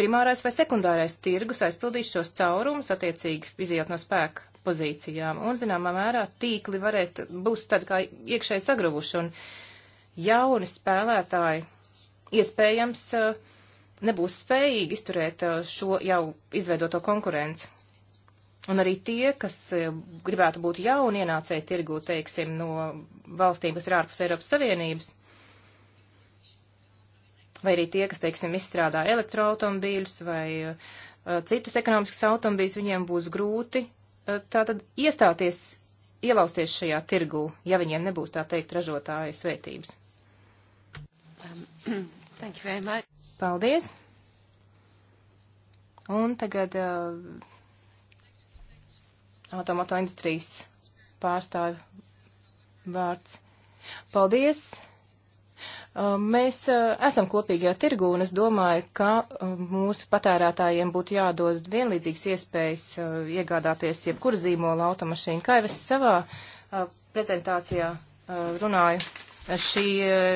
primārais vai sekundārais tirgus aizpildīs šos caurumus, attiecīgi izjot no spēka pozīcijām. Un, zināmā mērā, tīkli varēs būs tad kā iekšēji sagruvuši, un jauni spēlētāji iespējams eh, nebūs spējīgi izturēt eh, šo jau izveidoto konkurenci. Un arī tie, kas eh, gribētu būt jauni ienācēji tirgū, teiksim, no valstīm, kas ir ārpus Eiropas Savienības, vai arī tie, kas, teiksim, izstrādā elektroautomobīļus vai uh, citus ekonomiskus automobīļus, viņiem būs grūti uh, tātad iestāties, ielausties šajā tirgū, ja viņiem nebūs tā teikt ražotāja svētības. Um, Paldies! Un tagad uh, automoto industrijas pārstāvju vārds. Paldies! Um, mēs uh, esam kopīgajā tirgu, un es domāju, ka um, mūsu patērētājiem būtu jādod vienlīdzīgas iespējas uh, iegādāties jebkuru zīmola automašīnu. Kā jau es savā uh, prezentācijā runāju, šī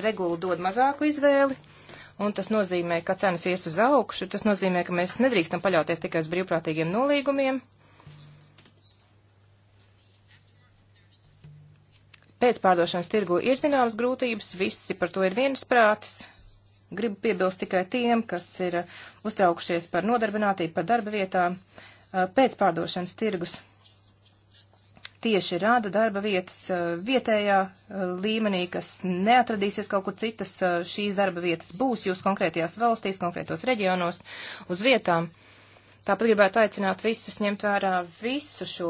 regula dod mazāku izvēli. Un tas nozīmē, ka cenas ies uz augšu, tas nozīmē, ka mēs nedrīkstam paļauties tikai uz brīvprātīgiem nolīgumiem, pēcpārdošanas tirgu ir zināmas grūtības, visi par to ir viensprātis. Gribu piebilst tikai tiem, kas ir uh, uztraukušies par nodarbinātību, par darba vietām. Uh, pēcpārdošanas tirgus tieši rāda darba vietas uh, vietējā līmenī, kas neatradīsies kaut kur citas. Šīs darba vietas būs jūs konkrētajās valstīs, konkrētos reģionos, uz vietām. Uh, Tāpat gribētu aicināt visus ņemt vērā visu šo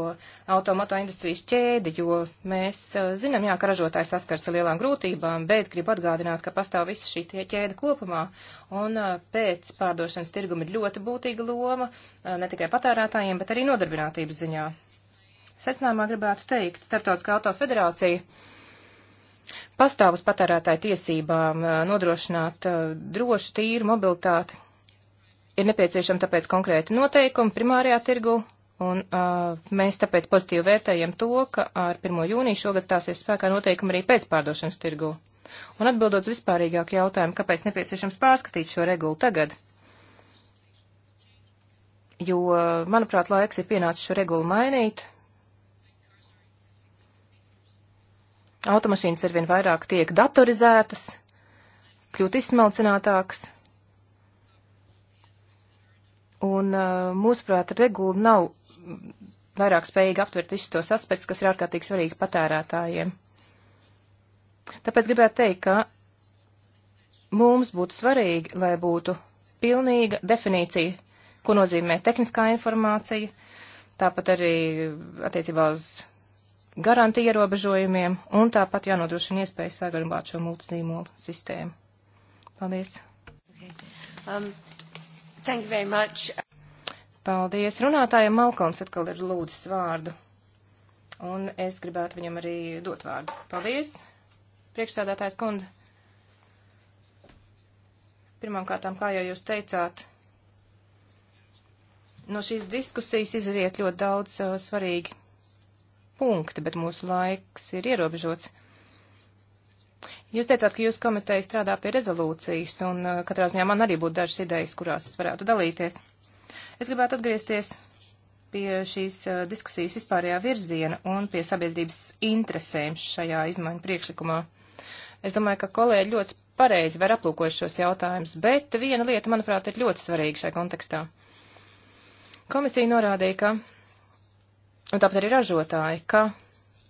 automoto industrijas ķēdi, jo mēs zinām, jā, ka ražotāji saskars ar lielām grūtībām, bet gribu atgādināt, ka pastāv visa šī ķēde kopumā, un pēc pārdošanas tirguma ir ļoti būtīga loma ne tikai patērētājiem, bet arī nodarbinātības ziņā. Secinājumā gribētu teikt, Startautiskā autofederācija pastāv uz patērētāju tiesībām nodrošināt drošu, tīru mobilitāti ir nepieciešami tāpēc konkrēti noteikumi primārajā tirgu, un uh, mēs tāpēc pozitīvi vērtējam to, ka ar 1. jūniju šogad stāsies spēkā noteikumi arī pēcpārdošanas tirgu. Un atbildot vispārīgāk jautājumu, kāpēc nepieciešams pārskatīt šo regulu tagad, jo, manuprāt, laiks ir pienācis šo regulu mainīt. Automašīnas arvien vairāk tiek datorizētas, kļūt izsmalcinātākas, Un, uh, mūsuprāt, regula nav vairāk spējīga aptvert visus tos aspektus, kas ir ārkārtīgi svarīgi patērētājiem. Tāpēc gribētu teikt, ka mums būtu svarīgi, lai būtu pilnīga definīcija, ko nozīmē tehniskā informācija, tāpat arī attiecībā uz garantija ierobežojumiem un tāpat jānodrošina iespēja saglabāt šo multizīmolu sistēmu. Paldies! Okay. Um, Thank you very much. Paldies runātājiem. Malkoms atkal ir lūdzis vārdu. Un es gribētu viņam arī dot vārdu. Paldies, priekšsādātājs kundze. Pirmkārtām, kā jau jūs teicāt, no šīs diskusijas izriet ļoti daudz uh, svarīgi punkti, bet mūsu laiks ir ierobežots. Jūs teicāt, ka jūs komiteja strādā pie rezolūcijas, un uh, katrā ziņā man arī būtu dažas idejas, kurās es varētu dalīties. Es gribētu atgriezties pie šīs uh, diskusijas vispārējā virziena un pie sabiedrības interesēm šajā izmaiņu priekšlikumā. Es domāju, ka kolēģi ļoti pareizi var aplūkojuši šos jautājumus, bet viena lieta, manuprāt, ir ļoti svarīga šai kontekstā. Komisija norādīja, ka, un tāpat arī ražotāji, ka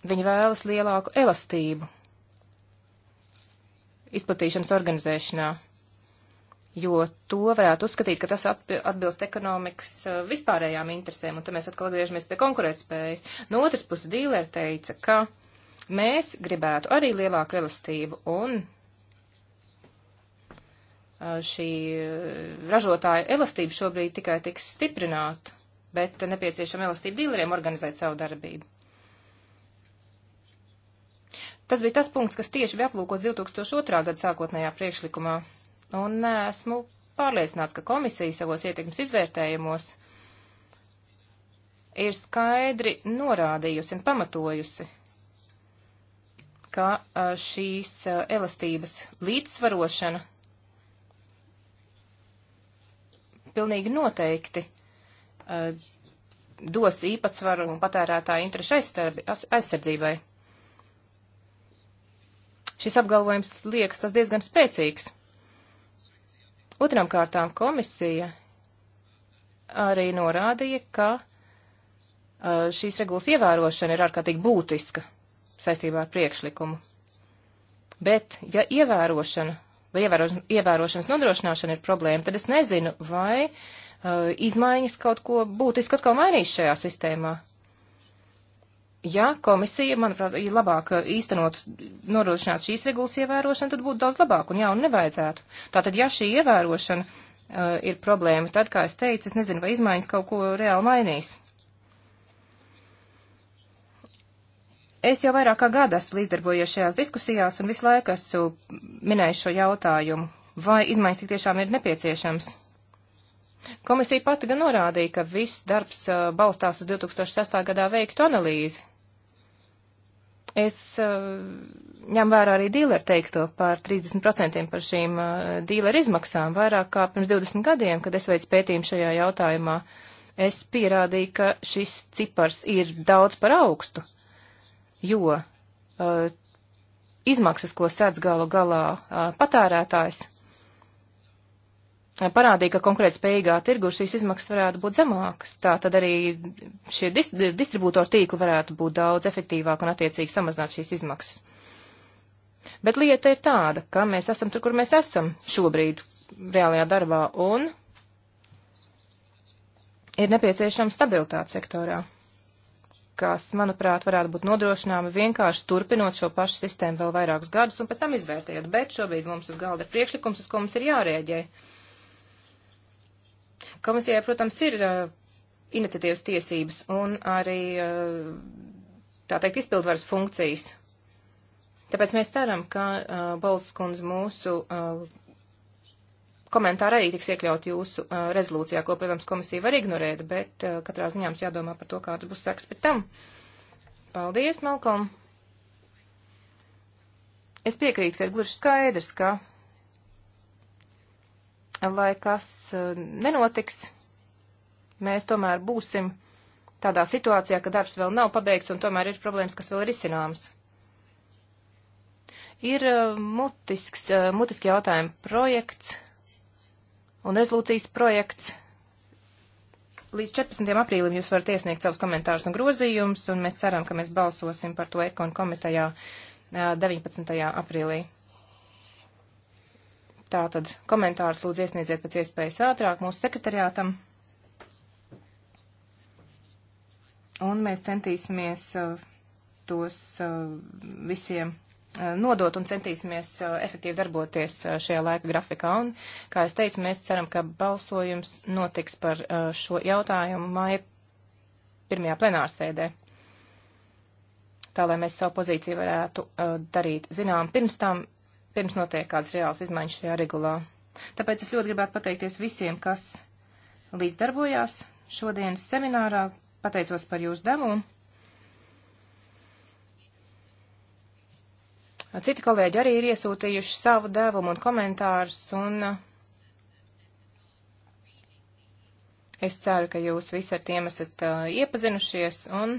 viņi vēlas lielāku elastību izplatīšanas organizēšanā, jo to varētu uzskatīt, ka tas atbilst ekonomikas eh, vispārējām interesēm, un te mēs atkal atgriežamies pie konkurētspējas. No otras puses, dīlēri teica, ka mēs gribētu arī lielāku elastību, un eh, šī eh, ražotāja elastība šobrīd tikai tiks stiprināta, bet nepieciešama elastība dīleriem organizēt savu darbību. Tas bija tas punkts, kas tieši bija aplūkots 2002. gada sākotnējā priekšlikumā, un esmu pārliecināts, ka komisija savos ietekmes izvērtējumos ir skaidri norādījusi un pamatojusi, ka šīs elastības līdzsvarošana pilnīgi noteikti dos īpatsvaru patērētāju interešu aizsardzībai. Šis apgalvojums liekas tas diezgan spēcīgs. Otram kārtām komisija arī norādīja, ka uh, šīs regulas ievērošana ir ārkārtīgi būtiska saistībā ar priekšlikumu. Bet, ja ievērošana vai ievērošanas, ievērošanas nodrošināšana ir problēma, tad es nezinu, vai uh, izmaiņas kaut ko būtiski atkal mainīs šajā sistēmā. Ja komisija, manuprāt, ir labāk īstenot, nodrošināt šīs regulas ievērošanu, tad būtu daudz labāk un jā, un nevajadzētu. Tātad, ja šī ievērošana uh, ir problēma, tad, kā es teicu, es nezinu, vai izmaiņas kaut ko reāli mainīs. Es jau vairāk kā gadu esmu līdzdarbojies šajās diskusijās un visu laiku esmu minējis šo jautājumu, vai izmaiņas tik tiešām ir nepieciešams. Komisija pati gan norādīja, ka viss darbs uh, balstās uz 2006. gadā veiktu analīzi, Es eh, ņem vērā arī dīleru teikto par 30% par šīm eh, dīleru izmaksām. Vairāk kā pirms 20 gadiem, kad es veicu pētījumu šajā jautājumā, es pierādīju, ka šis cipars ir daudz par augstu, jo uh, izmaksas, ko sēdz galu galā uh, patērētājs, parādīja, ka konkrēt spējīgā tirgu šīs izmaksas varētu būt zemākas. Tā tad arī šie dis distribūtoru tīkli varētu būt daudz efektīvāk un attiecīgi samazināt šīs izmaksas. Bet lieta ir tāda, ka mēs esam tur, kur mēs esam šobrīd reālajā darbā un ir nepieciešama stabilitāte sektorā, kas, manuprāt, varētu būt nodrošināma vienkārši turpinot šo pašu sistēmu vēl vairākus gadus un pēc tam izvērtējot. Bet šobrīd mums uz galda ir priekšlikums, uz ko mums ir jārēģē. Uh, Komisijai, protams, ir uh, iniciatīvas tiesības un arī, uh, tā teikt, izpildvaras funkcijas. Tāpēc mēs ceram, ka uh, Balsas kundze mūsu uh, komentāri arī tiks iekļaut jūsu uh, rezolūcijā, ko, protams, komisija var ignorēt, bet uh, katrā ziņā mums jādomā par to, kāds būs seks pēc tam. Paldies, Malkom! Es piekrītu, ka ir gluži skaidrs, ka lai kas eh, nenotiks, mēs tomēr būsim tādā situācijā, ka darbs vēl nav pabeigts un tomēr ir problēmas, kas vēl ir izcināmas. Ir eh, mutisks, eh, mutiski jautājumi projekts un rezolūcijas projekts. Līdz 14. aprīlim jūs varat iesniegt savus komentārus un grozījumus, un mēs ceram, ka mēs balsosim par to ekonu komitejā 19. aprīlī. Tātad komentārus lūdzu iesniedziet pēc iespējas ātrāk mūsu sekretariātam. Un mēs centīsimies uh, tos uh, visiem uh, nodot un centīsimies uh, efektīvi darboties uh, šajā laika grafikā. Un, kā es teicu, mēs ceram, ka balsojums notiks par šo jautājumu māja pirmajā plenārsēdē. Tā, lai mēs savu pozīciju varētu darīt zinām pirms tam pirms notiek kādas reāls izmaiņas šajā regulā. Tāpēc es ļoti gribētu pateikties visiem, kas līdzdarbojās šodienas seminārā. Pateicos par jūsu devumu. Citi kolēģi arī ir iesūtījuši savu devumu un komentārus, un uh, es ceru, ka jūs visi ar tiem esat uh, iepazinušies, un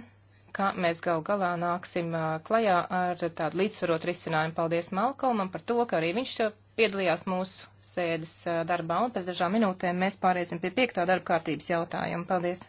ka mēs gal galā nāksim klajā ar tādu līdzsvarot risinājumu. Paldies Malkolmam par to, ka arī viņš piedalījās mūsu sēdes darbā, un pēc dažām minūtēm mēs pāriesim pie piektā darba kārtības jautājuma. Paldies!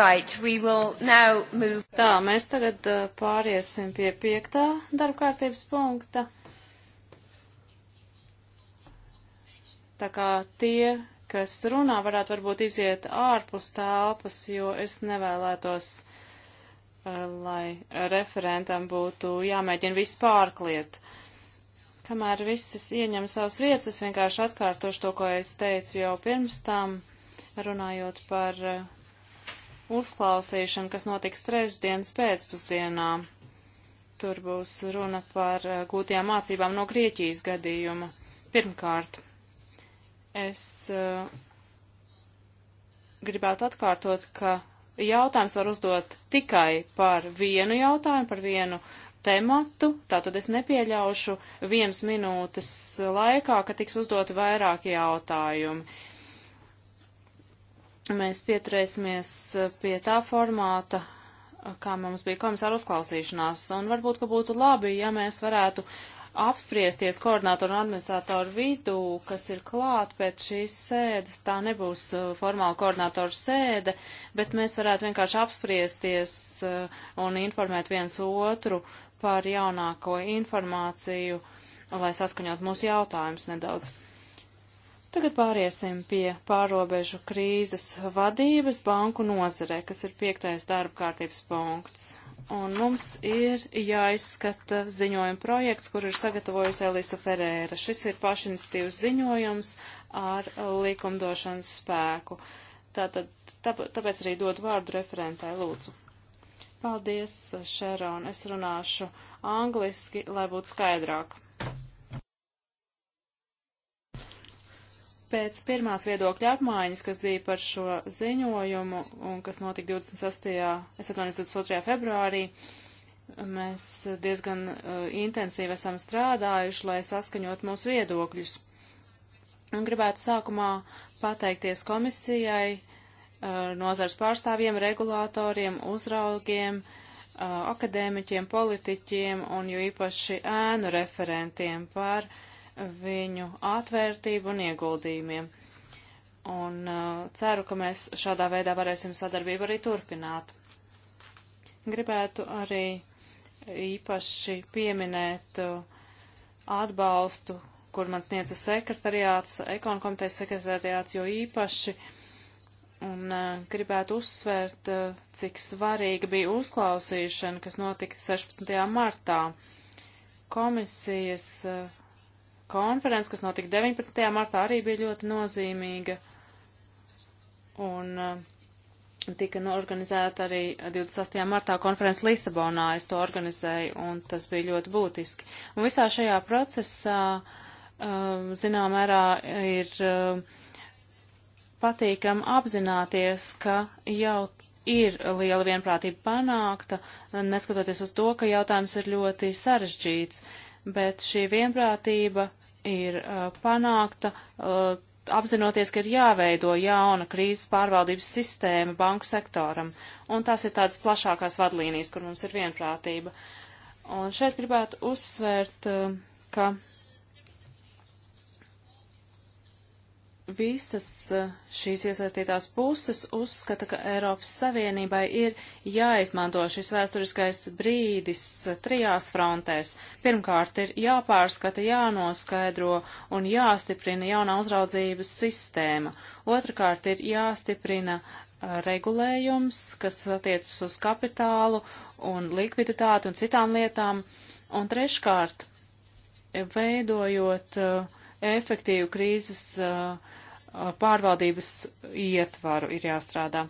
Right, we will now move. Tā, mēs tagad uh, pāriesim pie piektā darbkārtības punkta. Tā kā tie, kas runā, varētu varbūt iziet ārpus telpas, jo es nevēlētos, uh, lai referentam būtu jāmēģina viss pārkliet. Kamēr visas ieņem savas vietas, es vienkārši atkārtošu to, ko es teicu jau pirms tam, runājot par uh, uzklausīšanu, kas notiks trešdienas pēcpusdienā. Tur būs runa par eh, gūtajām mācībām no Grieķijas gadījuma. Pirmkārt, es uh, gribētu atkārtot, ka jautājums var uzdot tikai par vienu jautājumu, par vienu tematu, tātad es nepieļaušu vienas minūtes laikā, ka tiks uzdoti vairāki jautājumi mēs pieturēsimies eh, pie tā formāta, eh, kā mums bija komisāra uzklausīšanās, un varbūt, ka būtu labi, ja mēs varētu apspriesties koordinātoru un administratoru vidū, kas ir klāt pēc šīs sēdes. Tā nebūs eh, formāla koordinātoru sēde, bet mēs varētu vienkārši apspriesties un informēt viens otru par jaunāko informāciju, lai saskaņot mūsu jautājumus nedaudz. Tagad pāriesim pie pārobežu krīzes vadības banku nozarē, kas ir piektais darba kārtības punkts. Un mums ir jāizskata ziņojuma projekts, kur ir sagatavojusi Elisa Ferēra. Šis ir pašinstīvs ziņojums ar likumdošanas spēku. Tātad, tāpēc arī dod vārdu referentai, lūdzu. Paldies, Šeron. Es runāšu angliski, lai būtu skaidrāk. Pēc pirmās viedokļa apmaiņas, kas bija par šo ziņojumu un kas notika 26. es atvainojos 22. februārī, mēs diezgan uh, intensīvi esam strādājuši, lai saskaņot mūsu viedokļus. Un gribētu sākumā pateikties komisijai, uh, nozars pārstāvjiem, regulātoriem, uzraugiem, uh, akadēmiķiem, politiķiem un jo īpaši ēnu referentiem par uh, viņu atvērtību un ieguldījumiem. Un uh, ceru, ka mēs šādā veidā varēsim sadarbību arī turpināt. Gribētu arī īpaši pieminēt uh, atbalstu, kur man sniedza sekretariāts, ekonomkomitejas sekretariāts, jo īpaši un uh, gribētu uzsvērt, uh, cik svarīga bija uzklausīšana, kas notika 16. martā. Komisijas uh, konference, kas notika 19. martā, arī bija ļoti nozīmīga. Un uh, tika organizēta arī 28. martā konference Lisabonā, es to organizēju, un tas bija ļoti būtiski. Un visā šajā procesā, uh, zinām, mērā ir uh, patīkam apzināties, ka jau ir liela vienprātība panākta, neskatoties uz to, ka jautājums ir ļoti sarežģīts, bet šī vienprātība ir uh, panākta, uh, apzinoties, ka ir jāveido jauna krīzes pārvaldības sistēma banku sektoram. Un tās ir tādas plašākās vadlīnijas, kur mums ir vienprātība. Un šeit gribētu uzsvērt, uh, ka visas eh, šīs iesaistītās puses uzskata, ka Eiropas Savienībai ir jāizmanto šis vēsturiskais brīdis eh, trijās frontēs. Pirmkārt, ir jāpārskata, jānoskaidro un jāstiprina jaunā uzraudzības sistēma. Otrakārt, ir jāstiprina eh, regulējums, kas attiecas uz kapitālu un likviditāti un citām lietām. Un treškārt, veidojot uh, efektīvu krīzes uh, pārvaldības ietvaru ir jāstrādā.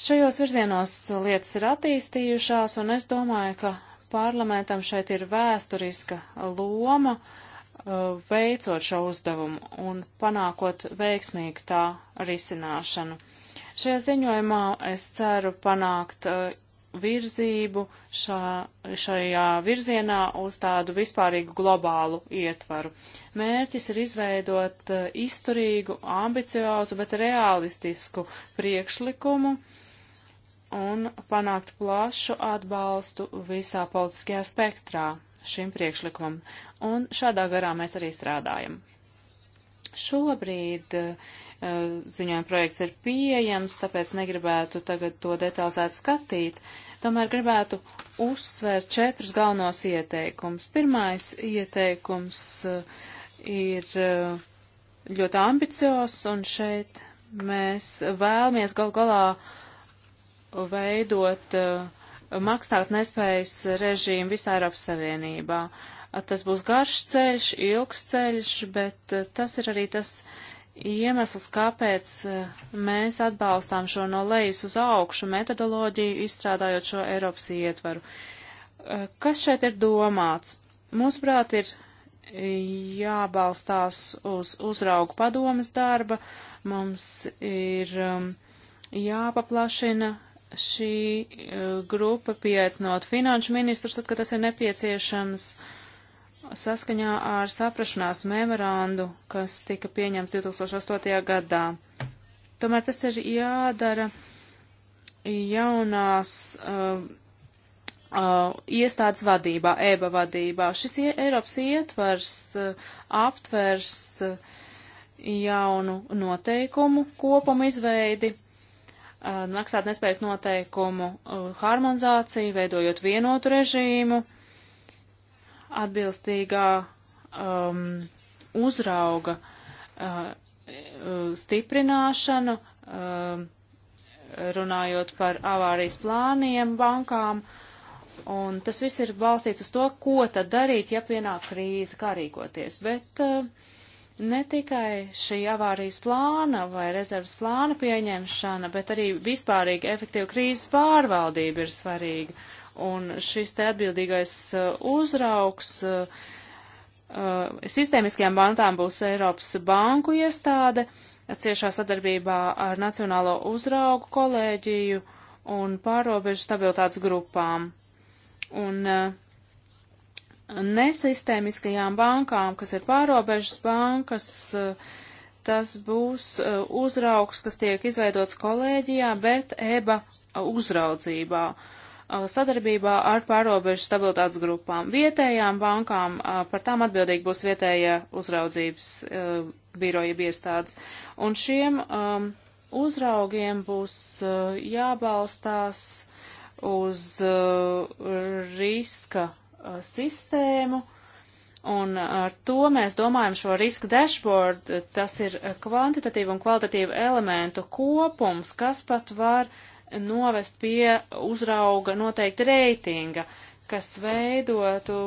Šajos virzienos lietas ir attīstījušās, un es domāju, ka parlamentam šeit ir vēsturiska loma veicot šo uzdevumu un panākot veiksmīgu tā risināšanu. Šajā ziņojumā es ceru panākt virzību šā, šajā virzienā uz tādu vispārīgu globālu ietvaru. Mērķis ir izveidot eh, izturīgu, ambiciozu, bet realistisku priekšlikumu un panākt plašu atbalstu visā politiskajā spektrā šim priekšlikumam. Un šādā garā mēs arī strādājam. Šobrīd eh, ziņojuma projekts ir pieejams, tāpēc negribētu tagad to detalizēt skatīt. Tomēr gribētu uzsvērt četrus galvenos ieteikumus. Pirmais ieteikums eh, ir eh, ļoti ambiciozs, un šeit mēs vēlamies gal galā veidot maksāt nespējas režīmu visā Eiropas Savienībā. Uh, Tas būs garš ceļš, ilgs ceļš, bet eh, tas ir arī tas iemesls, kāpēc eh, mēs atbalstām šo no lejas uz augšu metodoloģiju, izstrādājot šo Eiropas ietvaru. Eh, kas šeit ir domāts? Mūsuprāt, ir jābalstās uz uzraugu padomas darba, mums ir um, jāpaplašina šī grupa, pieaicinot finanšu ministrus, kad tas ir nepieciešams. Uh, saskaņā ar saprašanās memorandu, kas tika pieņemts 2008. gadā. Tomēr tas ir jādara jaunās uh, uh, iestādes vadībā, EBA vadībā. Šis ie, Eiropas ietvars uh, aptvers uh, jaunu noteikumu kopumu izveidi, uh, maksātnespējas noteikumu uh, harmonizāciju, veidojot vienotu režīmu. Uh, atbilstīgā um, uzrauga uh, stiprināšanu, uh, runājot par avārijas plāniem bankām. Un tas viss ir balstīts uz to, ko tad darīt, ja pienāk krīze, kā rīkoties. Bet uh, ne tikai šī avārijas plāna vai rezerves plāna pieņemšana, bet arī vispārīga efektīva krīzes pārvaldība ir svarīga. Uh, Un šis te atbildīgais uh, uzraugs uh, uh, sistēmiskajām bankām būs Eiropas banku iestāde ciešā sadarbībā ar Nacionālo uzraugu kolēģiju un pārobežu stabilitātes grupām. Un nesistēmiskajām bankām, kas ir pārobežas bankas, tas būs uzraugs, kas tiek izveidots kolēģijā, bet EBA uzraudzībā sadarbībā ar pārobežu stabilitātes grupām. Vietējām bankām par tām atbildīgi būs vietējā uzraudzības biroja iestādes. Un šiem um, uzraugiem būs jābalstās uz riska sistēmu. Un ar to mēs domājam šo riska dashboard, tas ir kvantitatīva un kvalitatīva elementu kopums, kas pat var uh, novest pie uzrauga noteikta reitinga, kas veidotu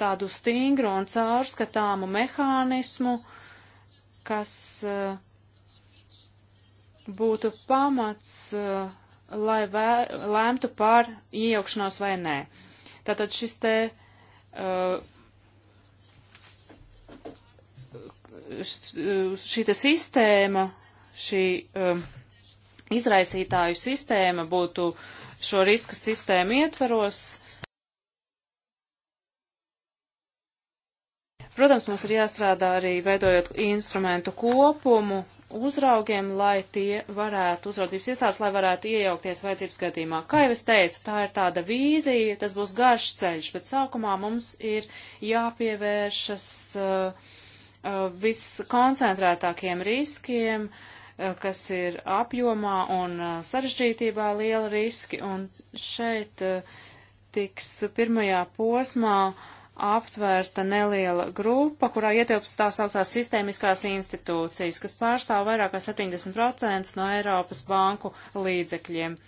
tādu stingru un caurskatāmu mehānismu, kas eh, būtu pamats, eh, lai vē, lēmtu par iejaukšanos vai nē. Tātad šis te uh, šī te sistēma, šī uh, izraisītāju sistēma būtu šo riska sistēmu ietveros. Protams, mums ir jāstrādā arī veidojot instrumentu kopumu uzraugiem, lai tie varētu, uzraudzības iestādes, lai varētu iejaukties vajadzības gadījumā. Kā jau es teicu, tā ir tāda vīzija, tas būs garš ceļš, bet sākumā mums ir jāpievēršas uh, uh, viskoncentrētākiem riskiem, uh, Eh, kas ir apjomā un eh, sarežģītībā liela riski, un šeit eh, tiks pirmajā posmā aptvērta neliela grupa, kurā ietilps tā sauktās sistēmiskās institūcijas, kas pārstāv vairāk kā 70% no Eiropas banku līdzekļiem.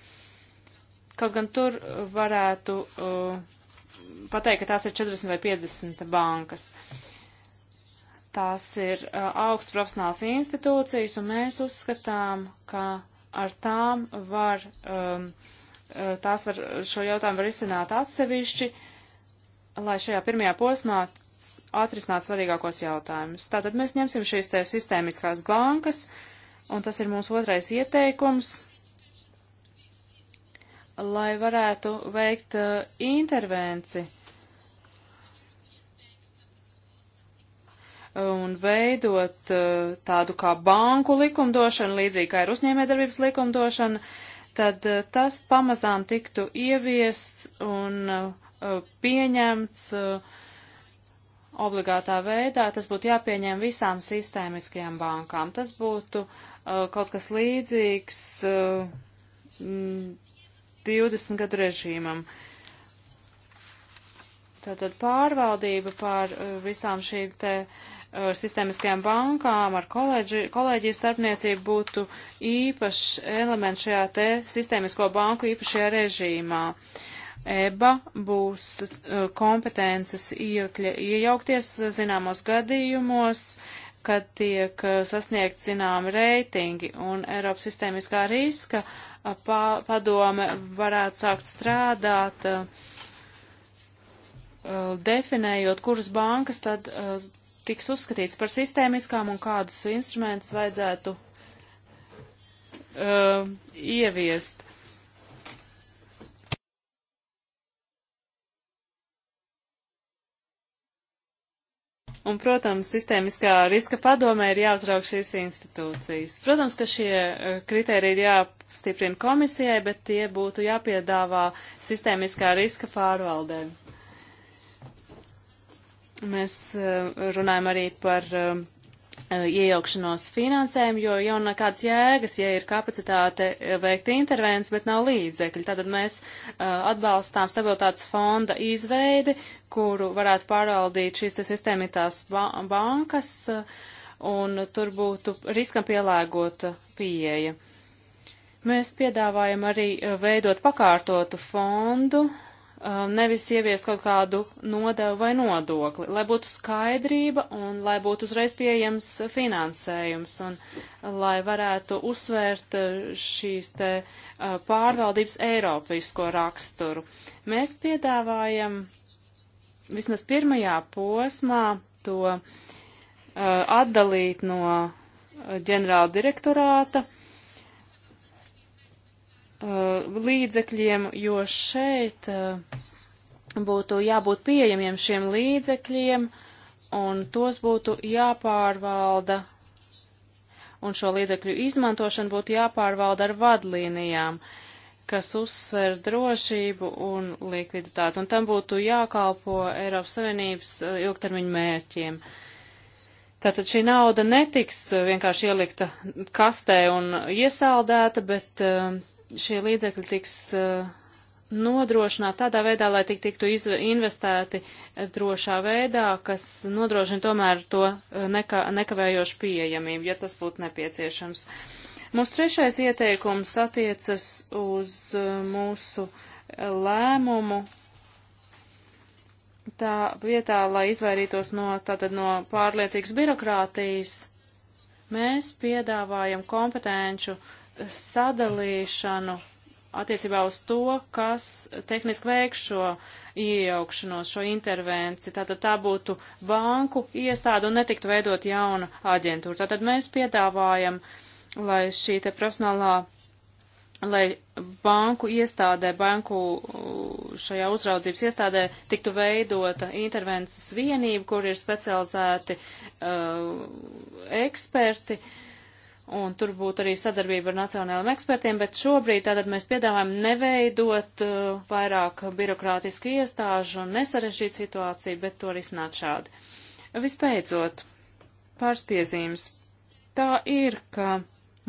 Kaut gan tur varētu uh, pateikt, ka tās ir 40 vai 50 bankas. Uh, Tās ir augsts profesionāls institūcijas, un mēs uzskatām, ka ar tām var, tās var šo jautājumu var izsināt atsevišķi, lai šajā pirmajā posmā atrisināt svarīgākos jautājumus. Tātad mēs ņemsim šīs te sistēmiskās bankas, un tas ir mūsu otrais ieteikums, lai varētu veikt intervenci un veidot uh, tādu kā banku likumdošanu, līdzīgi kā ir uzņēmējdarbības likumdošana, tad uh, tas pamazām tiktu ieviests un uh, pieņemts obligātā veidā. Tas būtu jāpieņem visām sistēmiskajām bankām. Tas būtu kaut kas līdzīgs 20 gadu režīmam. Tātad pārvaldība pār visām šīm te uh, ar sistēmiskajām bankām, ar koleģi, kolēģiju starpniecību būtu īpašs elements šajā te sistēmisko banku īpašajā režīmā. EBA būs e, kompetences iekļa, iejaukties zināmos gadījumos, kad tiek e, sasniegt zināmi reitingi un Eiropas sistēmiskā riska e, padome varētu sākt strādāt, definējot, kuras bankas tad tiks uzskatīts par sistēmiskām un kādus instrumentus vajadzētu uh, ieviest. Un, protams, sistēmiskā riska padomē ir jāuzrauk šīs institūcijas. Protams, ka šie uh, kriteriji ir jāstiprina komisijai, bet tie būtu jāpiedāvā sistēmiskā riska pārvaldē. Mēs eh, runājam arī par eh, eh, iejaukšanos finansējumu, jo jau nav kādas jēgas, ja ir kapacitāte veikt intervences, bet nav līdzekļi. Tātad mēs uh, atbalstām stabilitātes fonda izveidi, kuru varētu pārvaldīt šīs sistēmitās ba bankas, un tur būtu riskam pielāgota pieeja. Mēs piedāvājam arī veidot pakārtotu fondu, Um, nevis ieviest kaut kādu nodevu vai nodokli, lai būtu skaidrība un lai būtu uzreiz pieejams finansējums un lai varētu uzsvērt uh, šīs te uh, pārvaldības eiropisko raksturu. Mēs piedāvājam vismaz pirmajā posmā to uh, atdalīt no ģenerāla direktorāta Uh, līdzekļiem, jo šeit uh, būtu jābūt pieejamiem šiem līdzekļiem, un tos būtu jāpārvalda, un šo līdzekļu izmantošanu būtu jāpārvalda ar vadlīnijām, kas uzsver drošību un likviditāti, un tam būtu jākalpo Eiropas Savienības uh, ilgtermiņu mērķiem. Tātad šī nauda netiks vienkārši ielikta kastē un iesaldēta, bet uh, šie līdzekļi tiks eh, nodrošināt tādā veidā, lai tik tiktu investēti eh, drošā veidā, kas nodrošina tomēr to eh, neka, nekavējošu pieejamību, ja tas būtu nepieciešams. Mūsu trešais ieteikums attiecas uz mūsu lēmumu. Tā vietā, lai izvairītos no, tātad no pārliecīgas birokrātijas, mēs piedāvājam kompetenču uh, sadalīšanu attiecībā uz to, kas tehniski veiks šo iejaukšanos, šo intervenciju. Tātad tā būtu banku iestāde un netiktu veidot jauna aģentūra. Tātad mēs piedāvājam, lai šī te profesionālā, lai banku iestādē, banku uh, šajā uzraudzības iestādē tiktu veidota intervences vienība, kur ir specializēti uh, eksperti. Uh, un tur būtu arī sadarbība ar nacionālajiem ekspertiem, bet šobrīd tātad mēs piedāvājam neveidot uh, vairāk birokrātisku iestāžu un nesarešīt situāciju, bet to risināt šādi. Vispēcot, pārspiezīmes. Tā ir, ka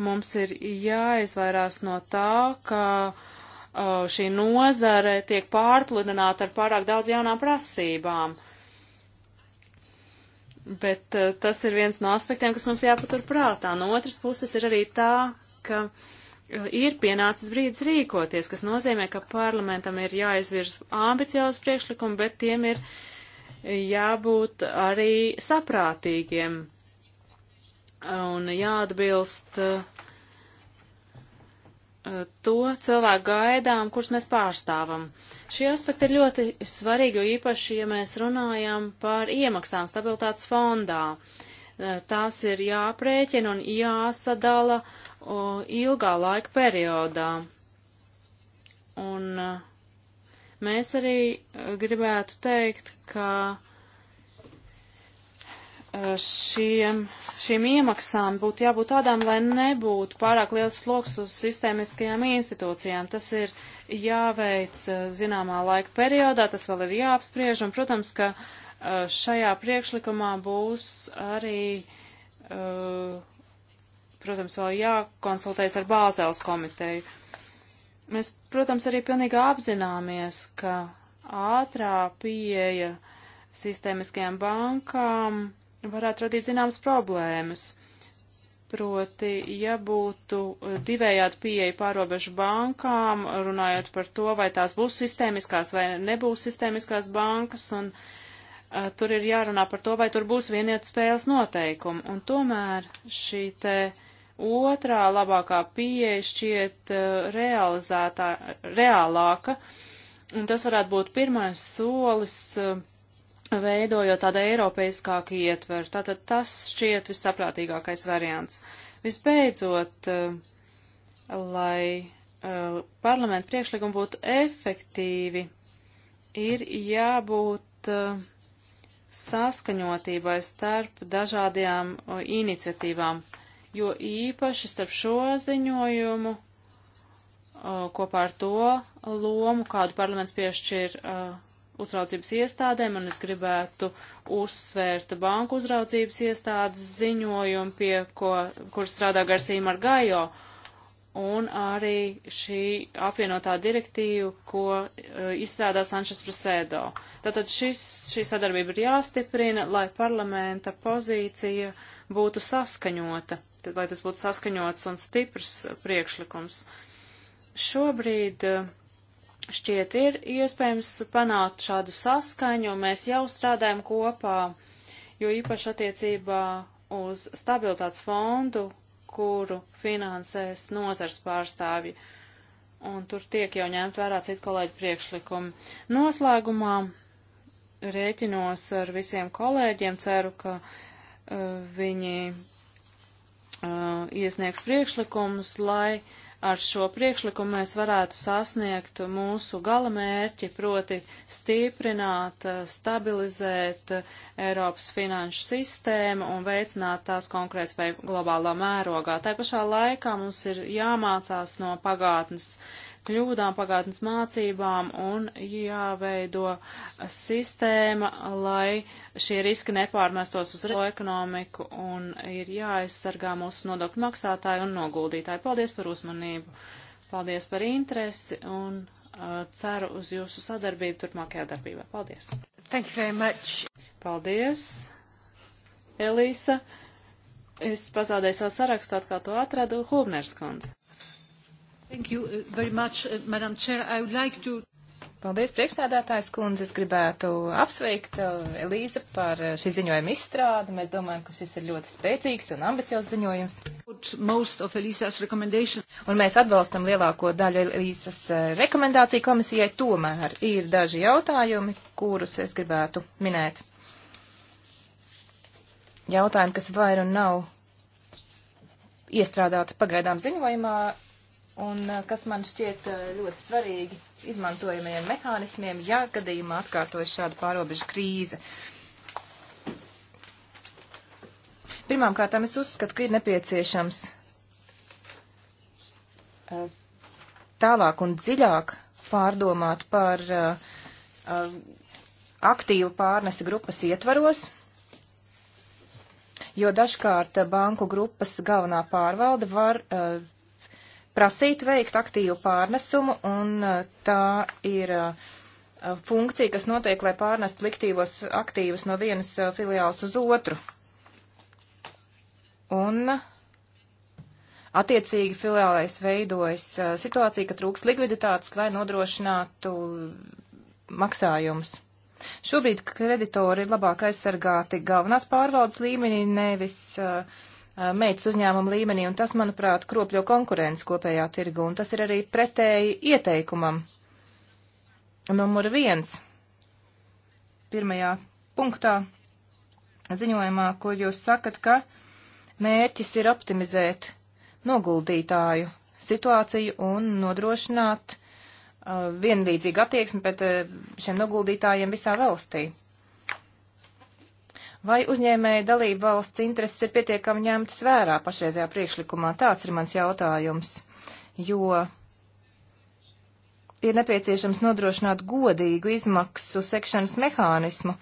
mums ir jāizvairās no tā, ka uh, šī nozare tiek pārpludināta ar pārāk daudz jaunām prasībām. Uh, Bet uh, tas ir viens no aspektiem, kas mums jāpatur prātā. No otras puses ir arī tā, ka eh, ir pienācis brīdis rīkoties, kas nozīmē, ka parlamentam ir jāizvirz ambiciozi priekšlikumi, bet tiem ir jābūt arī saprātīgiem un jāatbilst uh, to cilvēku gaidām, kurus mēs pārstāvam. Šie aspekti ir ļoti svarīgi, jo īpaši, ja mēs runājam par iemaksām stabilitātes fondā. Eh, tās ir jāprēķina un jāsadala ilgā laika periodā. Un eh, mēs arī eh, gribētu teikt, ka Eh, šiem, šīm iemaksām būtu jābūt tādām, lai nebūtu pārāk liels sloks uz sistēmiskajām institūcijām. Tas ir jāveic eh, zināmā laika periodā, tas vēl ir jāapspriež, un, protams, ka eh, šajā priekšlikumā būs arī, protams, vēl jākonsultējas ar Bāzēlas komiteju. Mēs, protams, arī pilnīgi apzināmies, ka ātrā pieeja sistēmiskajām bankām varētu radīt zināmas problēmas. Proti, ja būtu eh, divējādi pieeja pārobežu bankām, runājot par to, vai tās būs sistēmiskās vai nebūs sistēmiskās bankas, un uh, tur ir jārunā par to, vai tur būs vieniet spēles noteikumi. Un tomēr šī te otrā labākā pieeja šķiet uh, reālāka, un tas varētu būt pirmais solis. Uh, veidojot tādu eiropeiskāku ietveru. Tātad tas šķiet vissaprātīgākais variants. Visbeidzot, eh, lai eh, parlamentu priekšlikumi būtu efektīvi, ir jābūt eh, saskaņotībai starp dažādajām iniciatīvām, jo īpaši starp šo ziņojumu kopā ar to lomu, kādu parlaments piešķir uh, uzraudzības iestādēm, un es gribētu uzsvērt banku uzraudzības iestādes ziņojumu, pie ko, kur strādā Garsīma ar Gajo, un arī šī apvienotā direktīva, ko uh, izstrādā Sančes Prasēdo. Tātad šis, šī sadarbība ir jāstiprina, lai parlamenta pozīcija būtu saskaņota, tad, lai tas būtu saskaņots un stiprs priekšlikums. Šobrīd uh, šķiet ir iespējams panākt šādu saskaņu, mēs jau strādājam kopā, jo īpaši attiecībā uz stabilitātes fondu, kuru finansēs nozars pārstāvji, un tur tiek jau ņemt vērā citu kolēģu priekšlikumu. Noslēgumā rēķinos ar visiem kolēģiem, ceru, ka uh, viņi uh, iesniegs priekšlikumus, lai ar šo priekšlikumu mēs varētu sasniegt mūsu galamērķi, proti stiprināt, eh, stabilizēt eh, Eiropas finanšu sistēmu un veicināt tās konkrētspēju globālā mērogā. Tā pašā laikā mums ir jāmācās no pagātnes kļūdām, pagātnes mācībām un jāveido sistēma, lai šie riski nepārmestos uz reālo ekonomiku un ir jāaizsargā mūsu nodokļu maksātāji un noguldītāji. Paldies par uzmanību, paldies par interesi un uh, ceru uz jūsu sadarbību turpmākajā darbībā. Paldies! Thank you very much! Paldies, Elīsa! Es pazaudēju savu sarakstu, atkal to atradu Hubners kundze. Uh, much, uh, Chair, like to... Paldies, priekšsēdētājs kundze. Es gribētu apsveikt uh, Elīza par šī ziņojuma izstrādi. Mēs domājam, ka šis ir ļoti spēcīgs un ambiciozs ziņojums. Un mēs atbalstam lielāko daļu Elīzas rekomendāciju komisijai. Tomēr ir daži jautājumi, kurus es gribētu minēt. Jautājumi, kas vairu nav iestrādāti pagaidām ziņojumā, un eh, kas man šķiet eh, ļoti svarīgi izmantojamajiem mehānismiem, ja gadījumā atkārtojas šāda pārobežu krīze. Pirmkārt, es uzskatu, ka ir nepieciešams eh, tālāk un dziļāk pārdomāt par aktīvu pārnesi grupas ietvaros, jo dažkārt banku grupas galvenā pārvalde var uh, prasīt veikt aktīvu pārnesumu, un eh, tā ir eh, funkcija, kas notiek, lai pārnestu liktīvos aktīvus no vienas eh, filiāls uz otru. Un attiecīgi filiālais veidojas situācija, ka trūks likviditātes, lai nodrošinātu maksājumus. Šobrīd kreditori ir labāk aizsargāti galvenās pārvaldes līmenī, nevis uh, Uh, meitas uzņēmuma līmenī, un tas, manuprāt, kropļo konkurences kopējā tirgu, un tas ir arī pretēji ieteikumam. Numur viens, pirmajā punktā ziņojumā, kur jūs sakat, ka mērķis ir optimizēt noguldītāju situāciju un nodrošināt uh, vienlīdzīgu attieksmi pret uh, šiem noguldītājiem visā valstī. Vai uzņēmēja dalība valsts intereses ir pietiekami ņemtas vērā pašreizajā priekšlikumā? Tāds ir mans jautājums, jo ir nepieciešams nodrošināt godīgu izmaksu sekšanas mehānismu,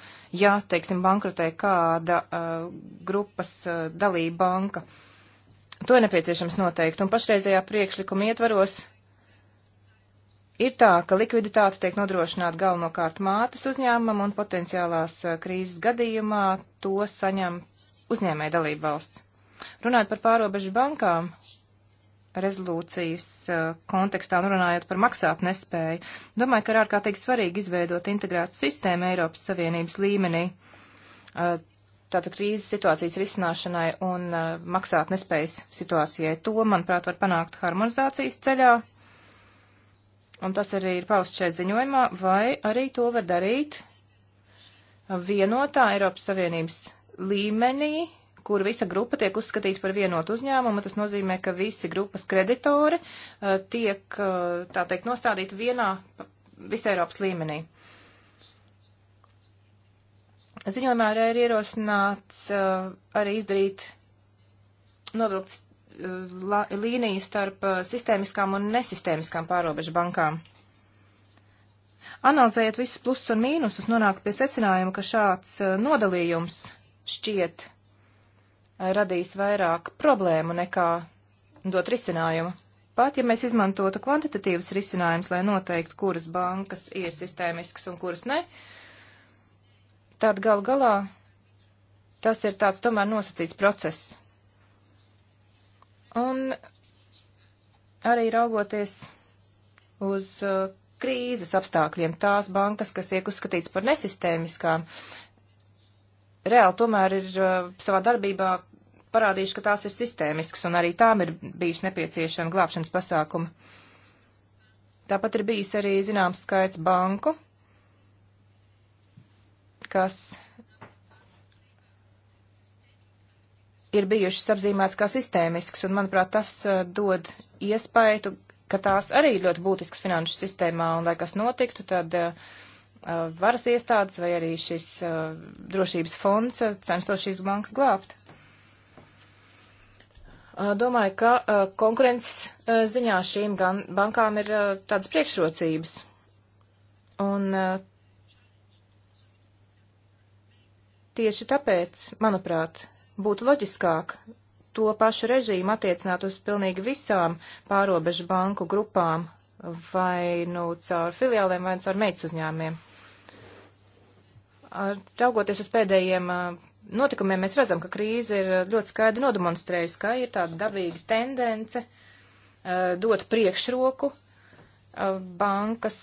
ja, teiksim, bankrotē kāda uh, grupas uh, dalība banka. To ir nepieciešams noteikt, un pašreizējā priekšlikuma ietvaros Ir tā, ka likviditāte tiek nodrošināta galvenokārt mātes uzņēmumam un potenciālās eh, krīzes gadījumā to saņem uzņēmēja dalību valsts. Runājot par pārobežu bankām, rezolūcijas eh, kontekstā un runājot par maksāt nespēju, domāju, ka ir ārkārtīgi svarīgi izveidot integrētu sistēmu Eiropas Savienības līmenī eh, tātad krīzes situācijas risināšanai un maksāt nespējas situācijai. To, manuprāt, var panākt harmonizācijas ceļā un tas arī ir pausts šajā ziņojumā, vai arī to var darīt vienotā Eiropas Savienības līmenī, kur visa grupa tiek uzskatīta par vienotu uzņēmumu. Tas nozīmē, ka visi grupas kreditori uh, tiek, uh, tā teikt, nostādīti vienā visā Eiropas līmenī. Ziņojumā arī ir ierosināts uh, arī izdarīt novilkt la, līniju starp uh, sistēmiskām un nesistēmiskām pārobežu bankām. Analizējot visus plusus un mīnusus, nonāk pie secinājuma, ka šāds uh, nodalījums šķiet uh, radīs vairāk problēmu nekā dot risinājumu. Pat ja mēs izmantotu kvantitatīvas risinājumus, lai noteiktu, kuras bankas ir sistēmiskas un kuras ne, tad gal galā tas ir tāds tomēr nosacīts process. Un arī raugoties uz uh, krīzes apstākļiem, tās bankas, kas tiek uzskatīts par nesistēmiskām, reāli tomēr ir uh, savā darbībā parādījuši, ka tās ir sistēmiskas, un arī tām ir bijuši nepieciešami glābšanas pasākumi. Tāpat ir bijis arī zināms skaits banku, kas ir bijušas apzīmētas kā sistēmiskas, un, manuprāt, tas uh, dod iespēju, ka tās arī ir ļoti būtiskas finanšu sistēmā, un lai kas notiktu, tad uh, uh varas iestādes vai arī šis uh, drošības fonds uh, censtos šīs bankas glābt. Uh, domāju, ka konkurences ziņā šīm gan bankām ir tādas priekšrocības. Un tieši tāpēc, manuprāt, būtu loģiskāk to pašu režīmu attiecināt uz pilnīgi visām pārobežu banku grupām, vai nu caur filiāliem, vai caur meitas uzņēmiem. Raugoties uz pēdējiem notikumiem, mēs redzam, ka krīze ir ļoti skaidri nodemonstrējusi, ka ir tāda dabīga tendence dot priekšroku bankas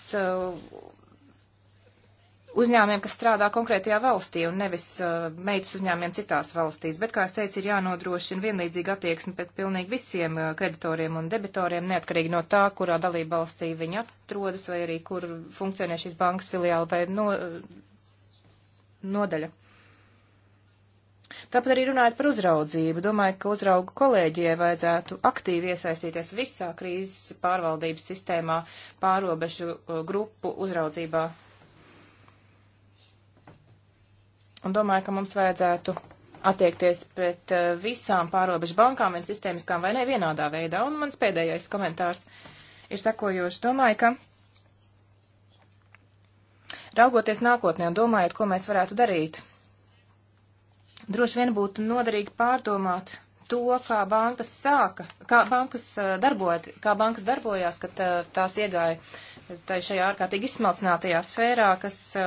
uzņēmumiem, kas strādā konkrētajā valstī un nevis uh, meitas uzņēmumiem citās valstīs. Bet, kā es teicu, ir jānodrošina vienlīdzīga attieksme pret pilnīgi visiem uh, kreditoriem un debitoriem, neatkarīgi no tā, kurā dalība valstī viņi atrodas vai arī kur funkcionē šīs bankas filiāla vai no, uh, nodaļa. Tāpat arī runājot par uzraudzību, domāju, ka uzraugu kolēģijai vajadzētu aktīvi iesaistīties visā krīzes pārvaldības sistēmā, pārobežu uh, grupu uzraudzībā Un domāju, ka mums vajadzētu attiekties pret eh, visām pārobežu bankām, ir sistēmiskām vai ne, vienādā veidā. Un mans pēdējais komentārs ir sakojošs. Domāju, ka raugoties nākotnē un domājot, ko mēs varētu darīt, droši vien būtu noderīgi pārdomāt to, kā bankas sāka, kā bankas eh, darbojot, kā bankas darbojās, kad eh, tās iegāja tai šajā ārkārtīgi izsmalcinātajā sfērā, kas uh,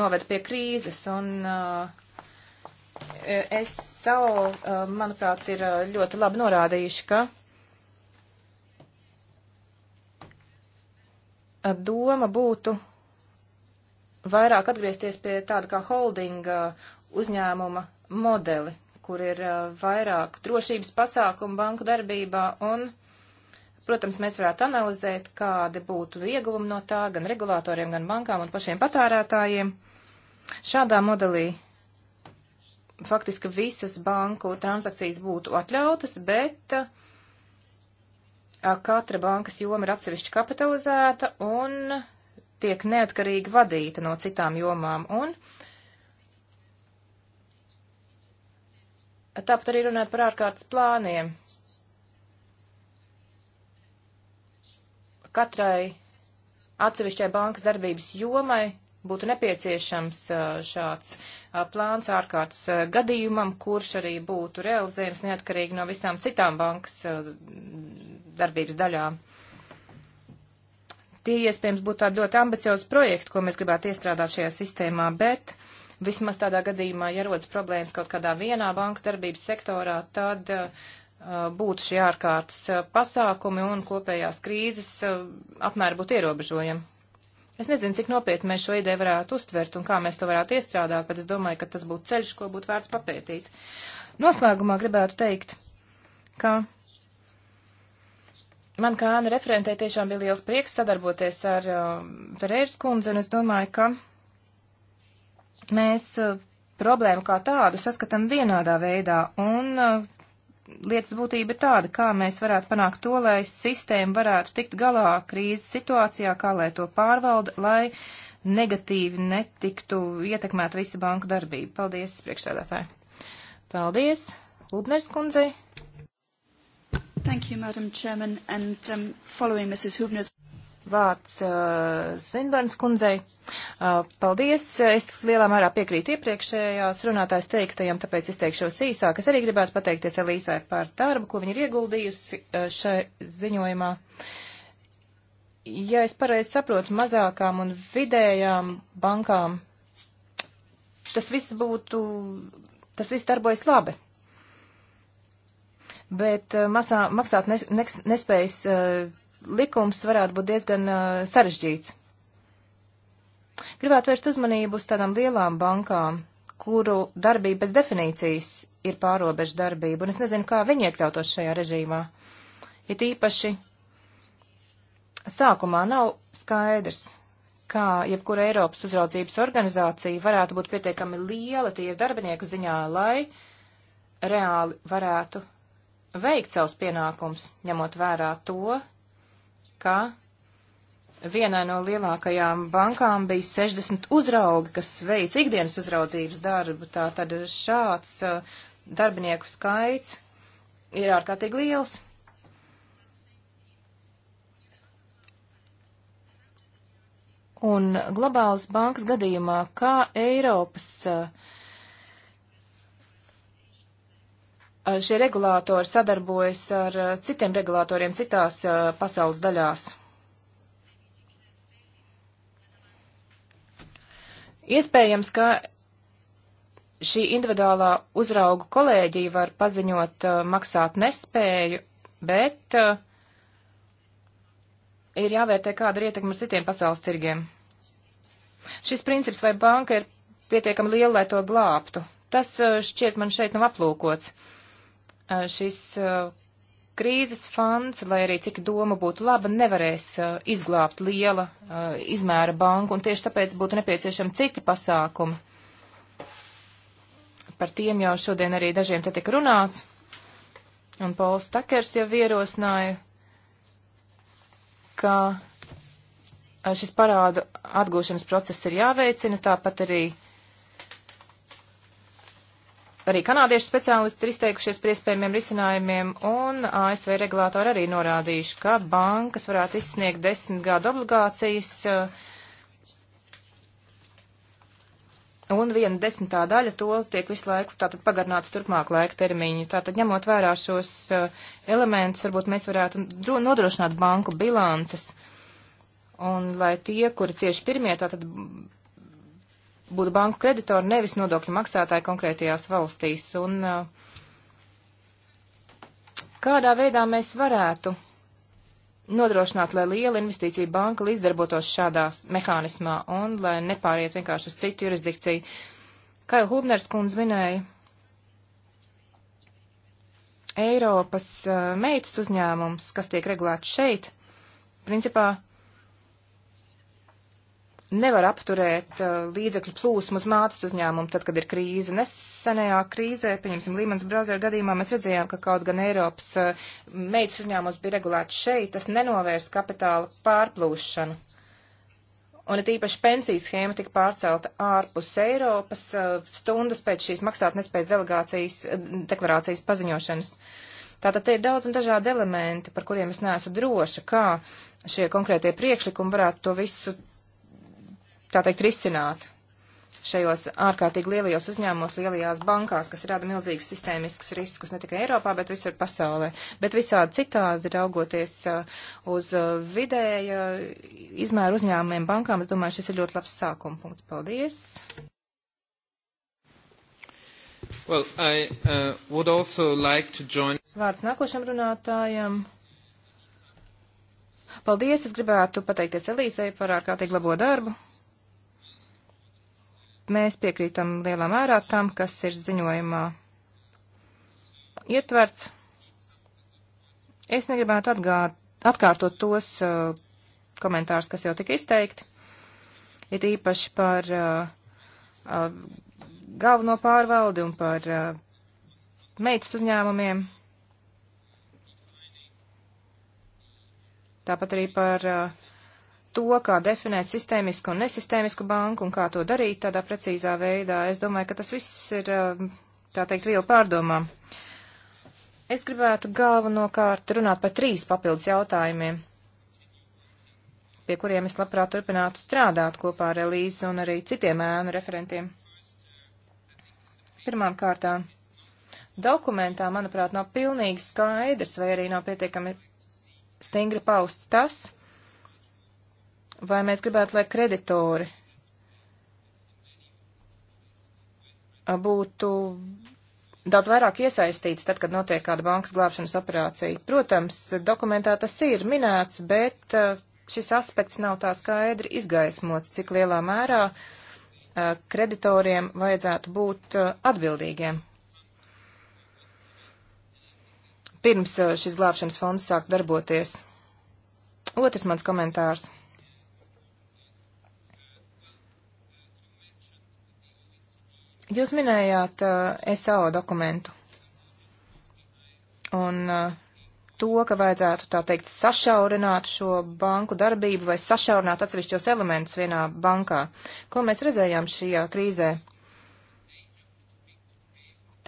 noved pie krīzes. Un uh, es savu, uh, manuprāt, ir uh, ļoti labi norādījuši, ka doma būtu vairāk atgriezties pie tāda kā holdinga uzņēmuma modeli, kur ir vairāk drošības pasākumu banku darbībā un uh, Protams, mēs varētu analizēt, kādi būtu ieguvumi no tā gan regulātoriem, gan bankām un pašiem patērētājiem. Šādā modelī faktiski visas banku transakcijas būtu atļautas, bet katra bankas joma ir atsevišķi kapitalizēta un tiek neatkarīgi vadīta no citām jomām. Un tāpat arī runāt par ārkārtas plāniem. katrai atsevišķai bankas darbības jomai būtu nepieciešams uh, šāds uh, plāns ārkārtas uh, gadījumam, kurš arī būtu realizējams neatkarīgi no visām citām bankas darbības daļām. Tie iespējams būtu tādi ļoti ambiciozi projekti, ko mēs gribētu iestrādāt šajā sistēmā, bet vismaz tādā gadījumā, ja rodas problēmas kaut kādā vienā bankas darbības sektorā, tad uh, būtu šie ārkārtas eh, pasākumi un kopējās krīzes eh, apmēri būtu ierobežojami. Es nezinu, cik nopietni mēs šo ideju varētu uztvert un kā mēs to varētu iestrādāt, bet es domāju, ka tas būtu ceļš, ko būtu vērts papētīt. Noslēgumā gribētu teikt, ka man kā Anna referentē tiešām bija liels prieks sadarboties ar eh, Ferēras uh, kundzi, un es domāju, ka mēs uh, problēmu kā tādu saskatām vienādā veidā, un uh, lietas būtība ir tāda, kā mēs varētu panākt to, lai sistēma varētu tikt galā krīzes situācijā, kā lai to pārvalda, lai negatīvi netiktu ietekmēta visa banka darbība. Paldies, priekšsēdētāji. Paldies, Ludners kundzei. Thank you, Madam Chairman, and um, following Mrs. Hubner's vārds uh, Svinbarnas kundzei. Uh, paldies! Es lielā mērā piekrītu iepriekšējās runātājs teiktajam, tāpēc izteikšos īsāk. Es arī gribētu pateikties Elīsai par darbu, ko viņa ir ieguldījusi uh, šai ziņojumā. Ja es pareizi saprotu, mazākām un vidējām bankām tas viss būtu, tas viss darbojas labi bet uh, masā, maksāt nes, nes, nespējas uh, likums varētu būt diezgan uh, sarežģīts. Gribētu vērst uzmanību uz tādām lielām bankām, kuru darbība bez definīcijas ir pārobežu darbība, un es nezinu, kā viņi iekļautos šajā režīmā. It īpaši sākumā nav skaidrs, kā jebkura Eiropas uzraudzības organizācija varētu būt pietiekami liela tīri darbinieku ziņā, lai reāli varētu veikt savus pienākums, ņemot vērā to, ka vienai no lielākajām bankām bija 60 uzraugi, kas veic ikdienas uzraudzības darbu. Tā tad šāds uh, darbinieku skaits ir ārkārtīgi liels. Un globālas bankas gadījumā, kā Eiropas uh, šie regulātori sadarbojas ar citiem regulātoriem citās pasaules daļās. Iespējams, ka šī individuālā uzraugu kolēģija var paziņot uh, maksāt nespēju, bet uh, ir jāvērtē, kāda ir ietekme uz citiem pasaules tirgiem. Šis princips vai banka ir pietiekami liela, lai to glābtu. Tas uh, šķiet man šeit nav aplūkots. Uh, Eh, šis eh, krīzes fonds, lai arī cik doma būtu laba, nevarēs uh, izglābt liela uh, izmēra banku, un tieši tāpēc būtu nepieciešami citi pasākumi. Par tiem jau šodien arī dažiem te tika runāts, un Pols Takers jau ierosināja, ka šis parādu atgūšanas process ir jāveicina, tāpat arī uh, Arī kanādiešu speciālisti ir izteikušies par iespējamiem risinājumiem, un ASV regulātori arī norādījuši, ka bankas varētu izsniegt desmit gadu obligācijas, eh, un viena desmitā daļa to tiek visu laiku tātad pagarnāts turpmāk laika termiņu. Tātad ņemot vērā šos eh, elementus, varbūt mēs varētu nodrošināt banku bilances, un lai tie, kuri cieši pirmie, tātad būtu banku kreditori, nevis nodokļu maksātāji konkrētajās valstīs. Un uh, kādā veidā mēs varētu nodrošināt, lai liela investīcija banka līdzdarbotos šādās mehānismā un lai nepāriet vienkārši uz citu jurisdikciju. Kā jau Hubners kundze minēja, Eiropas uh, meitas uzņēmums, kas tiek regulēts šeit, principā nevar apturēt uh, līdzekļu plūsmu uz mātes uzņēmumu, tad, kad ir krīze. Nesenajā krīzē, pieņemsim, Līmenis Brazēra gadījumā mēs redzējām, ka kaut gan Eiropas uh, meitas uzņēmums bija regulēts šeit, tas nenovērst kapitāla pārplūšanu. Un it īpaši pensijas schēma tika pārcelta ārpus Eiropas uh, stundas pēc šīs maksātnespējas delegācijas uh, deklarācijas paziņošanas. Tātad te ir daudz un dažādi elementi, par kuriem es neesmu droša, kā šie konkrētie priekšlikumi varētu to visu tā teikt, risināt šajos ārkārtīgi lielajos uzņēmumos, lielajās bankās, kas rada milzīgus sistēmiskus riskus ne tikai Eiropā, bet visur pasaulē. Bet visādi citādi raugoties uh, uz uh, vidēja izmēru uzņēmumiem bankām, es domāju, šis ir ļoti labs sākuma punkts. Paldies! Well, I, uh, would also like to join... Vārds nākošam runātājam. Paldies, es gribētu pateikties Elīzei par ārkārtīgi labo darbu. Mēs piekrītam lielā mērā tam, kas ir ziņojumā ietverts. Es negribētu atgāt, atkārtot tos uh, komentārus, kas jau tika izteikti, ir īpaši par uh, uh, galveno pārvaldi un par uh, meitas uzņēmumiem. Tāpat arī par uh, to, kā definēt sistēmisku un nesistēmisku banku un kā to darīt tādā precīzā veidā. Es domāju, ka tas viss ir, um, tā teikt, viela pārdomām. Es gribētu galvenokārt runāt par trīs papildus jautājumiem, pie kuriem es labprāt turpinātu strādāt kopā ar Elīzi un arī citiem ēnu referentiem. Pirmām kārtām, dokumentā, manuprāt, nav pilnīgi skaidrs vai arī nav pietiekami stingri pausts tas, Vai mēs gribētu, lai kreditori būtu daudz vairāk iesaistīti tad, kad notiek kāda bankas glābšanas operācija? Protams, dokumentā tas ir minēts, bet eh, šis aspekts nav tā skaidri izgaismots, cik lielā mērā eh, kreditoriem vajadzētu būt eh, atbildīgiem. Pirms šis glābšanas fonds sāk darboties. Otrs mans komentārs. Jūs minējāt uh, eh, SAO dokumentu un uh, to, ka vajadzētu, tā teikt, sašaurināt šo banku darbību vai sašaurināt atsevišķos elementus vienā bankā. Ko mēs redzējām šajā krīzē?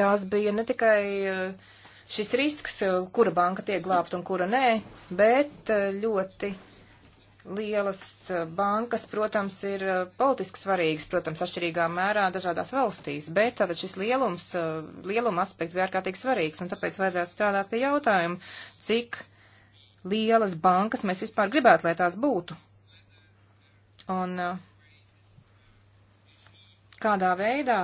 Tās bija ne tikai uh, šis risks, kura banka tiek glābta un kura nē, bet ļoti Lielas eh, bankas, protams, ir eh, politiski svarīgas, protams, atšķirīgā mērā dažādās valstīs, bet tātad šis lielums, eh, lieluma aspekts bija ārkārtīgi svarīgs, un tāpēc vajadzētu strādāt pie jautājuma, cik lielas bankas mēs vispār gribētu, lai tās būtu. Un kādā veidā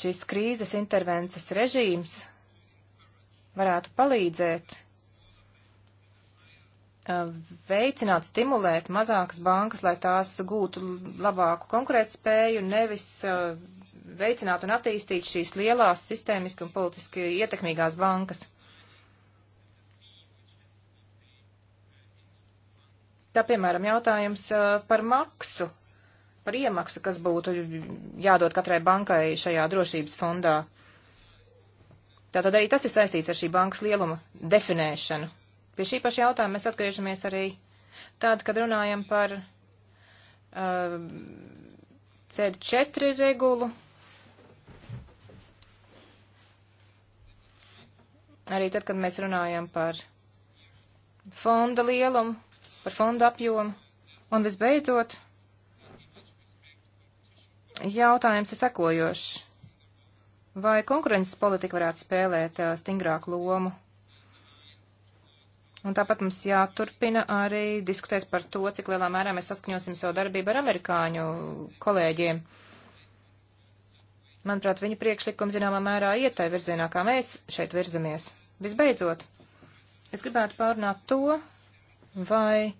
šis krīzes intervences režīms varētu palīdzēt veicināt, stimulēt mazākas bankas, lai tās gūtu labāku konkurētspēju, nevis veicināt un attīstīt šīs lielās sistēmiski un politiski ietekmīgās bankas. Tā, piemēram, jautājums par maksu, par iemaksu, kas būtu jādod katrai bankai šajā drošības fondā. Tātad arī tas ir saistīts ar šī bankas lieluma definēšanu. Pie šī paša jautājuma mēs atgriežamies arī tad, kad runājam par uh, um, C4 regulu. Arī tad, kad mēs runājam par fonda lielumu, par fonda apjomu. Un visbeidzot, jautājums ir sekojošs. Vai konkurences politika varētu spēlēt uh, stingrāku lomu Un tāpat mums jāturpina arī diskutēt par to, cik lielā mērā mēs saskaņosim savu darbību ar amerikāņu kolēģiem. Manuprāt, viņu priekšlikumi zināmā mērā iet tai virzienā, kā mēs šeit virzamies. Visbeidzot, es gribētu pārunāt to, vai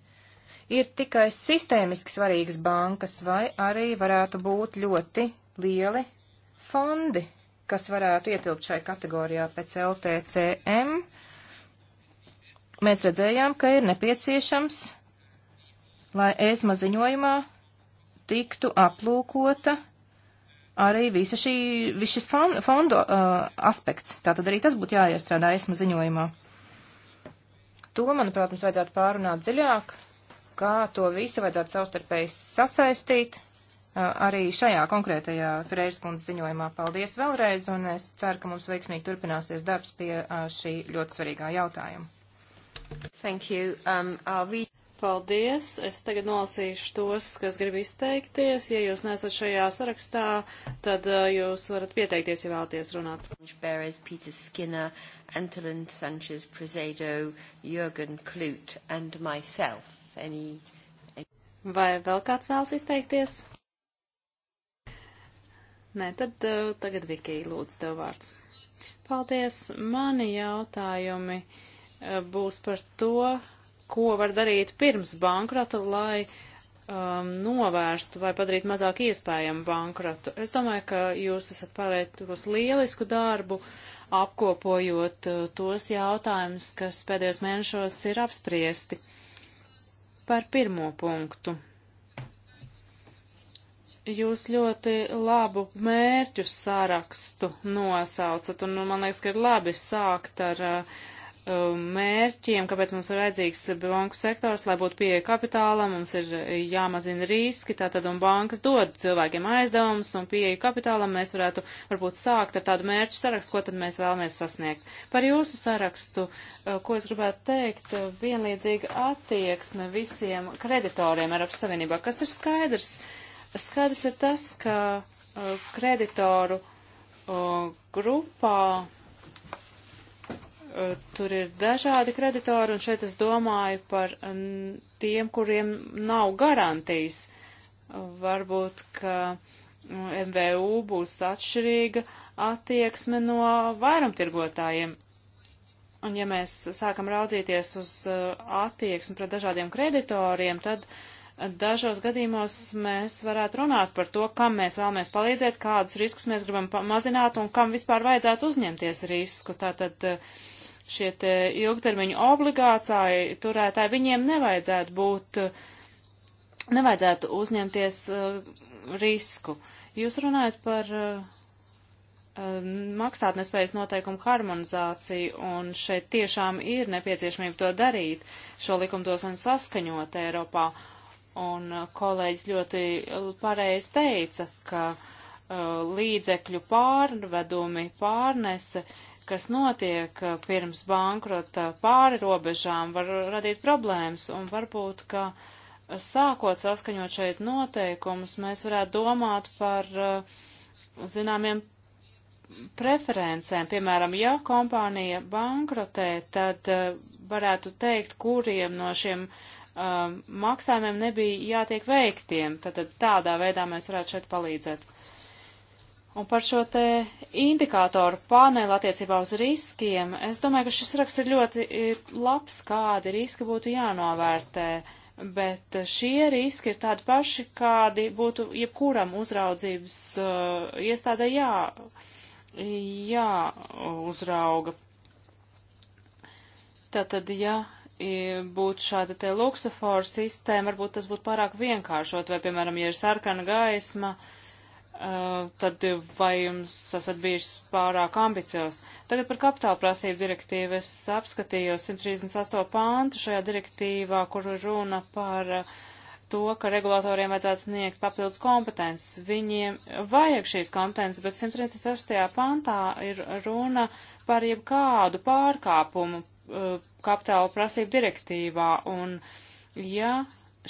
ir tikai sistēmiski svarīgas bankas, vai arī varētu būt ļoti lieli fondi, kas varētu ietilpt šai kategorijā pēc LTCM mēs redzējām, ka ir nepieciešams, lai ēsma ziņojumā tiktu aplūkota arī visa šī, viss šis fondu uh, aspekts. Tātad arī tas būtu jāiestrādā ēsma ziņojumā. To, manuprāt, mums vajadzētu pārunāt dziļāk, kā to visu vajadzētu savstarpēji sasaistīt. Uh, arī šajā konkrētajā Freiras kundzes ziņojumā paldies vēlreiz, un es ceru, ka mums veiksmīgi turpināsies darbs pie uh, šī ļoti svarīgā jautājuma. Thank you. Um, we... Paldies. Es tagad nolasīšu tos, kas grib izteikties. Ja jūs nesat šajā sarakstā, tad uh, jūs varat pieteikties, ja vēlaties runāt. Beres, Peter Skinner, Antolin Sanchez Prezedo, Jürgen Klut and myself. Any... Vai vēl kāds vēlas izteikties? Nē, tad uh, tagad Vikija lūdzu tev vārds. Paldies. Mani jautājumi. Uh, Eh, būs par to, ko var darīt pirms bankrota, lai um, novērstu vai padarītu mazāk iespējamu bankrotu. Es domāju, ka jūs esat paveiktos lielisku darbu, apkopojot uh, tos jautājumus, kas pēdējos mēnešos ir apspriesti. Par pirmo punktu. Jūs ļoti labu mērķu sārakstu nosaucat, un man liekas, ka ir labi sākt ar uh, Um, mērķiem, kāpēc mums ir vajadzīgs banku sektors, lai būtu pieeja kapitālam, mums ir jāmazina riski, tātad un bankas dod cilvēkiem aizdevumus un pieeja kapitālam, mēs varētu varbūt sākt ar tādu mērķu sarakstu, ko tad mēs vēlamies sasniegt. Par jūsu sarakstu, uh, ko es gribētu teikt, uh, vienlīdzīga attieksme visiem kreditoriem Eiropas Savienībā, kas ir skaidrs. Skaidrs ir tas, ka uh, kreditoru grupā Eh, tur ir dažādi kreditori, un šeit es domāju par eh, tiem, kuriem nav garantijas. Eh, varbūt, ka MVU būs atšķirīga attieksme no vairumtirgotājiem. Un ja mēs sākam raudzīties uz attieksmi pret dažādiem kreditoriem, tad dažos gadījumos mēs varētu runāt par to, kam mēs vēlamies palīdzēt, kādus riskus mēs gribam mazināt un kam vispār vajadzētu uzņemties risku. Tātad uh, šie te ilgtermiņu obligācāji turētāji, viņiem nevajadzētu būt, nevajadzētu uzņemties uh, risku. Jūs runājat par uh, um, maksātnespējas noteikumu harmonizāciju, un šeit tiešām ir nepieciešamība to darīt, šo likumdošanu saskaņot Eiropā. Un uh, kolēģis ļoti pareizi teica, ka uh, līdzekļu pārvedumi, pārnese uh, kas notiek eh, pirms bankrota pāri robežām, var radīt problēmas un varbūt, ka sākot saskaņot šeit noteikumus, mēs varētu domāt par eh, zināmiem preferencēm. Piemēram, ja kompānija bankrotē, tad eh, varētu teikt, kuriem no šiem um, maksājumiem nebija jātiek veiktiem. Tad tādā veidā mēs varētu šeit palīdzēt. Un par šo te indikātoru paneli attiecībā uz riskiem, es domāju, ka šis raksts ir ļoti labs, kādi riski būtu jānovērtē, bet šie riski ir tādi paši, kādi būtu jebkuram uzraudzības uh, iestādē jā, jā uzrauga. Tātad, ja būtu šāda te luksofora sistēma, varbūt tas būtu pārāk vienkāršot, vai, piemēram, ja ir sarkana gaisma, uh, Eh, tad vai jums esat bijis pārāk ambicios? Tagad par kapitāla prasību direktīvu es apskatīju 138 pāntu šajā direktīvā, kur runa par eh, to, ka regulatoriem vajadzētu sniegt papildus kompetences. Viņiem vajag šīs kompetences, bet 136. pantā ir runa par jebkādu pārkāpumu eh, kapitāla prasību direktīvā. Un ja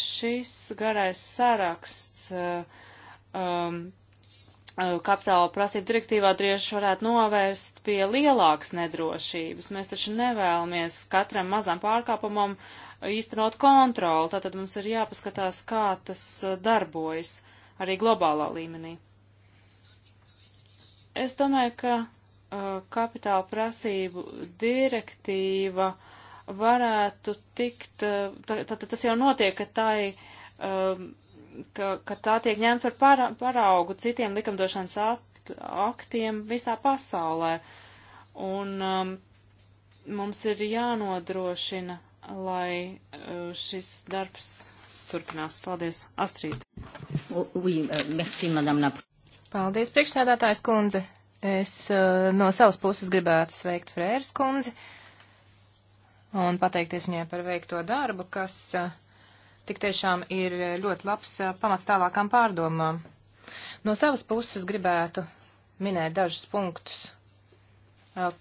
šis garais saraksts um, Eh, kapitāla prasību direktīvā drieži varētu novērst pie lielākas nedrošības. Mēs taču nevēlamies katram mazam pārkāpumam īstenot kontroli, tātad mums ir jāpaskatās, kā tas eh, darbojas arī globālā līmenī. Es domāju, ka uh, kapitāla prasību direktīva varētu tikt, tātad tā, tas jau notiek, ka tai um, ka, ka tā tiek ņemta par paraugu citiem likumdošanas at, aktiem visā pasaulē. Un um, mums ir jānodrošina, lai uh, šis darbs turpinās. Paldies, Astrid. Oh, oui, uh, merci, madame la. Paldies, priekšsēdētājs kundze. Es uh, no savas puses gribētu sveikt Frēras kundzi un pateikties viņai par veikto darbu, kas uh, tik tiešām ir ļoti labs pamats tālākām pārdomām. No savas puses gribētu minēt dažus punktus,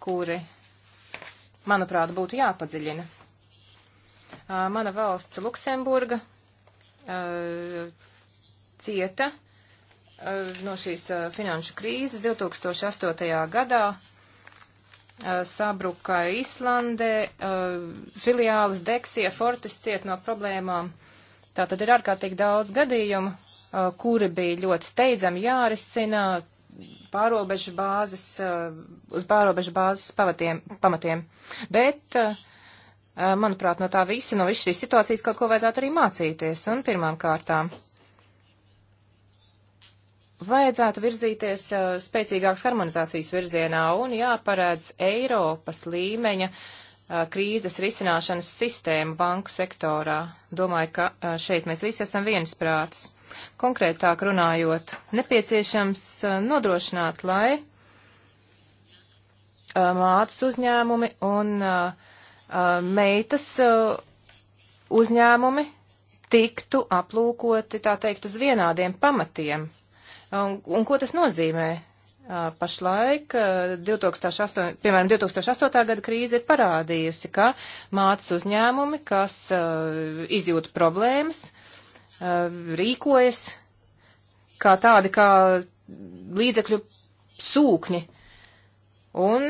kuri, manuprāt, būtu jāpadziļina. Mana valsts Luksemburga cieta no šīs finanšu krīzes 2008. gadā sabruka Islandē, filiālis Deksija Fortis ciet no problēmām Tātad ir ārkārtīgi daudz gadījumu, uh, kuri bija ļoti steidzami jārisina pārobežu bāzes, uh, uz pārobežu bāzes pavatiem, pamatiem. Bet, uh, manuprāt, no tā visa, no visas šīs situācijas kaut ko vajadzētu arī mācīties. Un pirmām kārtām vajadzētu virzīties spēcīgākas harmonizācijas virzienā un jāparēdz Eiropas līmeņa uh, Uh, krīzes risināšanas sistēmu banku sektorā. Domāju, ka uh, šeit mēs visi esam viensprātis. Konkrētāk runājot, nepieciešams uh, nodrošināt, lai mātes uzņēmumi un meitas uzņēmumi tiktu aplūkoti, tā teikt, uz vienādiem pamatiem. Un, un ko tas nozīmē? Pašlaik, 2008, piemēram, 2008. gada krīze ir parādījusi, ka mācas uzņēmumi, kas uh, izjūta problēmas, uh, rīkojas kā tādi kā līdzekļu sūkņi un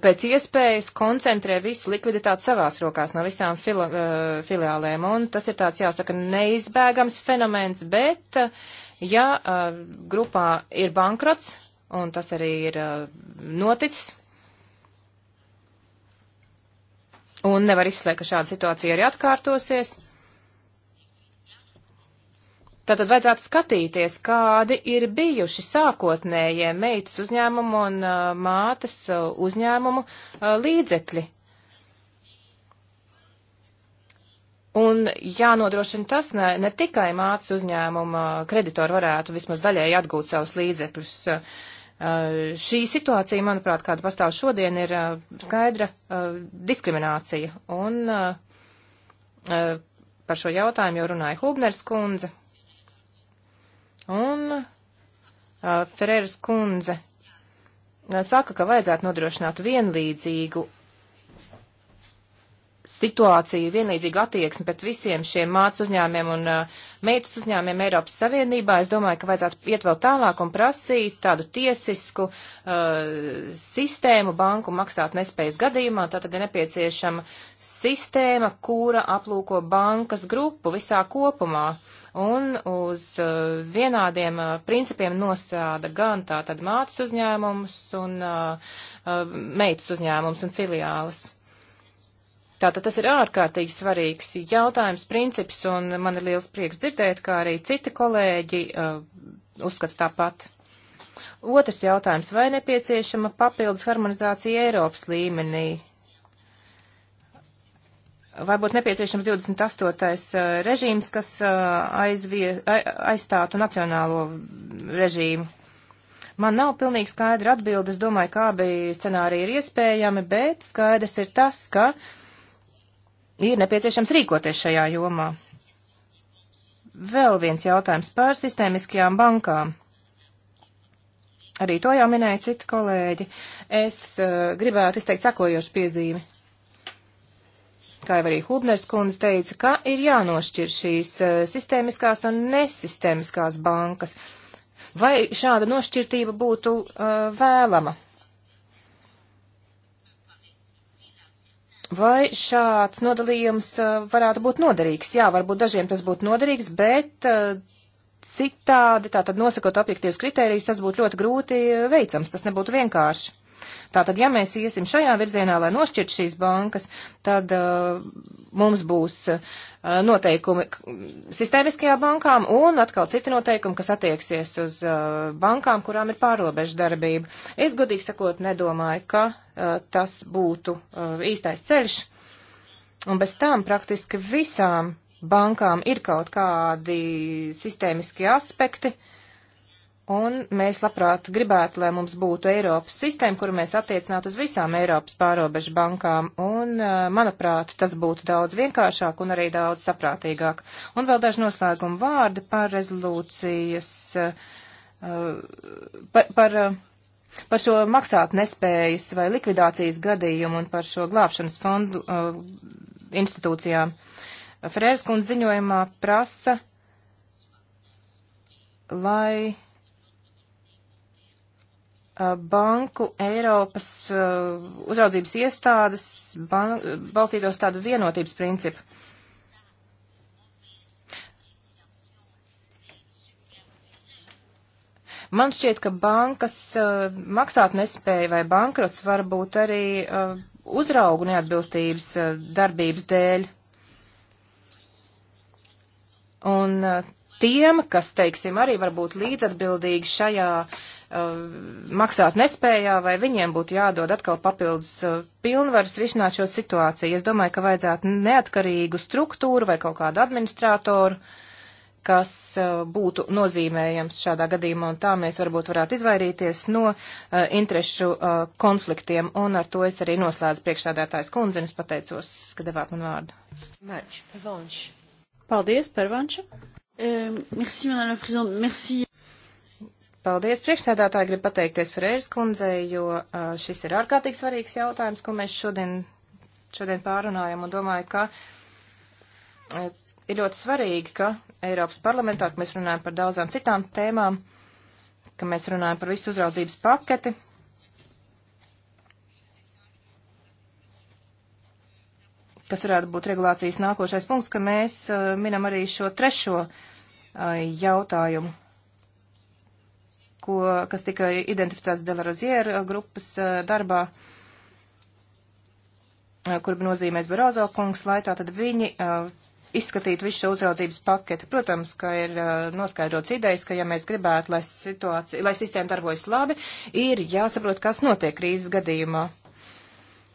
pēc iespējas koncentrē visu likviditāti savās rokās no visām fila, filiālēm. Un tas ir tāds, jāsaka, neizbēgams fenomens, bet uh, Ja uh, grupā ir bankrots, un tas arī ir uh, noticis, un nevar izslēgt, ka šāda situācija arī atkārtosies, Tātad vajadzētu skatīties, kādi ir bijuši sākotnējie meitas uzņēmumu un uh, mātes uzņēmumu uh, līdzekļi, Un jānodrošina tas, ne, ne tikai mācas uzņēmuma kreditori varētu vismaz daļēji atgūt savus līdzekļus. Uh, šī situācija, manuprāt, kāda pastāv šodien, ir uh, skaidra uh, diskriminācija. Un par šo jautājumu jau runāja Hubners kundze. Un Ferēras kundze saka, ka vajadzētu nodrošināt vienlīdzīgu situāciju, vienlīdzīgu attieksmi pret visiem šiem mācu uzņēmiem un uh, meitas uzņēmiem Eiropas Savienībā. Es domāju, ka vajadzētu iet vēl tālāk un prasīt tādu tiesisku uh, sistēmu banku maksāt nespējas gadījumā. Tātad ir nepieciešama sistēma, kura aplūko bankas grupu visā kopumā un uz uh, vienādiem uh, principiem nosāda gan tātad mātas uzņēmumus un uh, uh, meitas uzņēmumus un filiālas. Tātad tas ir ārkārtīgi svarīgs jautājums, princips, un man ir liels prieks dzirdēt, kā arī citi kolēģi uh, uzskata tāpat. Otrs jautājums - vai nepieciešama papildus harmonizācija Eiropas līmenī? Vai būtu nepieciešams 28. Uh, režīms, kas uh, aizvie, aizstātu nacionālo režīmu? Man nav pilnīgi skaidra atbildes, domāju, kā bija scenārija ir iespējami, bet skaidrs ir tas, ka uh, ir nepieciešams rīkoties šajā jomā. Vēl viens jautājums par sistēmiskajām bankām. Arī to jau minēja citi kolēģi. Es uh, gribētu izteikt sakojošu piezīmi. Kā jau arī Hubners kundze teica, ka ir jānošķir šīs uh, sistēmiskās un nesistēmiskās bankas. Vai šāda nošķirtība būtu uh, vēlama? Vai šāds nodalījums uh, varētu būt noderīgs? Jā, varbūt dažiem tas būtu noderīgs, bet uh, citādi, tātad nosakot objektīvas kritērijas, tas būtu ļoti grūti veicams, tas nebūtu vienkārši. Tātad, ja mēs iesim šajā virzienā, lai nošķirt šīs bankas, tad uh, mums būs uh, Uh, noteikumi sistēmiskajām bankām un atkal citi noteikumi, kas attieksies uz uh, bankām, kurām ir pārobežu darbība. Es godīgi sakot nedomāju, ka uh, tas būtu īstais ceļš. Un bez tām praktiski visām bankām ir kaut kādi sistēmiski aspekti, uh, Un mēs labprāt gribētu, lai mums būtu Eiropas sistēma, kuru mēs attiecinātu uz visām Eiropas pārobežu bankām, un, manuprāt, tas būtu daudz vienkāršāk un arī daudz saprātīgāk. Un vēl daži noslēguma vārdi par rezolūcijas, par, par, par šo maksāt nespējas vai likvidācijas gadījumu un par šo glābšanas fondu institūcijām. Frērs kundze ziņojumā prasa, lai Uh, banku Eiropas uh, uzraudzības iestādes ban balstītos tādu vienotības principu. Man šķiet, ka bankas uh, maksāt nespēja vai bankrots var būt arī uh, uzraugu neatbilstības uh, darbības dēļ. Un uh, tiem, kas, teiksim, arī var būt līdzatbildīgi šajā uh, Uh, maksāt nespējā, vai viņiem būtu jādod atkal papildus uh, pilnvaras risināt šo situāciju. Es domāju, ka vajadzētu neatkarīgu struktūru vai kaut kādu administrātoru, kas uh, būtu nozīmējams šādā gadījumā, un tā mēs varbūt varētu izvairīties no uh, interešu uh, konfliktiem, un ar to es arī noslēdzu priekšsādātājs kundzi, un es pateicos, ka devāt man vārdu. Mērķi, Paldies, Pervanša. Uh, merci, Madame la Présidente. Merci. Paldies, priekšsēdātāji, gribu pateikties Frēras kundzei, jo šis ir ārkārtīgi svarīgs jautājums, ko mēs šodien, šodien pārunājam un domāju, ka ir ļoti svarīgi, ka Eiropas parlamentā, ka mēs runājam par daudzām citām tēmām, ka mēs runājam par visu uzraudzības paketi. kas varētu būt regulācijas nākošais punkts, ka mēs minam arī šo trešo jautājumu ko, kas tika identificēts Delarozier uh, grupas uh, darbā, uh, kur nozīmēs Barozo kungs, lai tā tad viņi izskatītu visu šo uzraudzības paketi. Protams, ka ir noskaidrots idejas, ka ja mēs gribētu, lai, situācija, lai sistēma darbojas labi, ir jāsaprot, kas notiek krīzes gadījumā.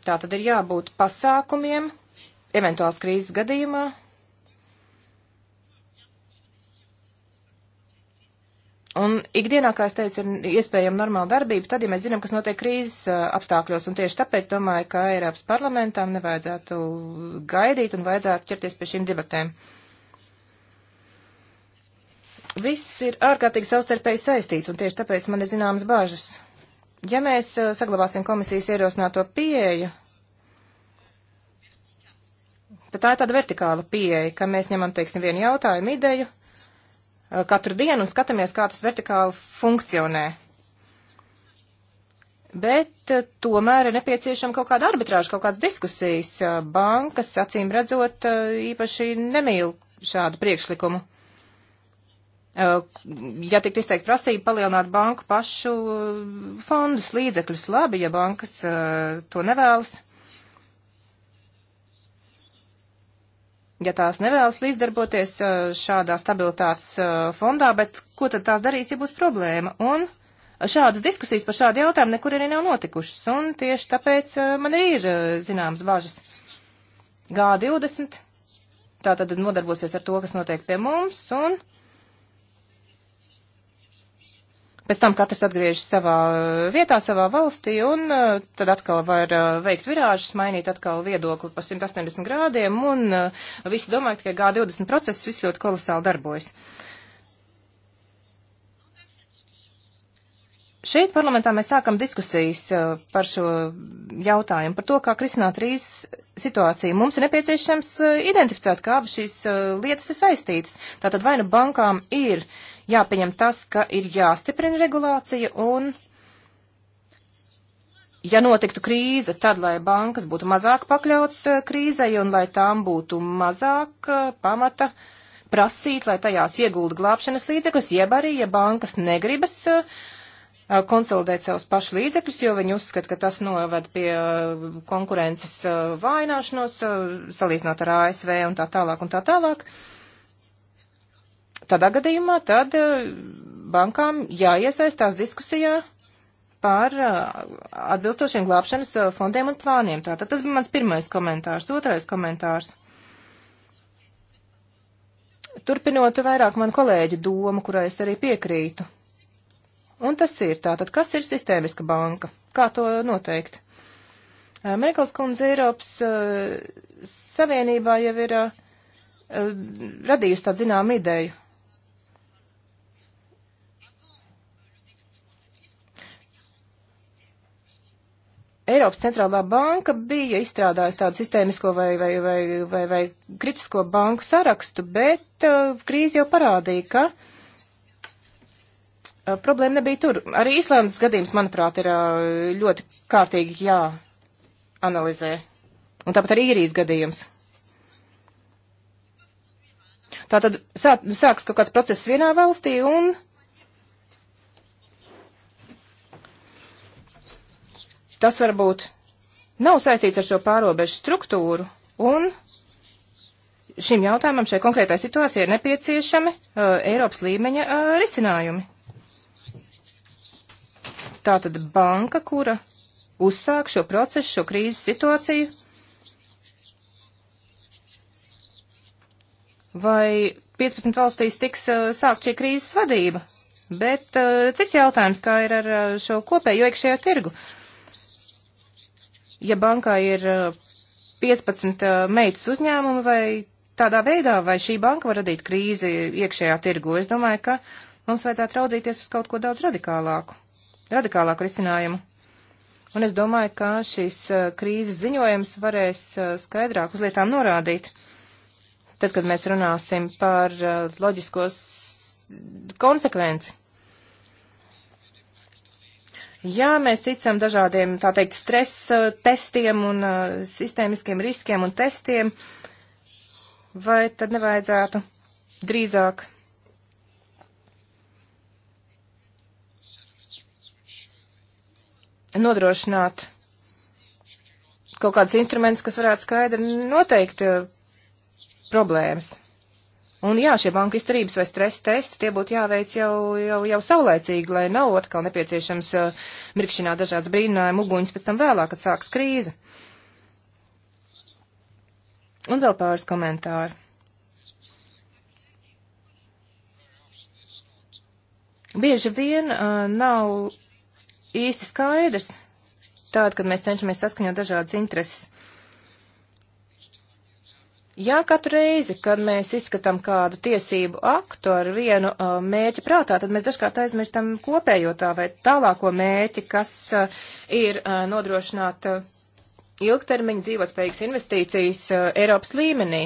Tā tad ir jābūt pasākumiem, eventuāls krīzes gadījumā, Un ikdienā, kā es teicu, ir iespējama normāla darbība, tad, ja mēs zinām, kas notiek krīzes apstākļos, un tieši tāpēc domāju, ka Eiropas parlamentām nevajadzētu gaidīt un vajadzētu ķerties pie šīm debatēm. Viss ir ārkārtīgi savstarpēji saistīts, un tieši tāpēc man ir zināmas bāžas. Ja mēs saglabāsim komisijas ierosināto pieeju, tad tā ir tāda vertikāla pieeja, ka mēs ņemam, teiksim, vienu jautājumu ideju, Eh, katru dienu un skatāmies, kā tas vertikāli funkcionē. Bet eh, tomēr ir nepieciešama kaut kāda arbitrāža, kaut kādas diskusijas. Eh, bankas, acīm redzot, īpaši nemīl šādu priekšlikumu. Ja tik izteikti prasība palielināt banku pašu fondus līdzekļus, labi, ja bankas to nevēlas. ja tās nevēlas līdzdarboties eh, šādā stabilitātes eh, fondā, bet ko tad tās darīs, ja būs problēma? Un šādas diskusijas par šādu jautājumu nekur arī nav notikušas, un tieši tāpēc eh, man ir zināmas bažas. G20 tā tad nodarbosies ar to, kas notiek pie mums, un uh, Pēc tam katrs atgriežas savā uh, vietā, savā valstī, un uh, tad atkal var uh, veikt virāžas, mainīt atkal viedokli pa 180 grādiem, un visi domā, ka G20 process viss ļoti kolosāli darbojas. Šeit parlamentā mēs sākam diskusijas par šo jautājumu, par to, kā krisināt rīzes situāciju. Mums ir nepieciešams identificēt, kā abas šīs lietas ir saistītas. Tātad vai nu bankām ir jāpieņem tas, ka ir jāstiprina regulācija un, ja notiktu krīze, tad, lai bankas būtu mazāk pakļauts eh, krīzei un lai tām būtu mazāk eh, pamata prasīt, lai tajās iegulda glābšanas līdzekļus, jeb arī, ja bankas negribas eh, konsolidēt savus pašu līdzekļus, jo viņi uzskata, ka tas noved pie konkurences vājināšanos, salīdzinot ar ASV un tā tālāk un tā tālāk. Tā tādā gadījumā tad eh, bankām jāiesaistās diskusijā par eh, atbilstošiem glābšanas eh, fondiem un plāniem. Tātad tas bija mans pirmais komentārs. Otrais komentārs. Turpinot vairāk manu kolēģu domu, kurai es arī piekrītu. Un tas ir tātad, kas ir sistēmiska banka? Kā to noteikt? Merkels kundze Eiropas uh, Savienībā jau ir uh, radījusi tādu zinām ideju. Eiropas centrālā banka bija izstrādājusi tādu sistēmisko vai, vai, vai, vai, vai kritisko banku sarakstu, bet uh, krīze jau parādīja, ka uh, problēma nebija tur. Arī Īslandes gadījums, manuprāt, ir uh, ļoti kārtīgi jāanalizē. Un tāpat arī īrijas gadījums. Tā tad sā, sāks kaut kāds process vienā valstī un tas varbūt nav saistīts ar šo pārobežu struktūru, un šim jautājumam, šai konkrētai situācijai ir nepieciešami uh, Eiropas līmeņa uh, risinājumi. Tātad banka, kura uzsāk šo procesu, šo krīzes situāciju, vai 15 valstīs tiks uh, sākt šī krīzes vadība, bet uh, cits jautājums, kā ir ar uh, šo kopējo iekšējo tirgu. Uh, ja bankā ir 15 eh, eh, meitas uzņēmumi vai tādā veidā, vai šī banka var radīt krīzi iekšējā tirgu. Es domāju, ka mums vajadzētu raudzīties uz kaut ko daudz radikālāku, radikālāku risinājumu. Un es domāju, ka šīs eh, krīzes ziņojums varēs skaidrāk uz lietām norādīt. Tad, kad mēs runāsim par loģiskos konsekvenci. Ja mēs ticam dažādiem, tā teikt, stresa eh, testiem un uh, sistēmiskiem riskiem un testiem, vai tad nevajadzētu drīzāk nodrošināt kaut kādus instrumentus, kas varētu skaidri noteikt eh, problēmas? Un jā, šie banka izturības vai stresa testi, tie būtu jāveic jau, jau, jau saulēcīgi, lai nav atkal nepieciešams uh, mirkšķināt dažādas brīnājuma uguņas pēc tam vēlāk, kad sāks krīze. Un vēl pāris komentāri. Bieži vien uh, nav īsti skaidrs, tāda, kad mēs cenšamies saskaņot dažādas intereses. Ja katru reizi, kad mēs izskatām kādu tiesību aktu ar vienu uh, mērķi prātā, tad mēs dažkārt aizmirstam kopējo tā vai tālāko mērķi, kas uh, ir uh, nodrošināt uh, ilgtermiņa dzīvotspējīgas investīcijas uh, Eiropas līmenī.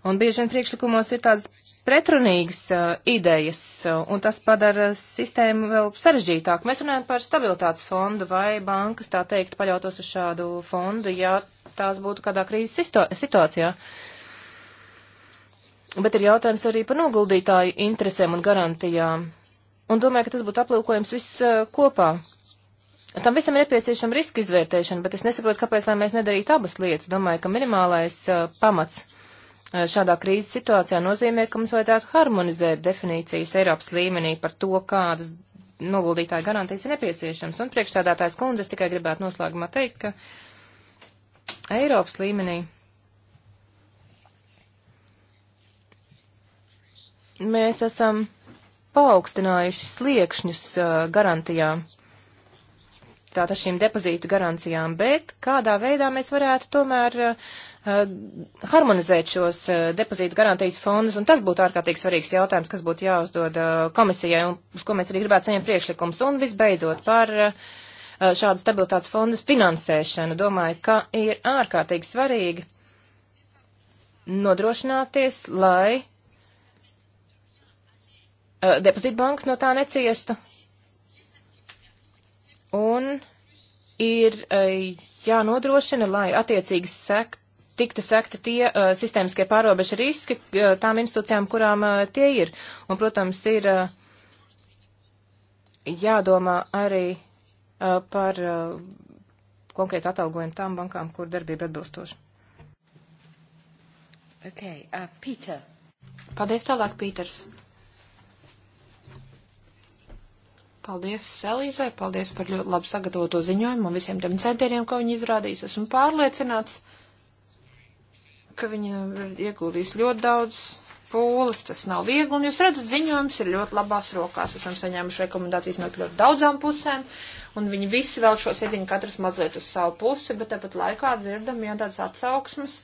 Un bieži vien priekšlikumos ir tādas pretrunīgas uh, idejas, uh, un tas padara sistēmu vēl sarežģītāku. Mēs runājam par stabilitātes fondu vai bankas, tā teikt, paļautos uz šādu fondu, ja tās būtu kādā krīzes situācijā. Bet ir jautājums arī par noguldītāju interesēm un garantijām. Un domāju, ka tas būtu aplūkojums viss uh, kopā. Tam visam ir nepieciešama riska izvērtēšana, bet es nesaprotu, kāpēc mēs nedarītu abas lietas. Domāju, ka minimālais uh, pamats Eh, šādā krīzes situācijā nozīmē, ka mums vajadzētu harmonizēt definīcijas Eiropas līmenī par to, kādas noguldītāju garantijas ir nepieciešams. Un priekšsādātājs kundzes tikai gribētu noslēgumā teikt, ka Eiropas līmenī mēs esam paaugstinājuši sliekšņus uh, eh, garantijām, tātad šīm depozītu garancijām, bet kādā veidā mēs varētu tomēr uh, Uh, harmonizēt šos uh, depozītu garantijas fondus, un tas būtu ārkārtīgi svarīgs jautājums, kas būtu jāuzdod uh, komisijai, un uz ko mēs arī gribētu saņemt priekšlikums. Un visbeidzot par šādu stabilitātes fondus finansēšanu, domāju, ka ir ārkārtīgi svarīgi nodrošināties, lai depozītu bankas no tā neciestu. Un ir jānodrošina, lai attiecīgi sektu tiktu sekti tie uh, sistēmiskie pārobežu riski uh, tām institūcijām, kurām uh, tie ir. Un, protams, ir uh, jādomā arī uh, par uh, konkrētu atalgojumu tām bankām, kur darbība atbilstoša. Okay, uh, Peter. Paldies tālāk, Pīters. Paldies Elīzai, paldies par ļoti labi sagatavoto ziņojumu un visiem tiem centieniem, ko viņi izrādīs. Esmu pārliecināts, ka viņa eh, ieguldīs ļoti daudz pūles, tas nav viegli, un jūs redzat, ziņojums ir ļoti labās rokās, esam saņēmuši rekomendācijas no ļoti daudzām pusēm, un viņi visi vēl šo sēdziņu katrs mazliet uz savu pusi, bet tāpat laikā dzirdam, jā, tāds atsauksmes,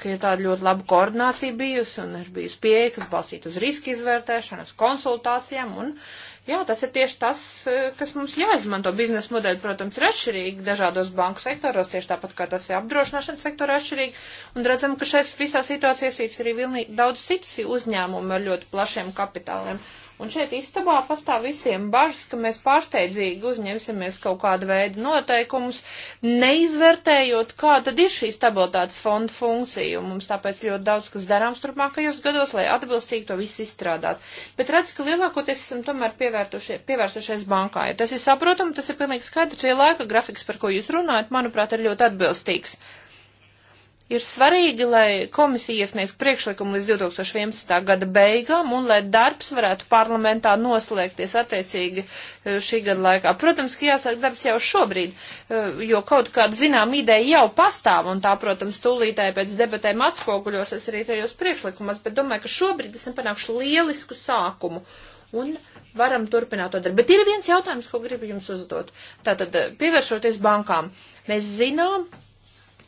ka ir tāda ļoti laba koordinācija bijusi, un ir bijusi pieeja, kas balstīta uz riska izvērtēšanu, uz konsultācijām, un uh, Jā, tas ir tieši tas, e, kas mums jāizmanto. Biznesa modeļi, protams, ir atšķirīgi dažādos banku sektoros, tieši tāpat kā tas ir apdrošināšanas sektora atšķirīgi. Un redzam, ka šais visā situācijā ir arī vilnīgi daudz citas uzņēmumi ar ļoti plašiem kapitāliem. Un šeit istabā pastāv visiem bažas, ka mēs pārsteidzīgi uzņemsimies kaut kādu veidu noteikumus, neizvērtējot, kā tad ir šī stabilitātes fonda funkcija. Un mums tāpēc ļoti daudz, kas darāms turpmākajos gados, lai atbilstīgi to visu izstrādāt. Bet redz, ka lielākoties esam tomēr pievērsušies bankā. Ja tas ir saprotami, tas ir pilnīgi skaidrs, ja laika grafiks, par ko jūs runājat, manuprāt, ir ļoti atbilstīgs ir svarīgi, lai komisija iesniegtu priekšlikumu līdz 2011. gada beigām un lai darbs varētu parlamentā noslēgties attiecīgi eh, šī gada laikā. Protams, ka jāsāk darbs jau šobrīd, eh, jo kaut kāda zinām ideja jau pastāv un tā, protams, tūlītēji pēc debatēm atspoguļosies arī tajos priekšlikumos, bet domāju, ka šobrīd esam panākuši lielisku sākumu. Un varam turpināt to darbu. Bet ir viens jautājums, ko gribu jums uzdot. Tātad, eh, pievēršoties bankām, mēs zinām,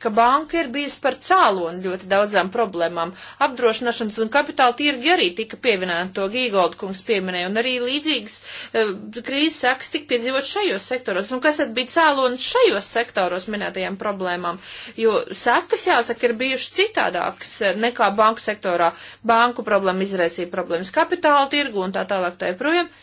ka banka ir bijusi par cēloni ļoti daudzām problēmām. Apdrošināšanas un kapitāla tirgi arī tika pieminēti, to Gīgolda kungs pieminēja, un arī līdzīgas uh, krīzes sekas tika piedzīvot šajos sektoros. Un kas tad bija cēlonis šajos sektoros minētajām problēmām? Jo sekas, jāsaka, ir bijušas citādākas eh, nekā banku sektorā. Banku problēma izraisīja problēmas kapitāla tirgu un tā tālāk tā joprojām. Tā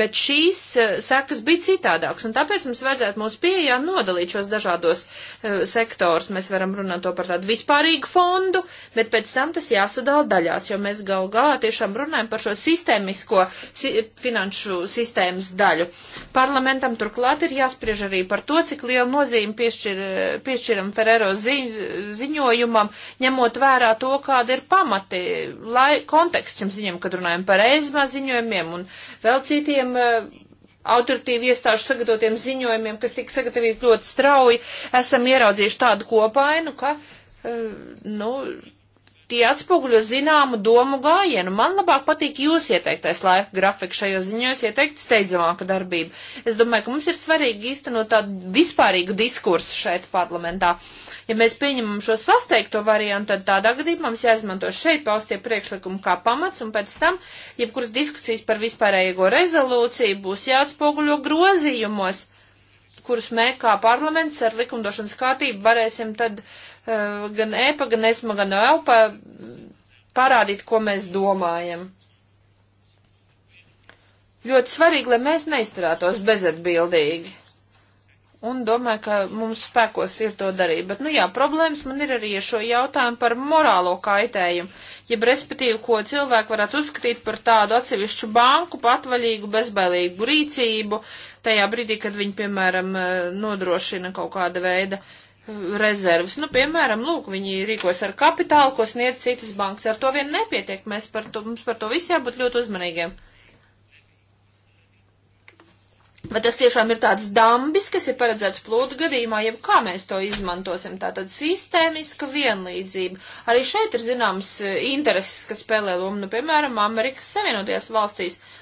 Bet šīs eh, sekas bija citādākas, un tāpēc mums vajadzētu mūsu pieejā nodalīt šos dažādos Eh, sektors. Mēs varam runāt to par tādu vispārīgu fondu, bet pēc tam tas jāsadala daļās, jo mēs gal galā tiešām runājam par šo sistēmisko si finanšu sistēmas daļu. Parlamentam turklāt ir jāspriež arī par to, cik lielu nozīmi piešķir, eh, piešķiram Ferrero zi ziņojumam, ņemot vērā to, kāda ir pamati, lai konteksts šim ziņam, kad runājam par eizmā ziņojumiem un vēl citiem eh, autoritīvu iestāžu sagatavotiem ziņojumiem, kas tika sagatavīti ļoti strauji, esam ieraudzījuši tādu kopainu, ka, eh, nu, tie atspoguļo zināmu domu gājienu. Man labāk patīk jūs ieteiktais laika grafiks šajos ziņos, ieteikt steidzamāka darbība. Es domāju, ka mums ir svarīgi īstenot tādu vispārīgu diskursu šeit parlamentā. Uh, Ja mēs pieņemam šo sasteigto variantu, tad tādā gadījumā mums jāizmanto šeit paustie priekšlikumi kā pamats, un pēc tam, jebkuras diskusijas par vispārējo rezolūciju būs jāatspoguļo grozījumos, kurus mēs kā parlaments ar likumdošanas kārtību varēsim tad uh, gan EPA, gan ESMA, gan ELPA parādīt, ko mēs domājam ļoti svarīgi, lai mēs neizturētos bezatbildīgi un domāju, ka mums spēkos ir to darīt. Bet, nu jā, problēmas man ir arī ar šo jautājumu par morālo kaitējumu, jeb respektīvi, ko cilvēki varētu uzskatīt par tādu atsevišķu banku patvaļīgu, bezbailīgu rīcību, tajā brīdī, kad viņi, piemēram, eh, nodrošina kaut kāda veida eh, rezerves. Nu, piemēram, lūk, viņi rīkos ar kapitālu, ko sniedz citas bankas. Ar to vien nepietiek. Mēs par to, mums par to visu jābūt ļoti uzmanīgiem. Uh, Vai tas tiešām ir tāds dambis, kas ir paredzēts plūdu gadījumā, jeb kā mēs to izmantosim? Tātad sistēmiska vienlīdzība. Arī šeit ir zināms eh, intereses, kas spēlē lomu, nu, piemēram, Amerikas Savienotajās valstīs. Uh,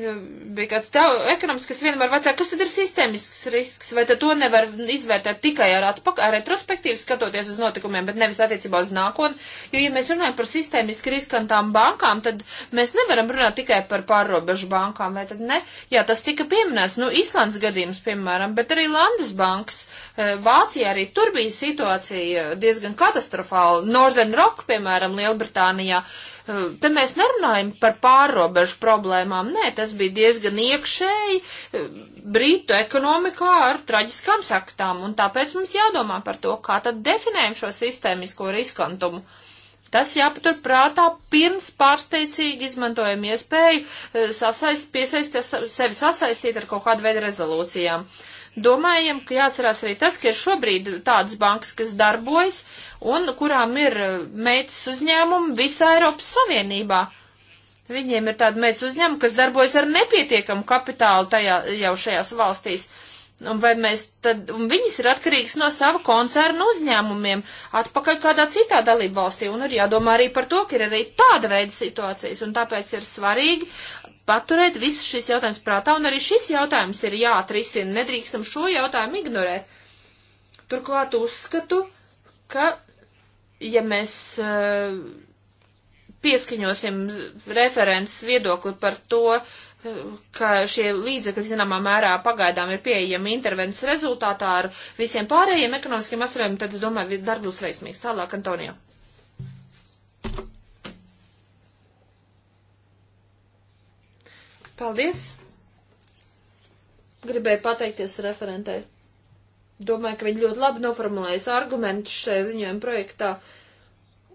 bija kāds ekonomisks, vienmēr vajadzēja, kas tad ir sistēmisks risks, vai tad to nevar izvērtēt tikai ar, atpaka, ar retrospektīvu skatoties uz notikumiem, bet nevis attiecībā uz nākotni, jo, ja mēs runājam par sistēmiski riskantām bankām, tad mēs nevaram runāt tikai par pārrobežu bankām, vai tad ne? Jā, tas tika pieminēts, nu, Islands gadījums, piemēram, bet arī Landesbanks, e, Vācijā arī tur bija situācija diezgan katastrofāla, Northern Rock, piemēram, Lielbritānijā, uh, Eh, te mēs nerunājam par pārrobežu problēmām, nē, tas bija diezgan iekšēji eh, Britu ekonomikā ar traģiskām saktām, un tāpēc mums jādomā par to, kā tad definējam šo sistēmisko riskantumu. Tas jāpatur prātā pirms pārsteidzīgi izmantojam iespēju eh, sasaist, piesaist, sevi sasaistīt ar kaut kādu veidu rezolūcijām. Domājam, ka jāatcerās arī tas, ka ir šobrīd tādas bankas, kas darbojas, uh, un kurām ir eh, meitas uzņēmumi visā Eiropas Savienībā. Viņiem ir tāda meitas uzņēmuma, kas darbojas ar nepietiekamu kapitālu tajā, jau šajās valstīs. Un vai mēs tad, un viņas ir atkarīgas no sava koncernu uzņēmumiem, atpakaļ kādā citā dalību valstī, un ir jādomā arī par to, ka ir arī tāda veida situācijas, un tāpēc ir svarīgi paturēt visus šis jautājums prātā, un arī šis jautājums ir jāatrisina, nedrīkstam šo jautājumu ignorēt. Turklāt uzskatu, ka ja mēs eh, pieskaņosim referents viedokli par to, eh, ka šie līdzekļi, zināmā mērā, pagaidām ir pieejami intervences rezultātā ar visiem pārējiem ekonomiskiem asariem, tad, es domāju, darbs būs veiksmīgs. Tālāk, Antonija. Paldies! Gribēju pateikties referentei. Domāju, ka viņi ļoti labi noformulējas argumentus šajā ziņojuma projektā,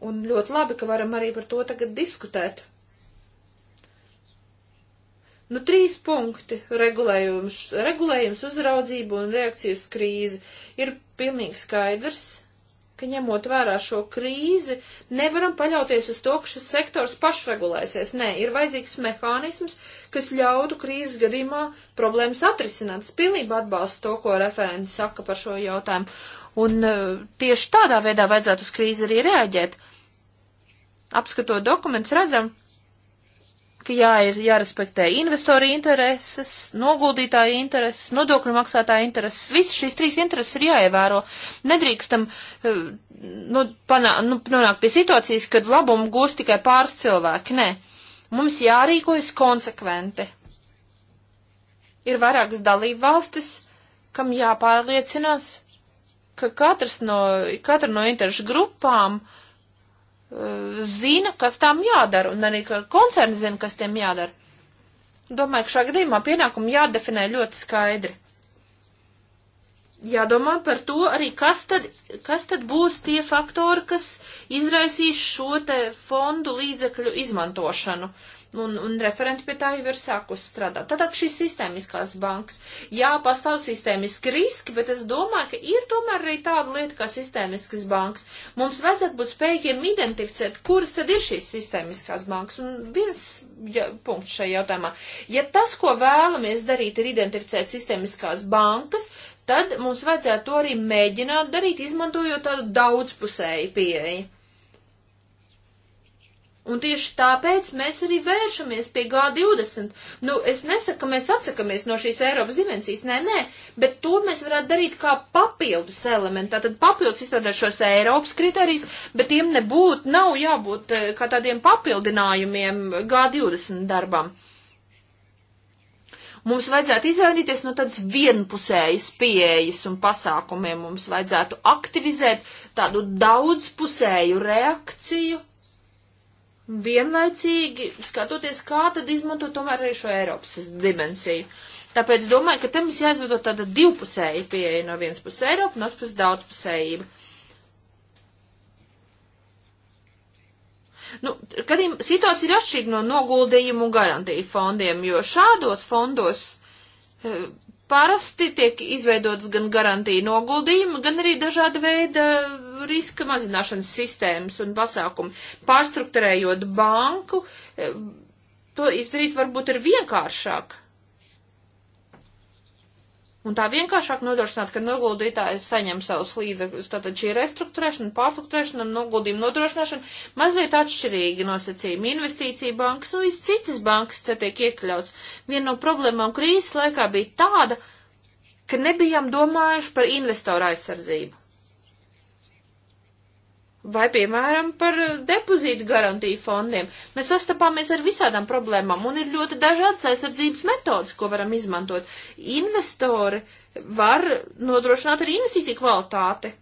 un ļoti labi, ka varam arī par to tagad diskutēt. Nu, trīs punkti - regulējums, regulējums uzraudzību un reakcijas krīzi - ir pilnīgi skaidrs ka ņemot vērā šo krīzi, nevaram paļauties uz to, ka šis sektors pašregulēsies. Nē, ir vajadzīgs mehānisms, kas ļautu krīzes gadījumā problēmas atrisināt. Es pilnībā atbalstu to, ko referents saka par šo jautājumu. Un e, tieši tādā veidā vajadzētu uz krīzi arī reaģēt. Apskatot dokumentus, redzam, ka jā, ir jārespektē investoru intereses, noguldītāju intereses, nodokļu maksātāju intereses. Visas šīs trīs intereses ir jāievēro. Nedrīkstam eh, nu, panā, nu, nonākt pie situācijas, kad labumu gūs tikai pāris cilvēki. Nē, mums jārīkojas konsekventi. Ir vairākas dalību valstis, kam jāpārliecinās, ka katrs no, katra no interešu grupām uh, Eh, zina, kas tām jādara, un arī koncerni zina, kas tiem jādara. Domāju, ka šā gadījumā pienākumu jādefinē ļoti skaidri. Jādomā par to arī, kas tad, kas tad būs tie faktori, kas izraisīs šo te fondu līdzekļu izmantošanu. Uh, un, un referenti pie tā jau ir sākus strādāt. Tātad šīs sistēmiskās bankas. Jā, pastāv sistēmiski riski, bet es domāju, ka ir tomēr arī tāda lieta kā sistēmiskas bankas. Mums vajadzētu būt spējīgiem identificēt, kuras tad ir šīs sistēmiskās bankas. Un viens ja, punkts šajā jautājumā. Ja tas, ko vēlamies darīt, ir identificēt sistēmiskās bankas, tad mums vajadzētu to arī mēģināt darīt, izmantojot tādu daudzpusēju pieeju. Un tieši tāpēc mēs arī vēršamies pie G20. Nu, es nesaku, ka mēs atsakamies no šīs Eiropas dimensijas, nē, nē, bet to mēs varētu darīt kā papildus elementu. Tātad papildus izstrādāt šos Eiropas kriterijus, bet tiem nebūtu, nav jābūt eh, kā tādiem papildinājumiem G20 darbam. Mums vajadzētu izvairīties no tādas vienpusējas pieejas un pasākumiem. Mums vajadzētu aktivizēt tādu daudzpusēju reakciju vienlaicīgi skatoties, kā tad izmanto tomēr arī šo Eiropas dimensiju. Tāpēc domāju, ka te mums jāizveido tāda divpusēja pieeja no vienas puses Eiropa, no otras puses daudzpusējība. Nu, kad situācija ir atšķirīga no noguldījumu un garantiju fondiem, jo šādos fondos e, parasti tiek izveidotas gan garantija noguldījuma, gan arī dažāda veida riska mazināšanas sistēmas un pasākumi. Pārstruktūrējot banku, e, to izdarīt varbūt ir vienkāršāk. Un tā vienkāršāk nodrošināt, ka noguldītājs saņem savus līdzekļus. Tātad šī restruktūrēšana, pārstruktūrēšana un noguldījuma nodrošināšana mazliet atšķirīgi nosacījumi. Investīcija bankas un viss citas bankas te tiek iekļauts. Viena no problēmām krīzes laikā bija tāda, ka nebijām domājuši par investoru aizsardzību. Vai, piemēram, par depozītu garantiju fondiem. Mēs sastapāmies ar visādām problēmām un ir ļoti dažādas aizsardzības metodas, ko varam izmantot. Investori var nodrošināt arī investīciju kvalitāti.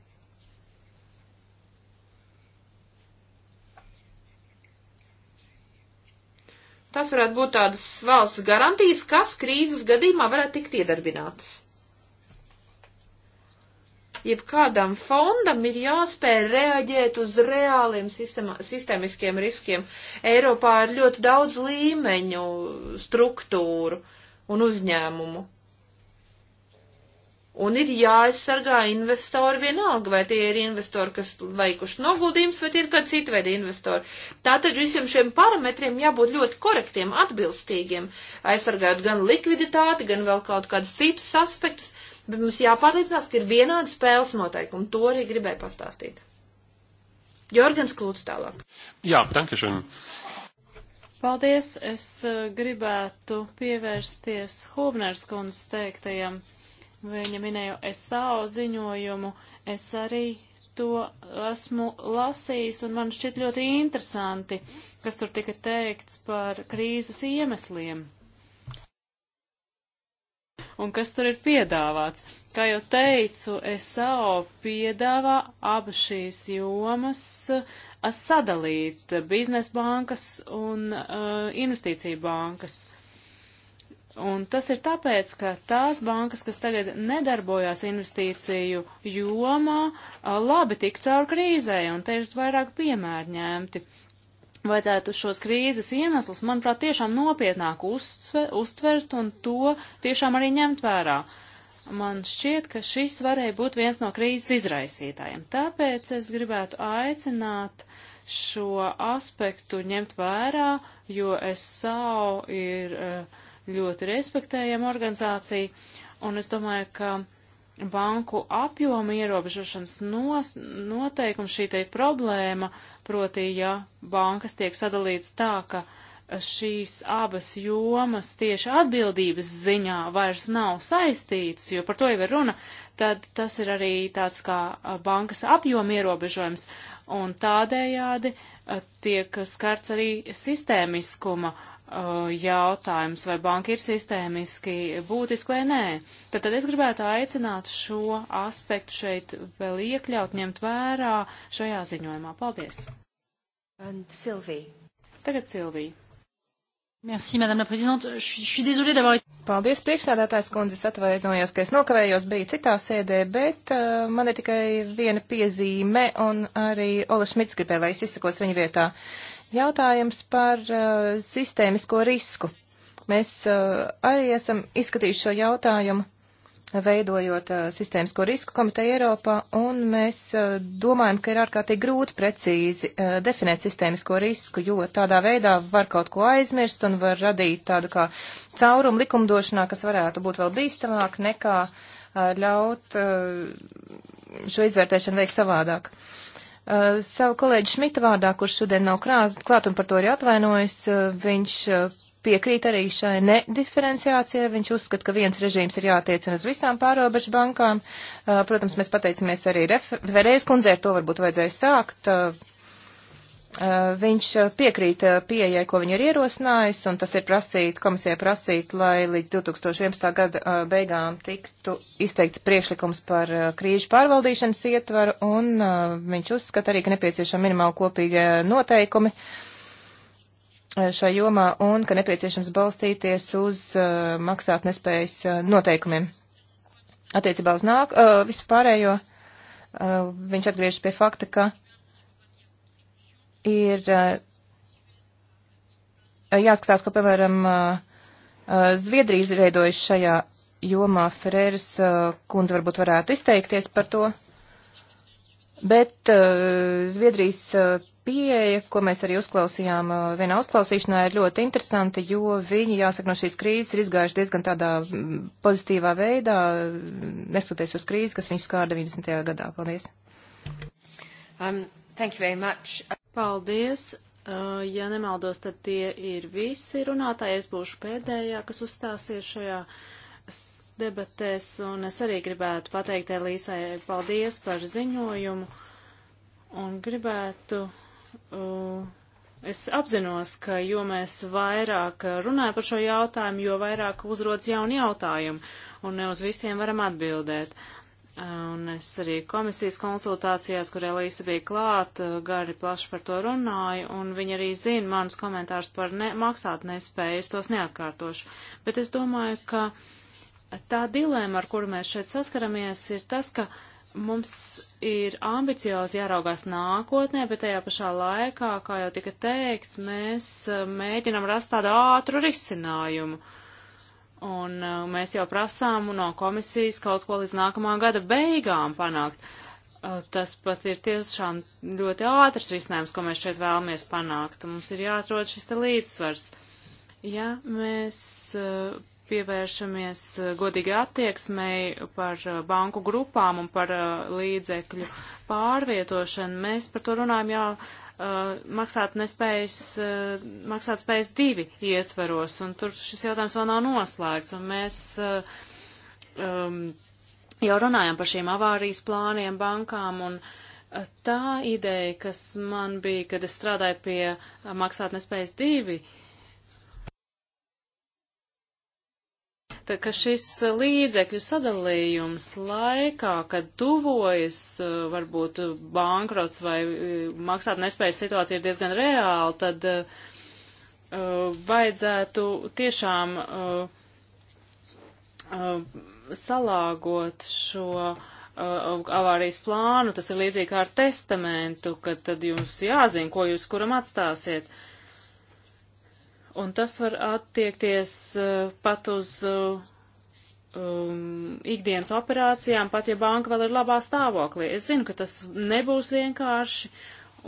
Tas varētu būt tādas valsts garantijas, kas krīzes gadījumā varētu tikt iedarbinātas jebkādam fondam ir jāspēj reaģēt uz reāliem sistema, sistemiskiem riskiem. Eiropā ir ļoti daudz līmeņu, struktūru un uzņēmumu. Un ir jāaizsargā investori vienalga, vai tie ir investori, kas veikuši noguldījums, vai tie ir kādi citi veidi investori. Tātad visiem šiem parametriem jābūt ļoti korektiem, atbilstīgiem, aizsargājot gan likviditāti, gan vēl kaut kādus citus aspektus, bet mums jāpārliecinās, ka ir vienādi spēles noteikumi. To arī gribēju pastāstīt. Jorgens Klūts tālāk. Jā, tankešana. Paldies, es eh, gribētu pievērsties Hubners kundzes teiktajam. Viņa minēja SAO ziņojumu. Es arī to esmu lasījis, un man šķiet ļoti interesanti, kas tur tika teikts par krīzes iemesliem un kas tur ir piedāvāts. Kā jau teicu, SAO piedāvā abas šīs jomas sadalīt biznesa bankas un uh, investīciju bankas. Un tas ir tāpēc, ka tās bankas, kas tagad nedarbojās investīciju jomā, labi tik caur krīzē, un te ir vairāk piemērņēmti vajadzētu šos krīzes iemeslus, manuprāt, tiešām nopietnāk uztvert un to tiešām arī ņemt vērā. Man šķiet, ka šis varēja būt viens no krīzes izraisītājiem. Tāpēc es gribētu aicināt šo aspektu ņemt vērā, jo SAO ir eh, ļoti respektējama organizācija, un es domāju, ka banku apjoma ierobežošanas nos, noteikums šī te problēma, proti, ja bankas tiek sadalīts tā, ka šīs abas jomas tieši atbildības ziņā vairs nav saistītas, jo par to jau ir runa, tad tas ir arī tāds kā bankas apjoma ierobežojums, un tādējādi tiek skarts arī sistēmiskuma uh, Uh, jautājums, vai banka ir sistēmiski būtiski vai nē. Tad, tad es gribētu aicināt šo aspektu šeit vēl iekļaut, ņemt vērā šajā ziņojumā. Paldies! And Silvija. Tagad Silvija. Merci, madame la présidente. Je suis désolée d'avoir été. Paldies, priekšsēdētājs kundze, es atvainojos, ka es nokavējos, biju citā sēdē, bet uh, man ir tikai viena piezīme, un arī Ola Šmits gribēja, lai es izsakos viņa vietā. Uh, Jautājums par uh, sistēmisko risku. Mēs uh, arī esam izskatījuši šo jautājumu, veidojot uh, sistēmisko risku komiteju Eiropā, un mēs uh, domājam, ka ir ārkārtīgi grūti precīzi uh, definēt sistēmisko risku, jo tādā veidā var kaut ko aizmirst un var radīt tādu kā caurumu likumdošanā, kas varētu būt vēl bīstamāk nekā uh, ļaut uh, šo izvērtēšanu veikt savādāk. Uh, Uh, savu kolēģi Šmita vārdā, kurš šodien nav krāt, klāt un par to ir atvainojis, uh, eh, viņš uh, piekrīt arī šai nediferenciācijai. Viņš uzskata, ka viens režīms ir jātiecina uz visām pārobežu bankām. Protams, mēs pateicamies arī referējas kundzei, ar to varbūt vajadzēja sākt. Eh, viņš eh, piekrīt eh, pieejai, ko viņi ir ierosinājis, un tas ir prasīt, komisija prasīt, lai līdz 2011. gada beigām tiktu izteikts priešlikums par krīžu pārvaldīšanas ietvaru, un viņš uzskata arī, ka nepieciešama minimāla kopīga noteikumi šai jomā, un ka nepieciešams balstīties uz maksātnespējas noteikumiem. Attiecībā uz nāk, visu pārējo, viņš atgriežas pie fakta, ka ir eh, jāskatās, ko, piemēram, eh, eh, Zviedrija izveidojuši šajā jomā. Ferēras kundze varbūt varētu izteikties par to. Bet Zviedrijas pieeja, ko mēs arī uzklausījām vienā uzklausīšanā, ir ļoti interesanta, jo viņi, jāsaka, no šīs krīzes ir izgājuši diezgan tādā mm, pozitīvā veidā, neskatoties uz krīzi, kas viņus skāra 90. gadā. Paldies! Um, thank you very much. Paldies! Uh, ja nemaldos, tad tie ir visi runātāji. Es būšu pēdējā, kas uzstāsies šajā debatēs, un es arī gribētu pateikt Elīsai paldies par ziņojumu, un gribētu, uh, es apzinos, ka jo mēs vairāk runājam par šo jautājumu, jo vairāk uzrodas jauni jautājumi, un ne uz visiem varam atbildēt. Un es arī komisijas konsultācijās, kur Elīsa bija klāt, eh, gari plaši par to runāju, un viņa arī zina manus komentārus par ne, maksāt nespēju, es tos neatkārtošu. Bet es domāju, ka tā dilēma, ar kuru mēs šeit saskaramies, ir tas, ka mums ir ambiciozi jāraugās nākotnē, bet tajā pašā laikā, kā jau tika teikts, mēs eh, mēģinam rast tādu ātru risinājumu. Uh, Un uh, mēs jau prasām no komisijas kaut ko līdz nākamā gada beigām panākt. Uh, tas pat ir tiešām ļoti ātrs risinājums, ko mēs šeit vēlamies panākt. Mums ir jāatrod šis te līdzsvars. Ja mēs uh, pievēršamies uh, godīgi attieksmei par uh, banku grupām un par uh, līdzekļu pārvietošanu, mēs par to runājam jau Uh, maksāt nespējas, uh, maksāt spējas divi ietveros, un tur šis jautājums vēl nav noslēgts, un mēs uh, um, jau runājam par šīm avārijas plāniem bankām, un tā ideja, kas man bija, kad es strādāju pie maksāt nespējas divi, uh, Tā ka šis uh, līdzekļu sadalījums laikā, kad tuvojas uh, varbūt uh, bankrots vai maksāt nespējas situācija ir diezgan reāla, tad uh, vajadzētu tiešām uh, uh, salāgot šo avārijas plānu. Tas ir līdzīgi kā ar testamentu, kad tad jums jāzina, ko jūs kuram atstāsiet. Uh, Un tas var attiekties uh, pat uz uh, um, ikdienas operācijām, pat ja banka vēl ir labā stāvoklī. Es zinu, ka tas nebūs vienkārši,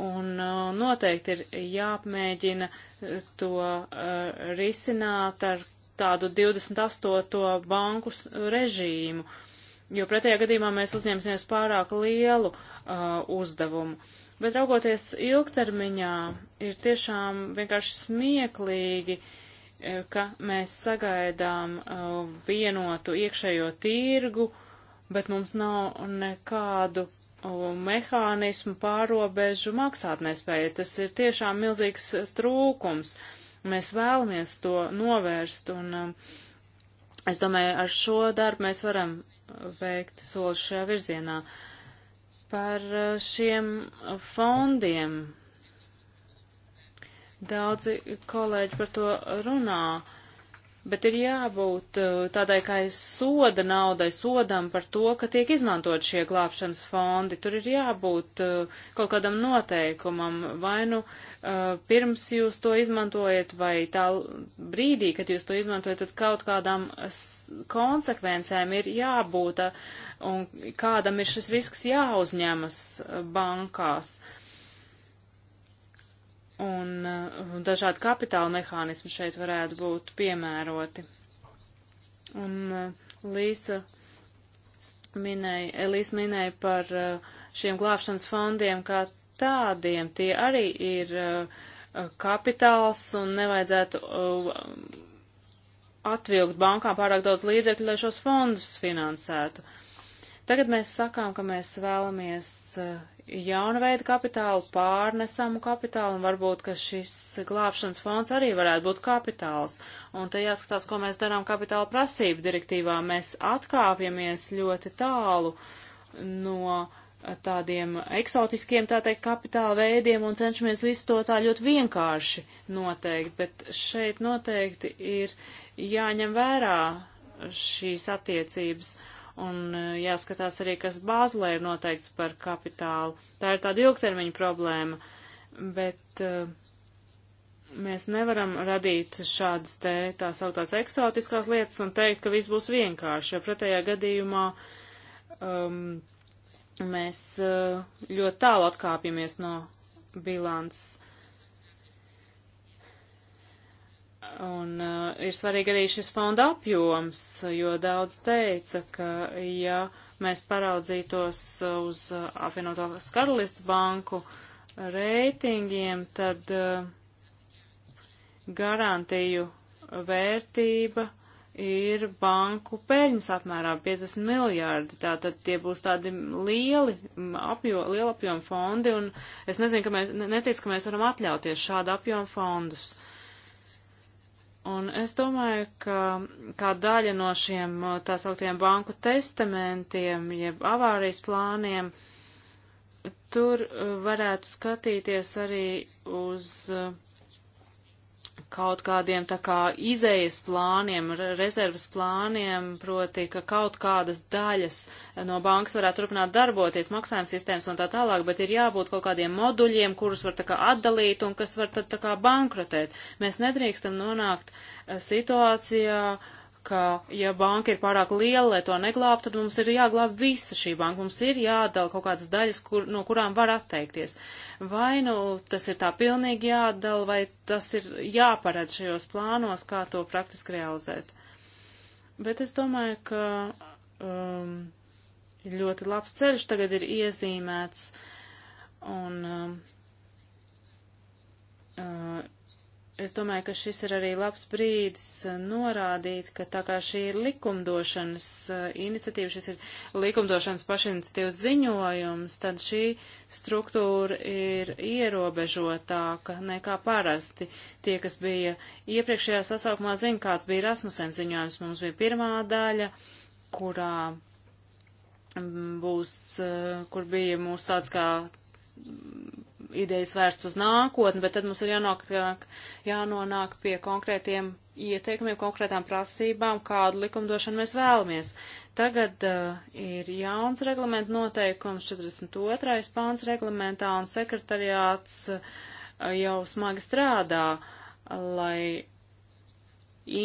un uh, noteikti ir jāapmēģina to uh, risināt ar tādu 28. banku režīmu, jo pretējā gadījumā mēs uzņemsimies pārāk lielu uh, uzdevumu. Uh, Bet raugoties ilgtermiņā, ir tiešām vienkārši smieklīgi, e, ka mēs sagaidām e, vienotu iekšējo tirgu, bet mums nav nekādu mehānismu pārobežu maksātnespēja. Tas ir tiešām milzīgs trūkums. Mēs vēlamies to novērst, un e, es domāju, ar šo darbu mēs varam veikt soli šajā virzienā. Uh, par eh, šiem fondiem. Daudzi kolēģi par to runā, bet ir jābūt eh, tādai kā soda naudai, sodam par to, ka tiek izmantot šie glābšanas fondi. Tur ir jābūt eh, kaut kādam noteikumam, vai nu uh, Uh, pirms jūs to izmantojat vai tā brīdī, kad jūs to izmantojat, tad kaut kādām konsekvencēm ir jābūt uh, un kādam ir šis risks jāuzņemas uh, bankās. Un, un dažādi kapitāla mehānismi šeit varētu būt piemēroti. Un Līsa minēja, Elīsa minēja par šiem glābšanas fondiem kā tādiem. Tie arī ir uh, kapitāls un nevajadzētu uh, atvilkt bankām pārāk daudz līdzekļu, lai šos fondus finansētu. Tagad mēs sakām, ka mēs vēlamies uh, jaunu veidu kapitālu, pārnesamu kapitālu, un varbūt, ka šis glābšanas fonds arī varētu būt kapitāls. Un te jāskatās, ko mēs darām kapitāla prasību direktīvā. Mēs atkāpjamies ļoti tālu no uh, tādiem eksotiskiem, tā teikt, kapitāla veidiem un cenšamies visu to tā ļoti vienkārši noteikt, bet šeit noteikti ir jāņem vērā šīs attiecības un eh, jāskatās arī, kas bāzlē ir noteikts par kapitālu. Tā ir tāda ilgtermiņa problēma, bet eh, mēs nevaram radīt šādas te tā sauktās eksotiskās lietas un teikt, ka viss būs vienkārši, jo pretējā gadījumā um, mēs eh, ļoti tālu atkāpjamies no bilances. Un uh, ir svarīgi arī šis fonda apjoms, jo daudz teica, ka ja mēs paraudzītos uz uh, eh, apvienotās karalists banku reitingiem, tad uh, garantiju vērtība uh, ir banku peļņas apmērā 50 miljārdi. Tātad tie būs tādi lieli, apjo, liela apjoma fondi, un es nezinu, ka mēs, neticu, ka mēs varam atļauties šādu apjomu fondus. Un es domāju, ka kā daļa no šiem tā sauktiem banku testamentiem, jeb avārijas plāniem, tur uh, varētu skatīties arī uz uh, kaut kādiem tā kā izējas plāniem, rezervas plāniem, proti, ka kaut kādas daļas no bankas varētu turpināt darboties, maksājuma sistēmas un tā tālāk, bet ir jābūt kaut kādiem moduļiem, kurus var tā kā atdalīt un kas var tad tā kā bankrotēt. Mēs nedrīkstam nonākt eh, situācijā, uh, ka, ja banka ir pārāk liela, lai to neglābtu, tad mums ir jāglāb visa šī banka. Mums ir jādala kaut kādas daļas, kur, no kurām var atteikties. Vai nu tas ir tā pilnīgi jādala, vai tas ir jāparedz šajos plānos, kā to praktiski realizēt. Bet es domāju, ka um, ļoti labs ceļš tagad ir iezīmēts. Un, um, uh, es domāju, ka šis ir arī labs brīdis uh, norādīt, ka tā kā šī ir likumdošanas uh, iniciatīva, šis ir likumdošanas pašiniciatīvas ziņojums, tad šī struktūra ir ierobežotāka nekā parasti. Tie, kas bija iepriekšējā sasaukumā, zina, kāds bija Rasmusen ziņojums. Mums bija pirmā daļa, kurā mm, būs, uh, kur bija mūsu tāds kā idejas vērsts uz nākotni, bet tad mums ir jānonāk, jānonāk pie konkrētiem ieteikumiem, konkrētām prasībām, kādu likumdošanu mēs vēlamies. Tagad uh, ir jauns reglamentu noteikums, 42. pāns reglamentā, un sekretariāts uh, jau smagi strādā, lai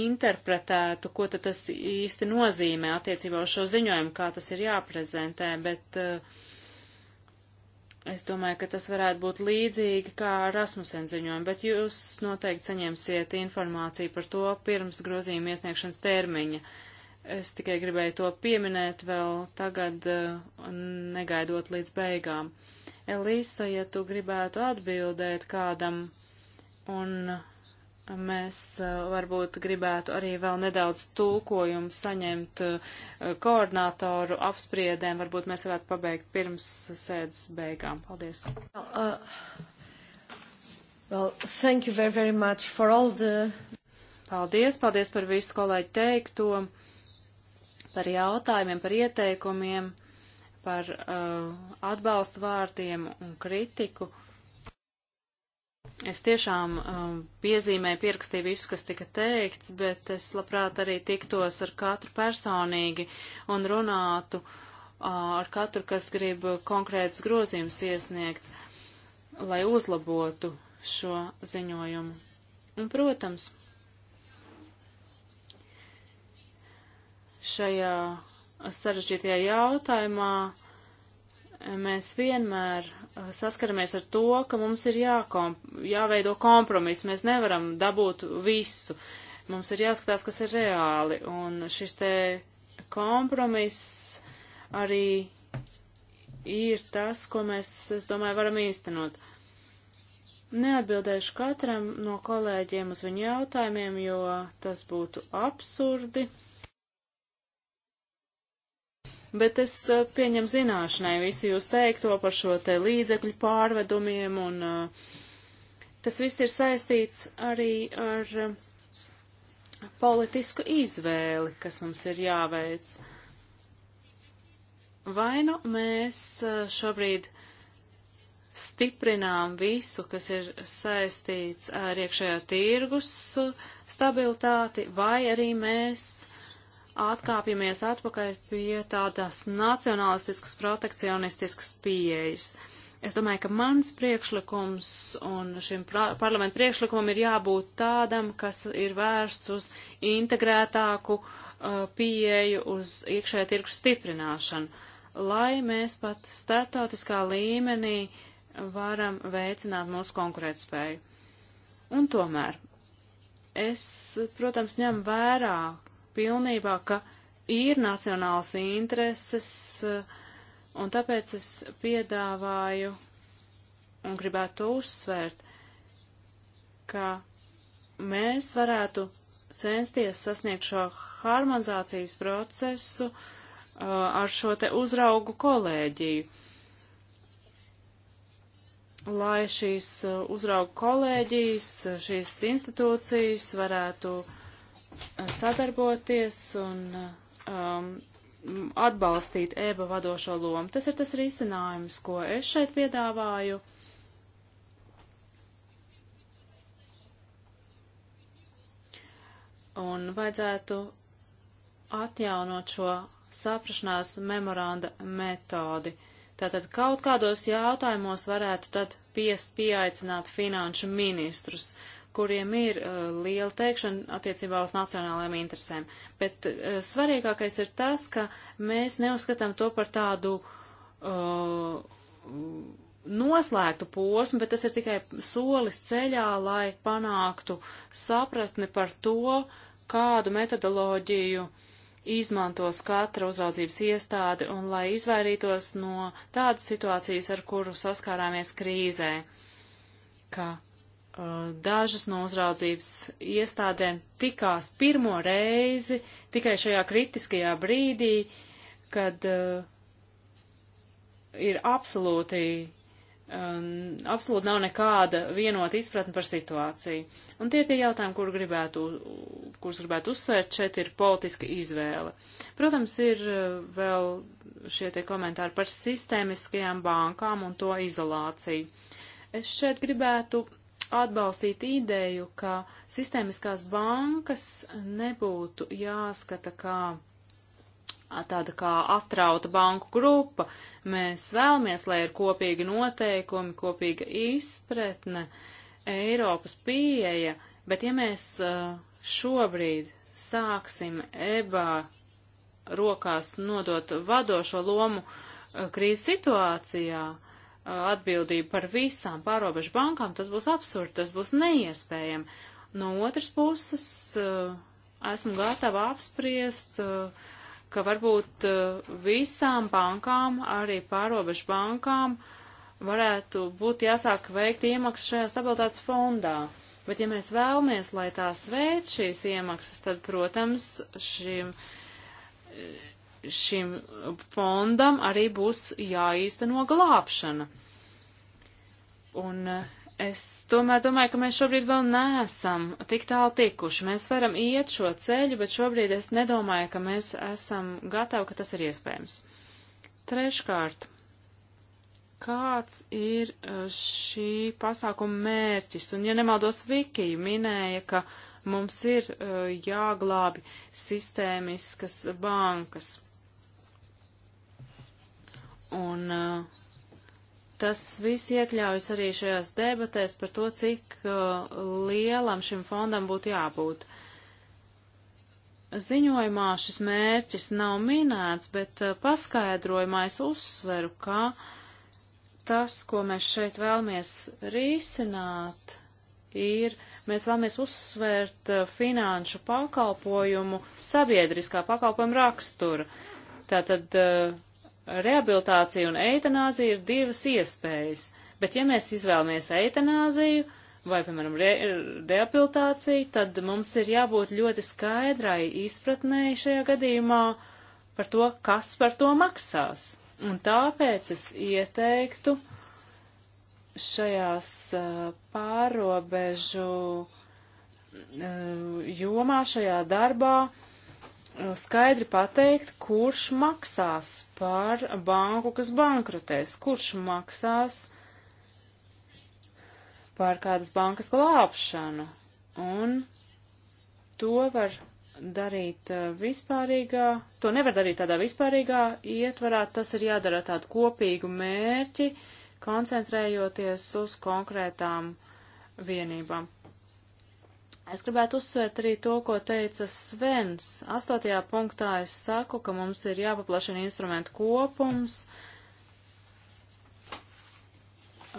interpretētu, ko tad tas īsti nozīmē attiecībā uz šo ziņojumu, kā tas ir jāprezentē, bet uh, Es domāju, ka tas varētu būt līdzīgi kā Rasmusen ziņojumi, bet jūs noteikti saņemsiet informāciju par to pirms grozījuma iesniegšanas termiņa. Es tikai gribēju to pieminēt vēl tagad, uh, negaidot līdz beigām. Elīsa, ja tu gribētu atbildēt kādam un Mēs eh, varbūt gribētu arī vēl nedaudz tulkojumu saņemt eh, koordinātoru apspriedēm. Varbūt mēs varētu pabeigt pirms sēdes beigām. Paldies. Well, uh, well, thank you very, very much for all the... Paldies, paldies par visu kolēģi teikto, par jautājumiem, par ieteikumiem, par uh, atbalstu vārdiem un kritiku. Es tiešām um, piezīmēju, pierakstīju visu, kas tika teikts, bet es labprāt arī tiktos ar katru personīgi un runātu uh, ar katru, kas grib konkrētus grozījumus iesniegt, lai uzlabotu šo ziņojumu. Un, protams, šajā sarežģītajā jautājumā uh, mēs vienmēr uh, saskaramies ar to, ka mums ir jākom, jāveido kompromiss. Mēs nevaram dabūt visu. Mums ir jāskatās, kas ir reāli. Un šis te kompromiss arī ir tas, ko mēs, es domāju, varam īstenot. Neatbildēšu katram no kolēģiem uz viņu jautājumiem, jo tas būtu absurdi bet es pieņem zināšanai visu jūs teikto par šo te līdzekļu pārvedumiem, un tas viss ir saistīts arī ar politisku izvēli, kas mums ir jāveic. Vai nu mēs šobrīd stiprinām visu, kas ir saistīts ar iekšējā tirgus stabilitāti, vai arī mēs atkāpjamies atpakaļ pie tādas nacionalistiskas, protekcionistiskas pieejas. Es domāju, ka mans priekšlikums un šim parlamentu priekšlikumam ir jābūt tādam, kas ir vērsts uz integrētāku uh, pieeju, uz iekšējā tirku stiprināšanu, lai mēs pat startautiskā līmenī varam veicināt mūsu konkurētspēju. Un tomēr es, protams, ņemu vērā, pilnībā, ka ir nacionāls intereses, eh, un tāpēc es piedāvāju un gribētu to uzsvērt, ka mēs varētu censties sasniegt šo harmonizācijas procesu uh, ar šo te uzraugu kolēģiju. Lai šīs eh, uzraugu kolēģijas, šīs institūcijas varētu uh, sadarboties un um, atbalstīt EBA vadošo lomu. Tas ir tas risinājums, ko es šeit piedāvāju. Un vajadzētu atjaunot šo saprašanās memoranda metodi. Tātad kaut kādos jautājumos varētu tad piest pieaicināt finanšu ministrus. Uh, kuriem ir uh, liela teikšana attiecībā uz nacionālajām interesēm. Bet uh, svarīgākais ir tas, ka mēs neuzskatām to par tādu uh, noslēgtu posmu, bet tas ir tikai solis ceļā, lai panāktu sapratni par to, kādu metodoloģiju izmantos katra uzraudzības iestāde un lai izvairītos no tādas situācijas, ar kuru saskārāmies krīzē, ka dažas no uzraudzības iestādēm tikās pirmo reizi tikai šajā kritiskajā brīdī, kad uh, ir absolūti, um, absolūti nav nekāda vienota izpratne par situāciju. Un tie ir tie jautājumi, kur gribētu, kurus gribētu uzsvērt, šeit ir politiska izvēle. Protams, ir uh, vēl šie tie komentāri par sistēmiskajām bankām un to izolāciju. Es šeit gribētu atbalstīt ideju, ka sistēmiskās bankas nebūtu jāskata kā tāda kā atrauta banku grupa. Mēs vēlamies, lai ir kopīgi noteikumi, kopīga izpratne, Eiropas pieeja, bet ja mēs uh, šobrīd sāksim EBA rokās nodot vadošo lomu uh, krīzes situācijā, uh, atbildību par visām pārobežu bankām, tas būs absurdi, tas būs neiespējami. No otras puses, eh, esmu gatava apspriest, eh, ka varbūt eh, visām bankām, arī pārobežu bankām, varētu būt jāsāk veikt iemaksas šajā stabilitātes fondā. Bet, ja mēs vēlamies, lai tās veic šīs iemaksas, tad, protams, šim šim fondam arī būs jāīsteno glābšana. Un eh, es tomēr domāju, ka mēs šobrīd vēl neesam tik tālu tikuši. Mēs varam iet šo ceļu, bet šobrīd es nedomāju, ka mēs esam gatavi, ka tas ir iespējams. Treškārt, kāds ir eh, šī pasākuma mērķis? Un, ja nemaldos, Vikija minēja, ka mums ir eh, jāglābi sistēmiskas bankas. Un uh, tas viss iekļaujas arī šajās debatēs par to, cik uh, lielam šim fondam būtu jābūt. Ziņojumā šis mērķis nav minēts, bet uh, paskaidrojumā es uzsveru, ka tas, ko mēs šeit vēlamies risināt, ir, mēs vēlamies uzsvērt finanšu pakalpojumu, sabiedriskā pakalpojuma rakstura. Tātad uh, Rehabilitācija un eitanāzija ir divas iespējas, bet ja mēs izvēlamies eitanāziju vai, piemēram, re rehabilitāciju, tad mums ir jābūt ļoti skaidrai izpratnēji šajā gadījumā par to, kas par to maksās. Un tāpēc es ieteiktu šajās eh, pārobežu eh, jomā, šajā darbā, uh, skaidri pateikt, kurš maksās par banku, kas bankrotēs, kurš maksās par kādas bankas glābšanu. Un to var darīt uh, vispārīgā, to nevar darīt tādā vispārīgā ietvarā, tas ir jādara tādu kopīgu mērķi, koncentrējoties uz konkrētām vienībām. Es gribētu uzsvērt arī to, ko teica Svens. Astotajā punktā es saku, ka mums ir jāpaplašina instrumentu kopums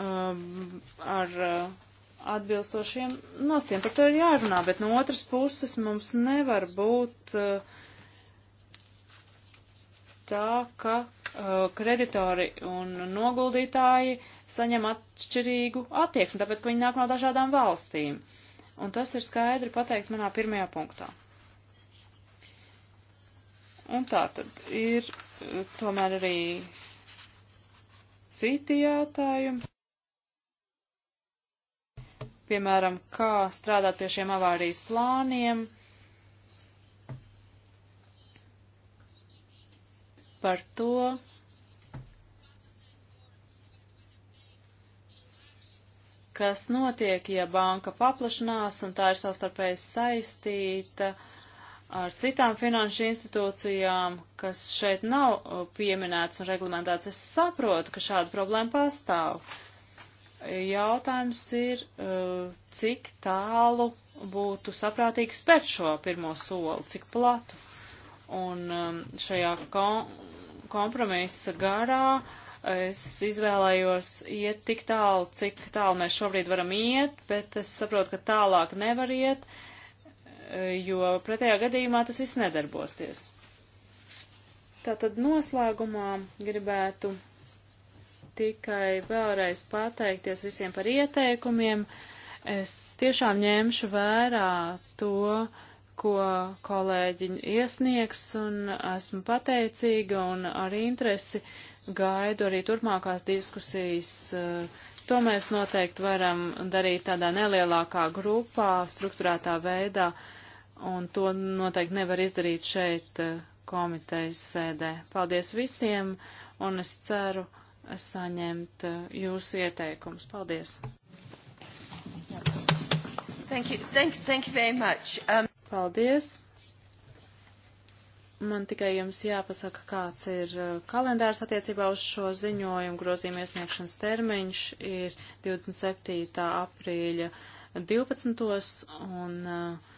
um, ar uh, atbilstošiem nostiem. Par to ir jārunā, bet no otras puses mums nevar būt uh, tā, ka uh, kreditori un noguldītāji saņem atšķirīgu attieksmi, tāpēc, ka viņi nāk no dažādām valstīm. Uh, Un tas ir skaidri pateikts manā pirmajā punktā. Un tā tad ir eh, tomēr arī citi jautājumi. Piemēram, kā strādāt pie šiem avārijas plāniem, par to, kas notiek, ja banka paplašanās un tā ir savstarpēji saistīta ar citām finanšu institūcijām, kas šeit nav uh, pieminēts un reglamentēts. Es saprotu, ka šāda problēma pastāv. Jautājums ir, uh, cik tālu būtu saprātīgi spērt šo pirmo soli, cik platu. Un um, šajā kom kompromisa garā uh, Es izvēlējos iet tik tālu, cik tālu mēs šobrīd varam iet, bet es saprotu, ka tālāk nevar iet, jo pretējā gadījumā tas viss nedarbosies. Tātad noslēgumā gribētu tikai vēlreiz pateikties visiem par ieteikumiem. Es tiešām ņemšu vērā to, ko kolēģi iesniegs, un esmu pateicīga un ar interesi uh, gaidu arī turpmākās diskusijas. Eh, to mēs noteikti varam darīt tādā nelielākā grupā, struktūrētā veidā, un to noteikti nevar izdarīt šeit eh, komitejas sēdē. Paldies visiem, un es ceru eh, saņemt jūsu ieteikumus. Paldies! Thank you, thank, thank you very much. Um... Paldies! Man tikai jums jāpasaka, kāds ir uh, kalendārs attiecībā uz šo ziņojumu. Grozījuma iesniegšanas termiņš ir 27. aprīļa 12. un uh,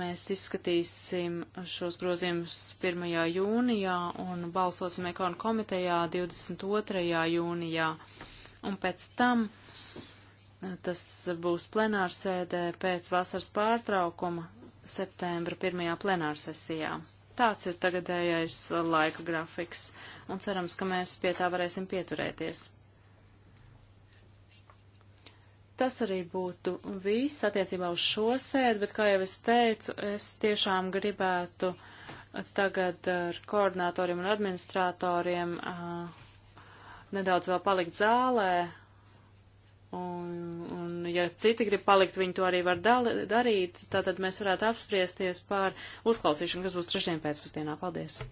mēs izskatīsim šos grozījumus 1. jūnijā un balsosim ekonu komitejā 22. jūnijā. Un pēc tam uh, tas būs plenārsēdē pēc vasaras pārtraukuma septembra 1. plenārsesijā. Tāds ir tagadējais laika grafiks, un cerams, ka mēs pie tā varēsim pieturēties. Tas arī būtu viss attiecībā uz šo sēdu, bet, kā jau es teicu, es tiešām gribētu tagad ar koordinatoriem un administratoriem uh, nedaudz vēl palikt zālē, Un, un, ja citi grib palikt, viņi to arī var dali, darīt, tātad mēs varētu apspriesties par uzklausīšanu, kas būs trešdien pēcpusdienā. Paldies!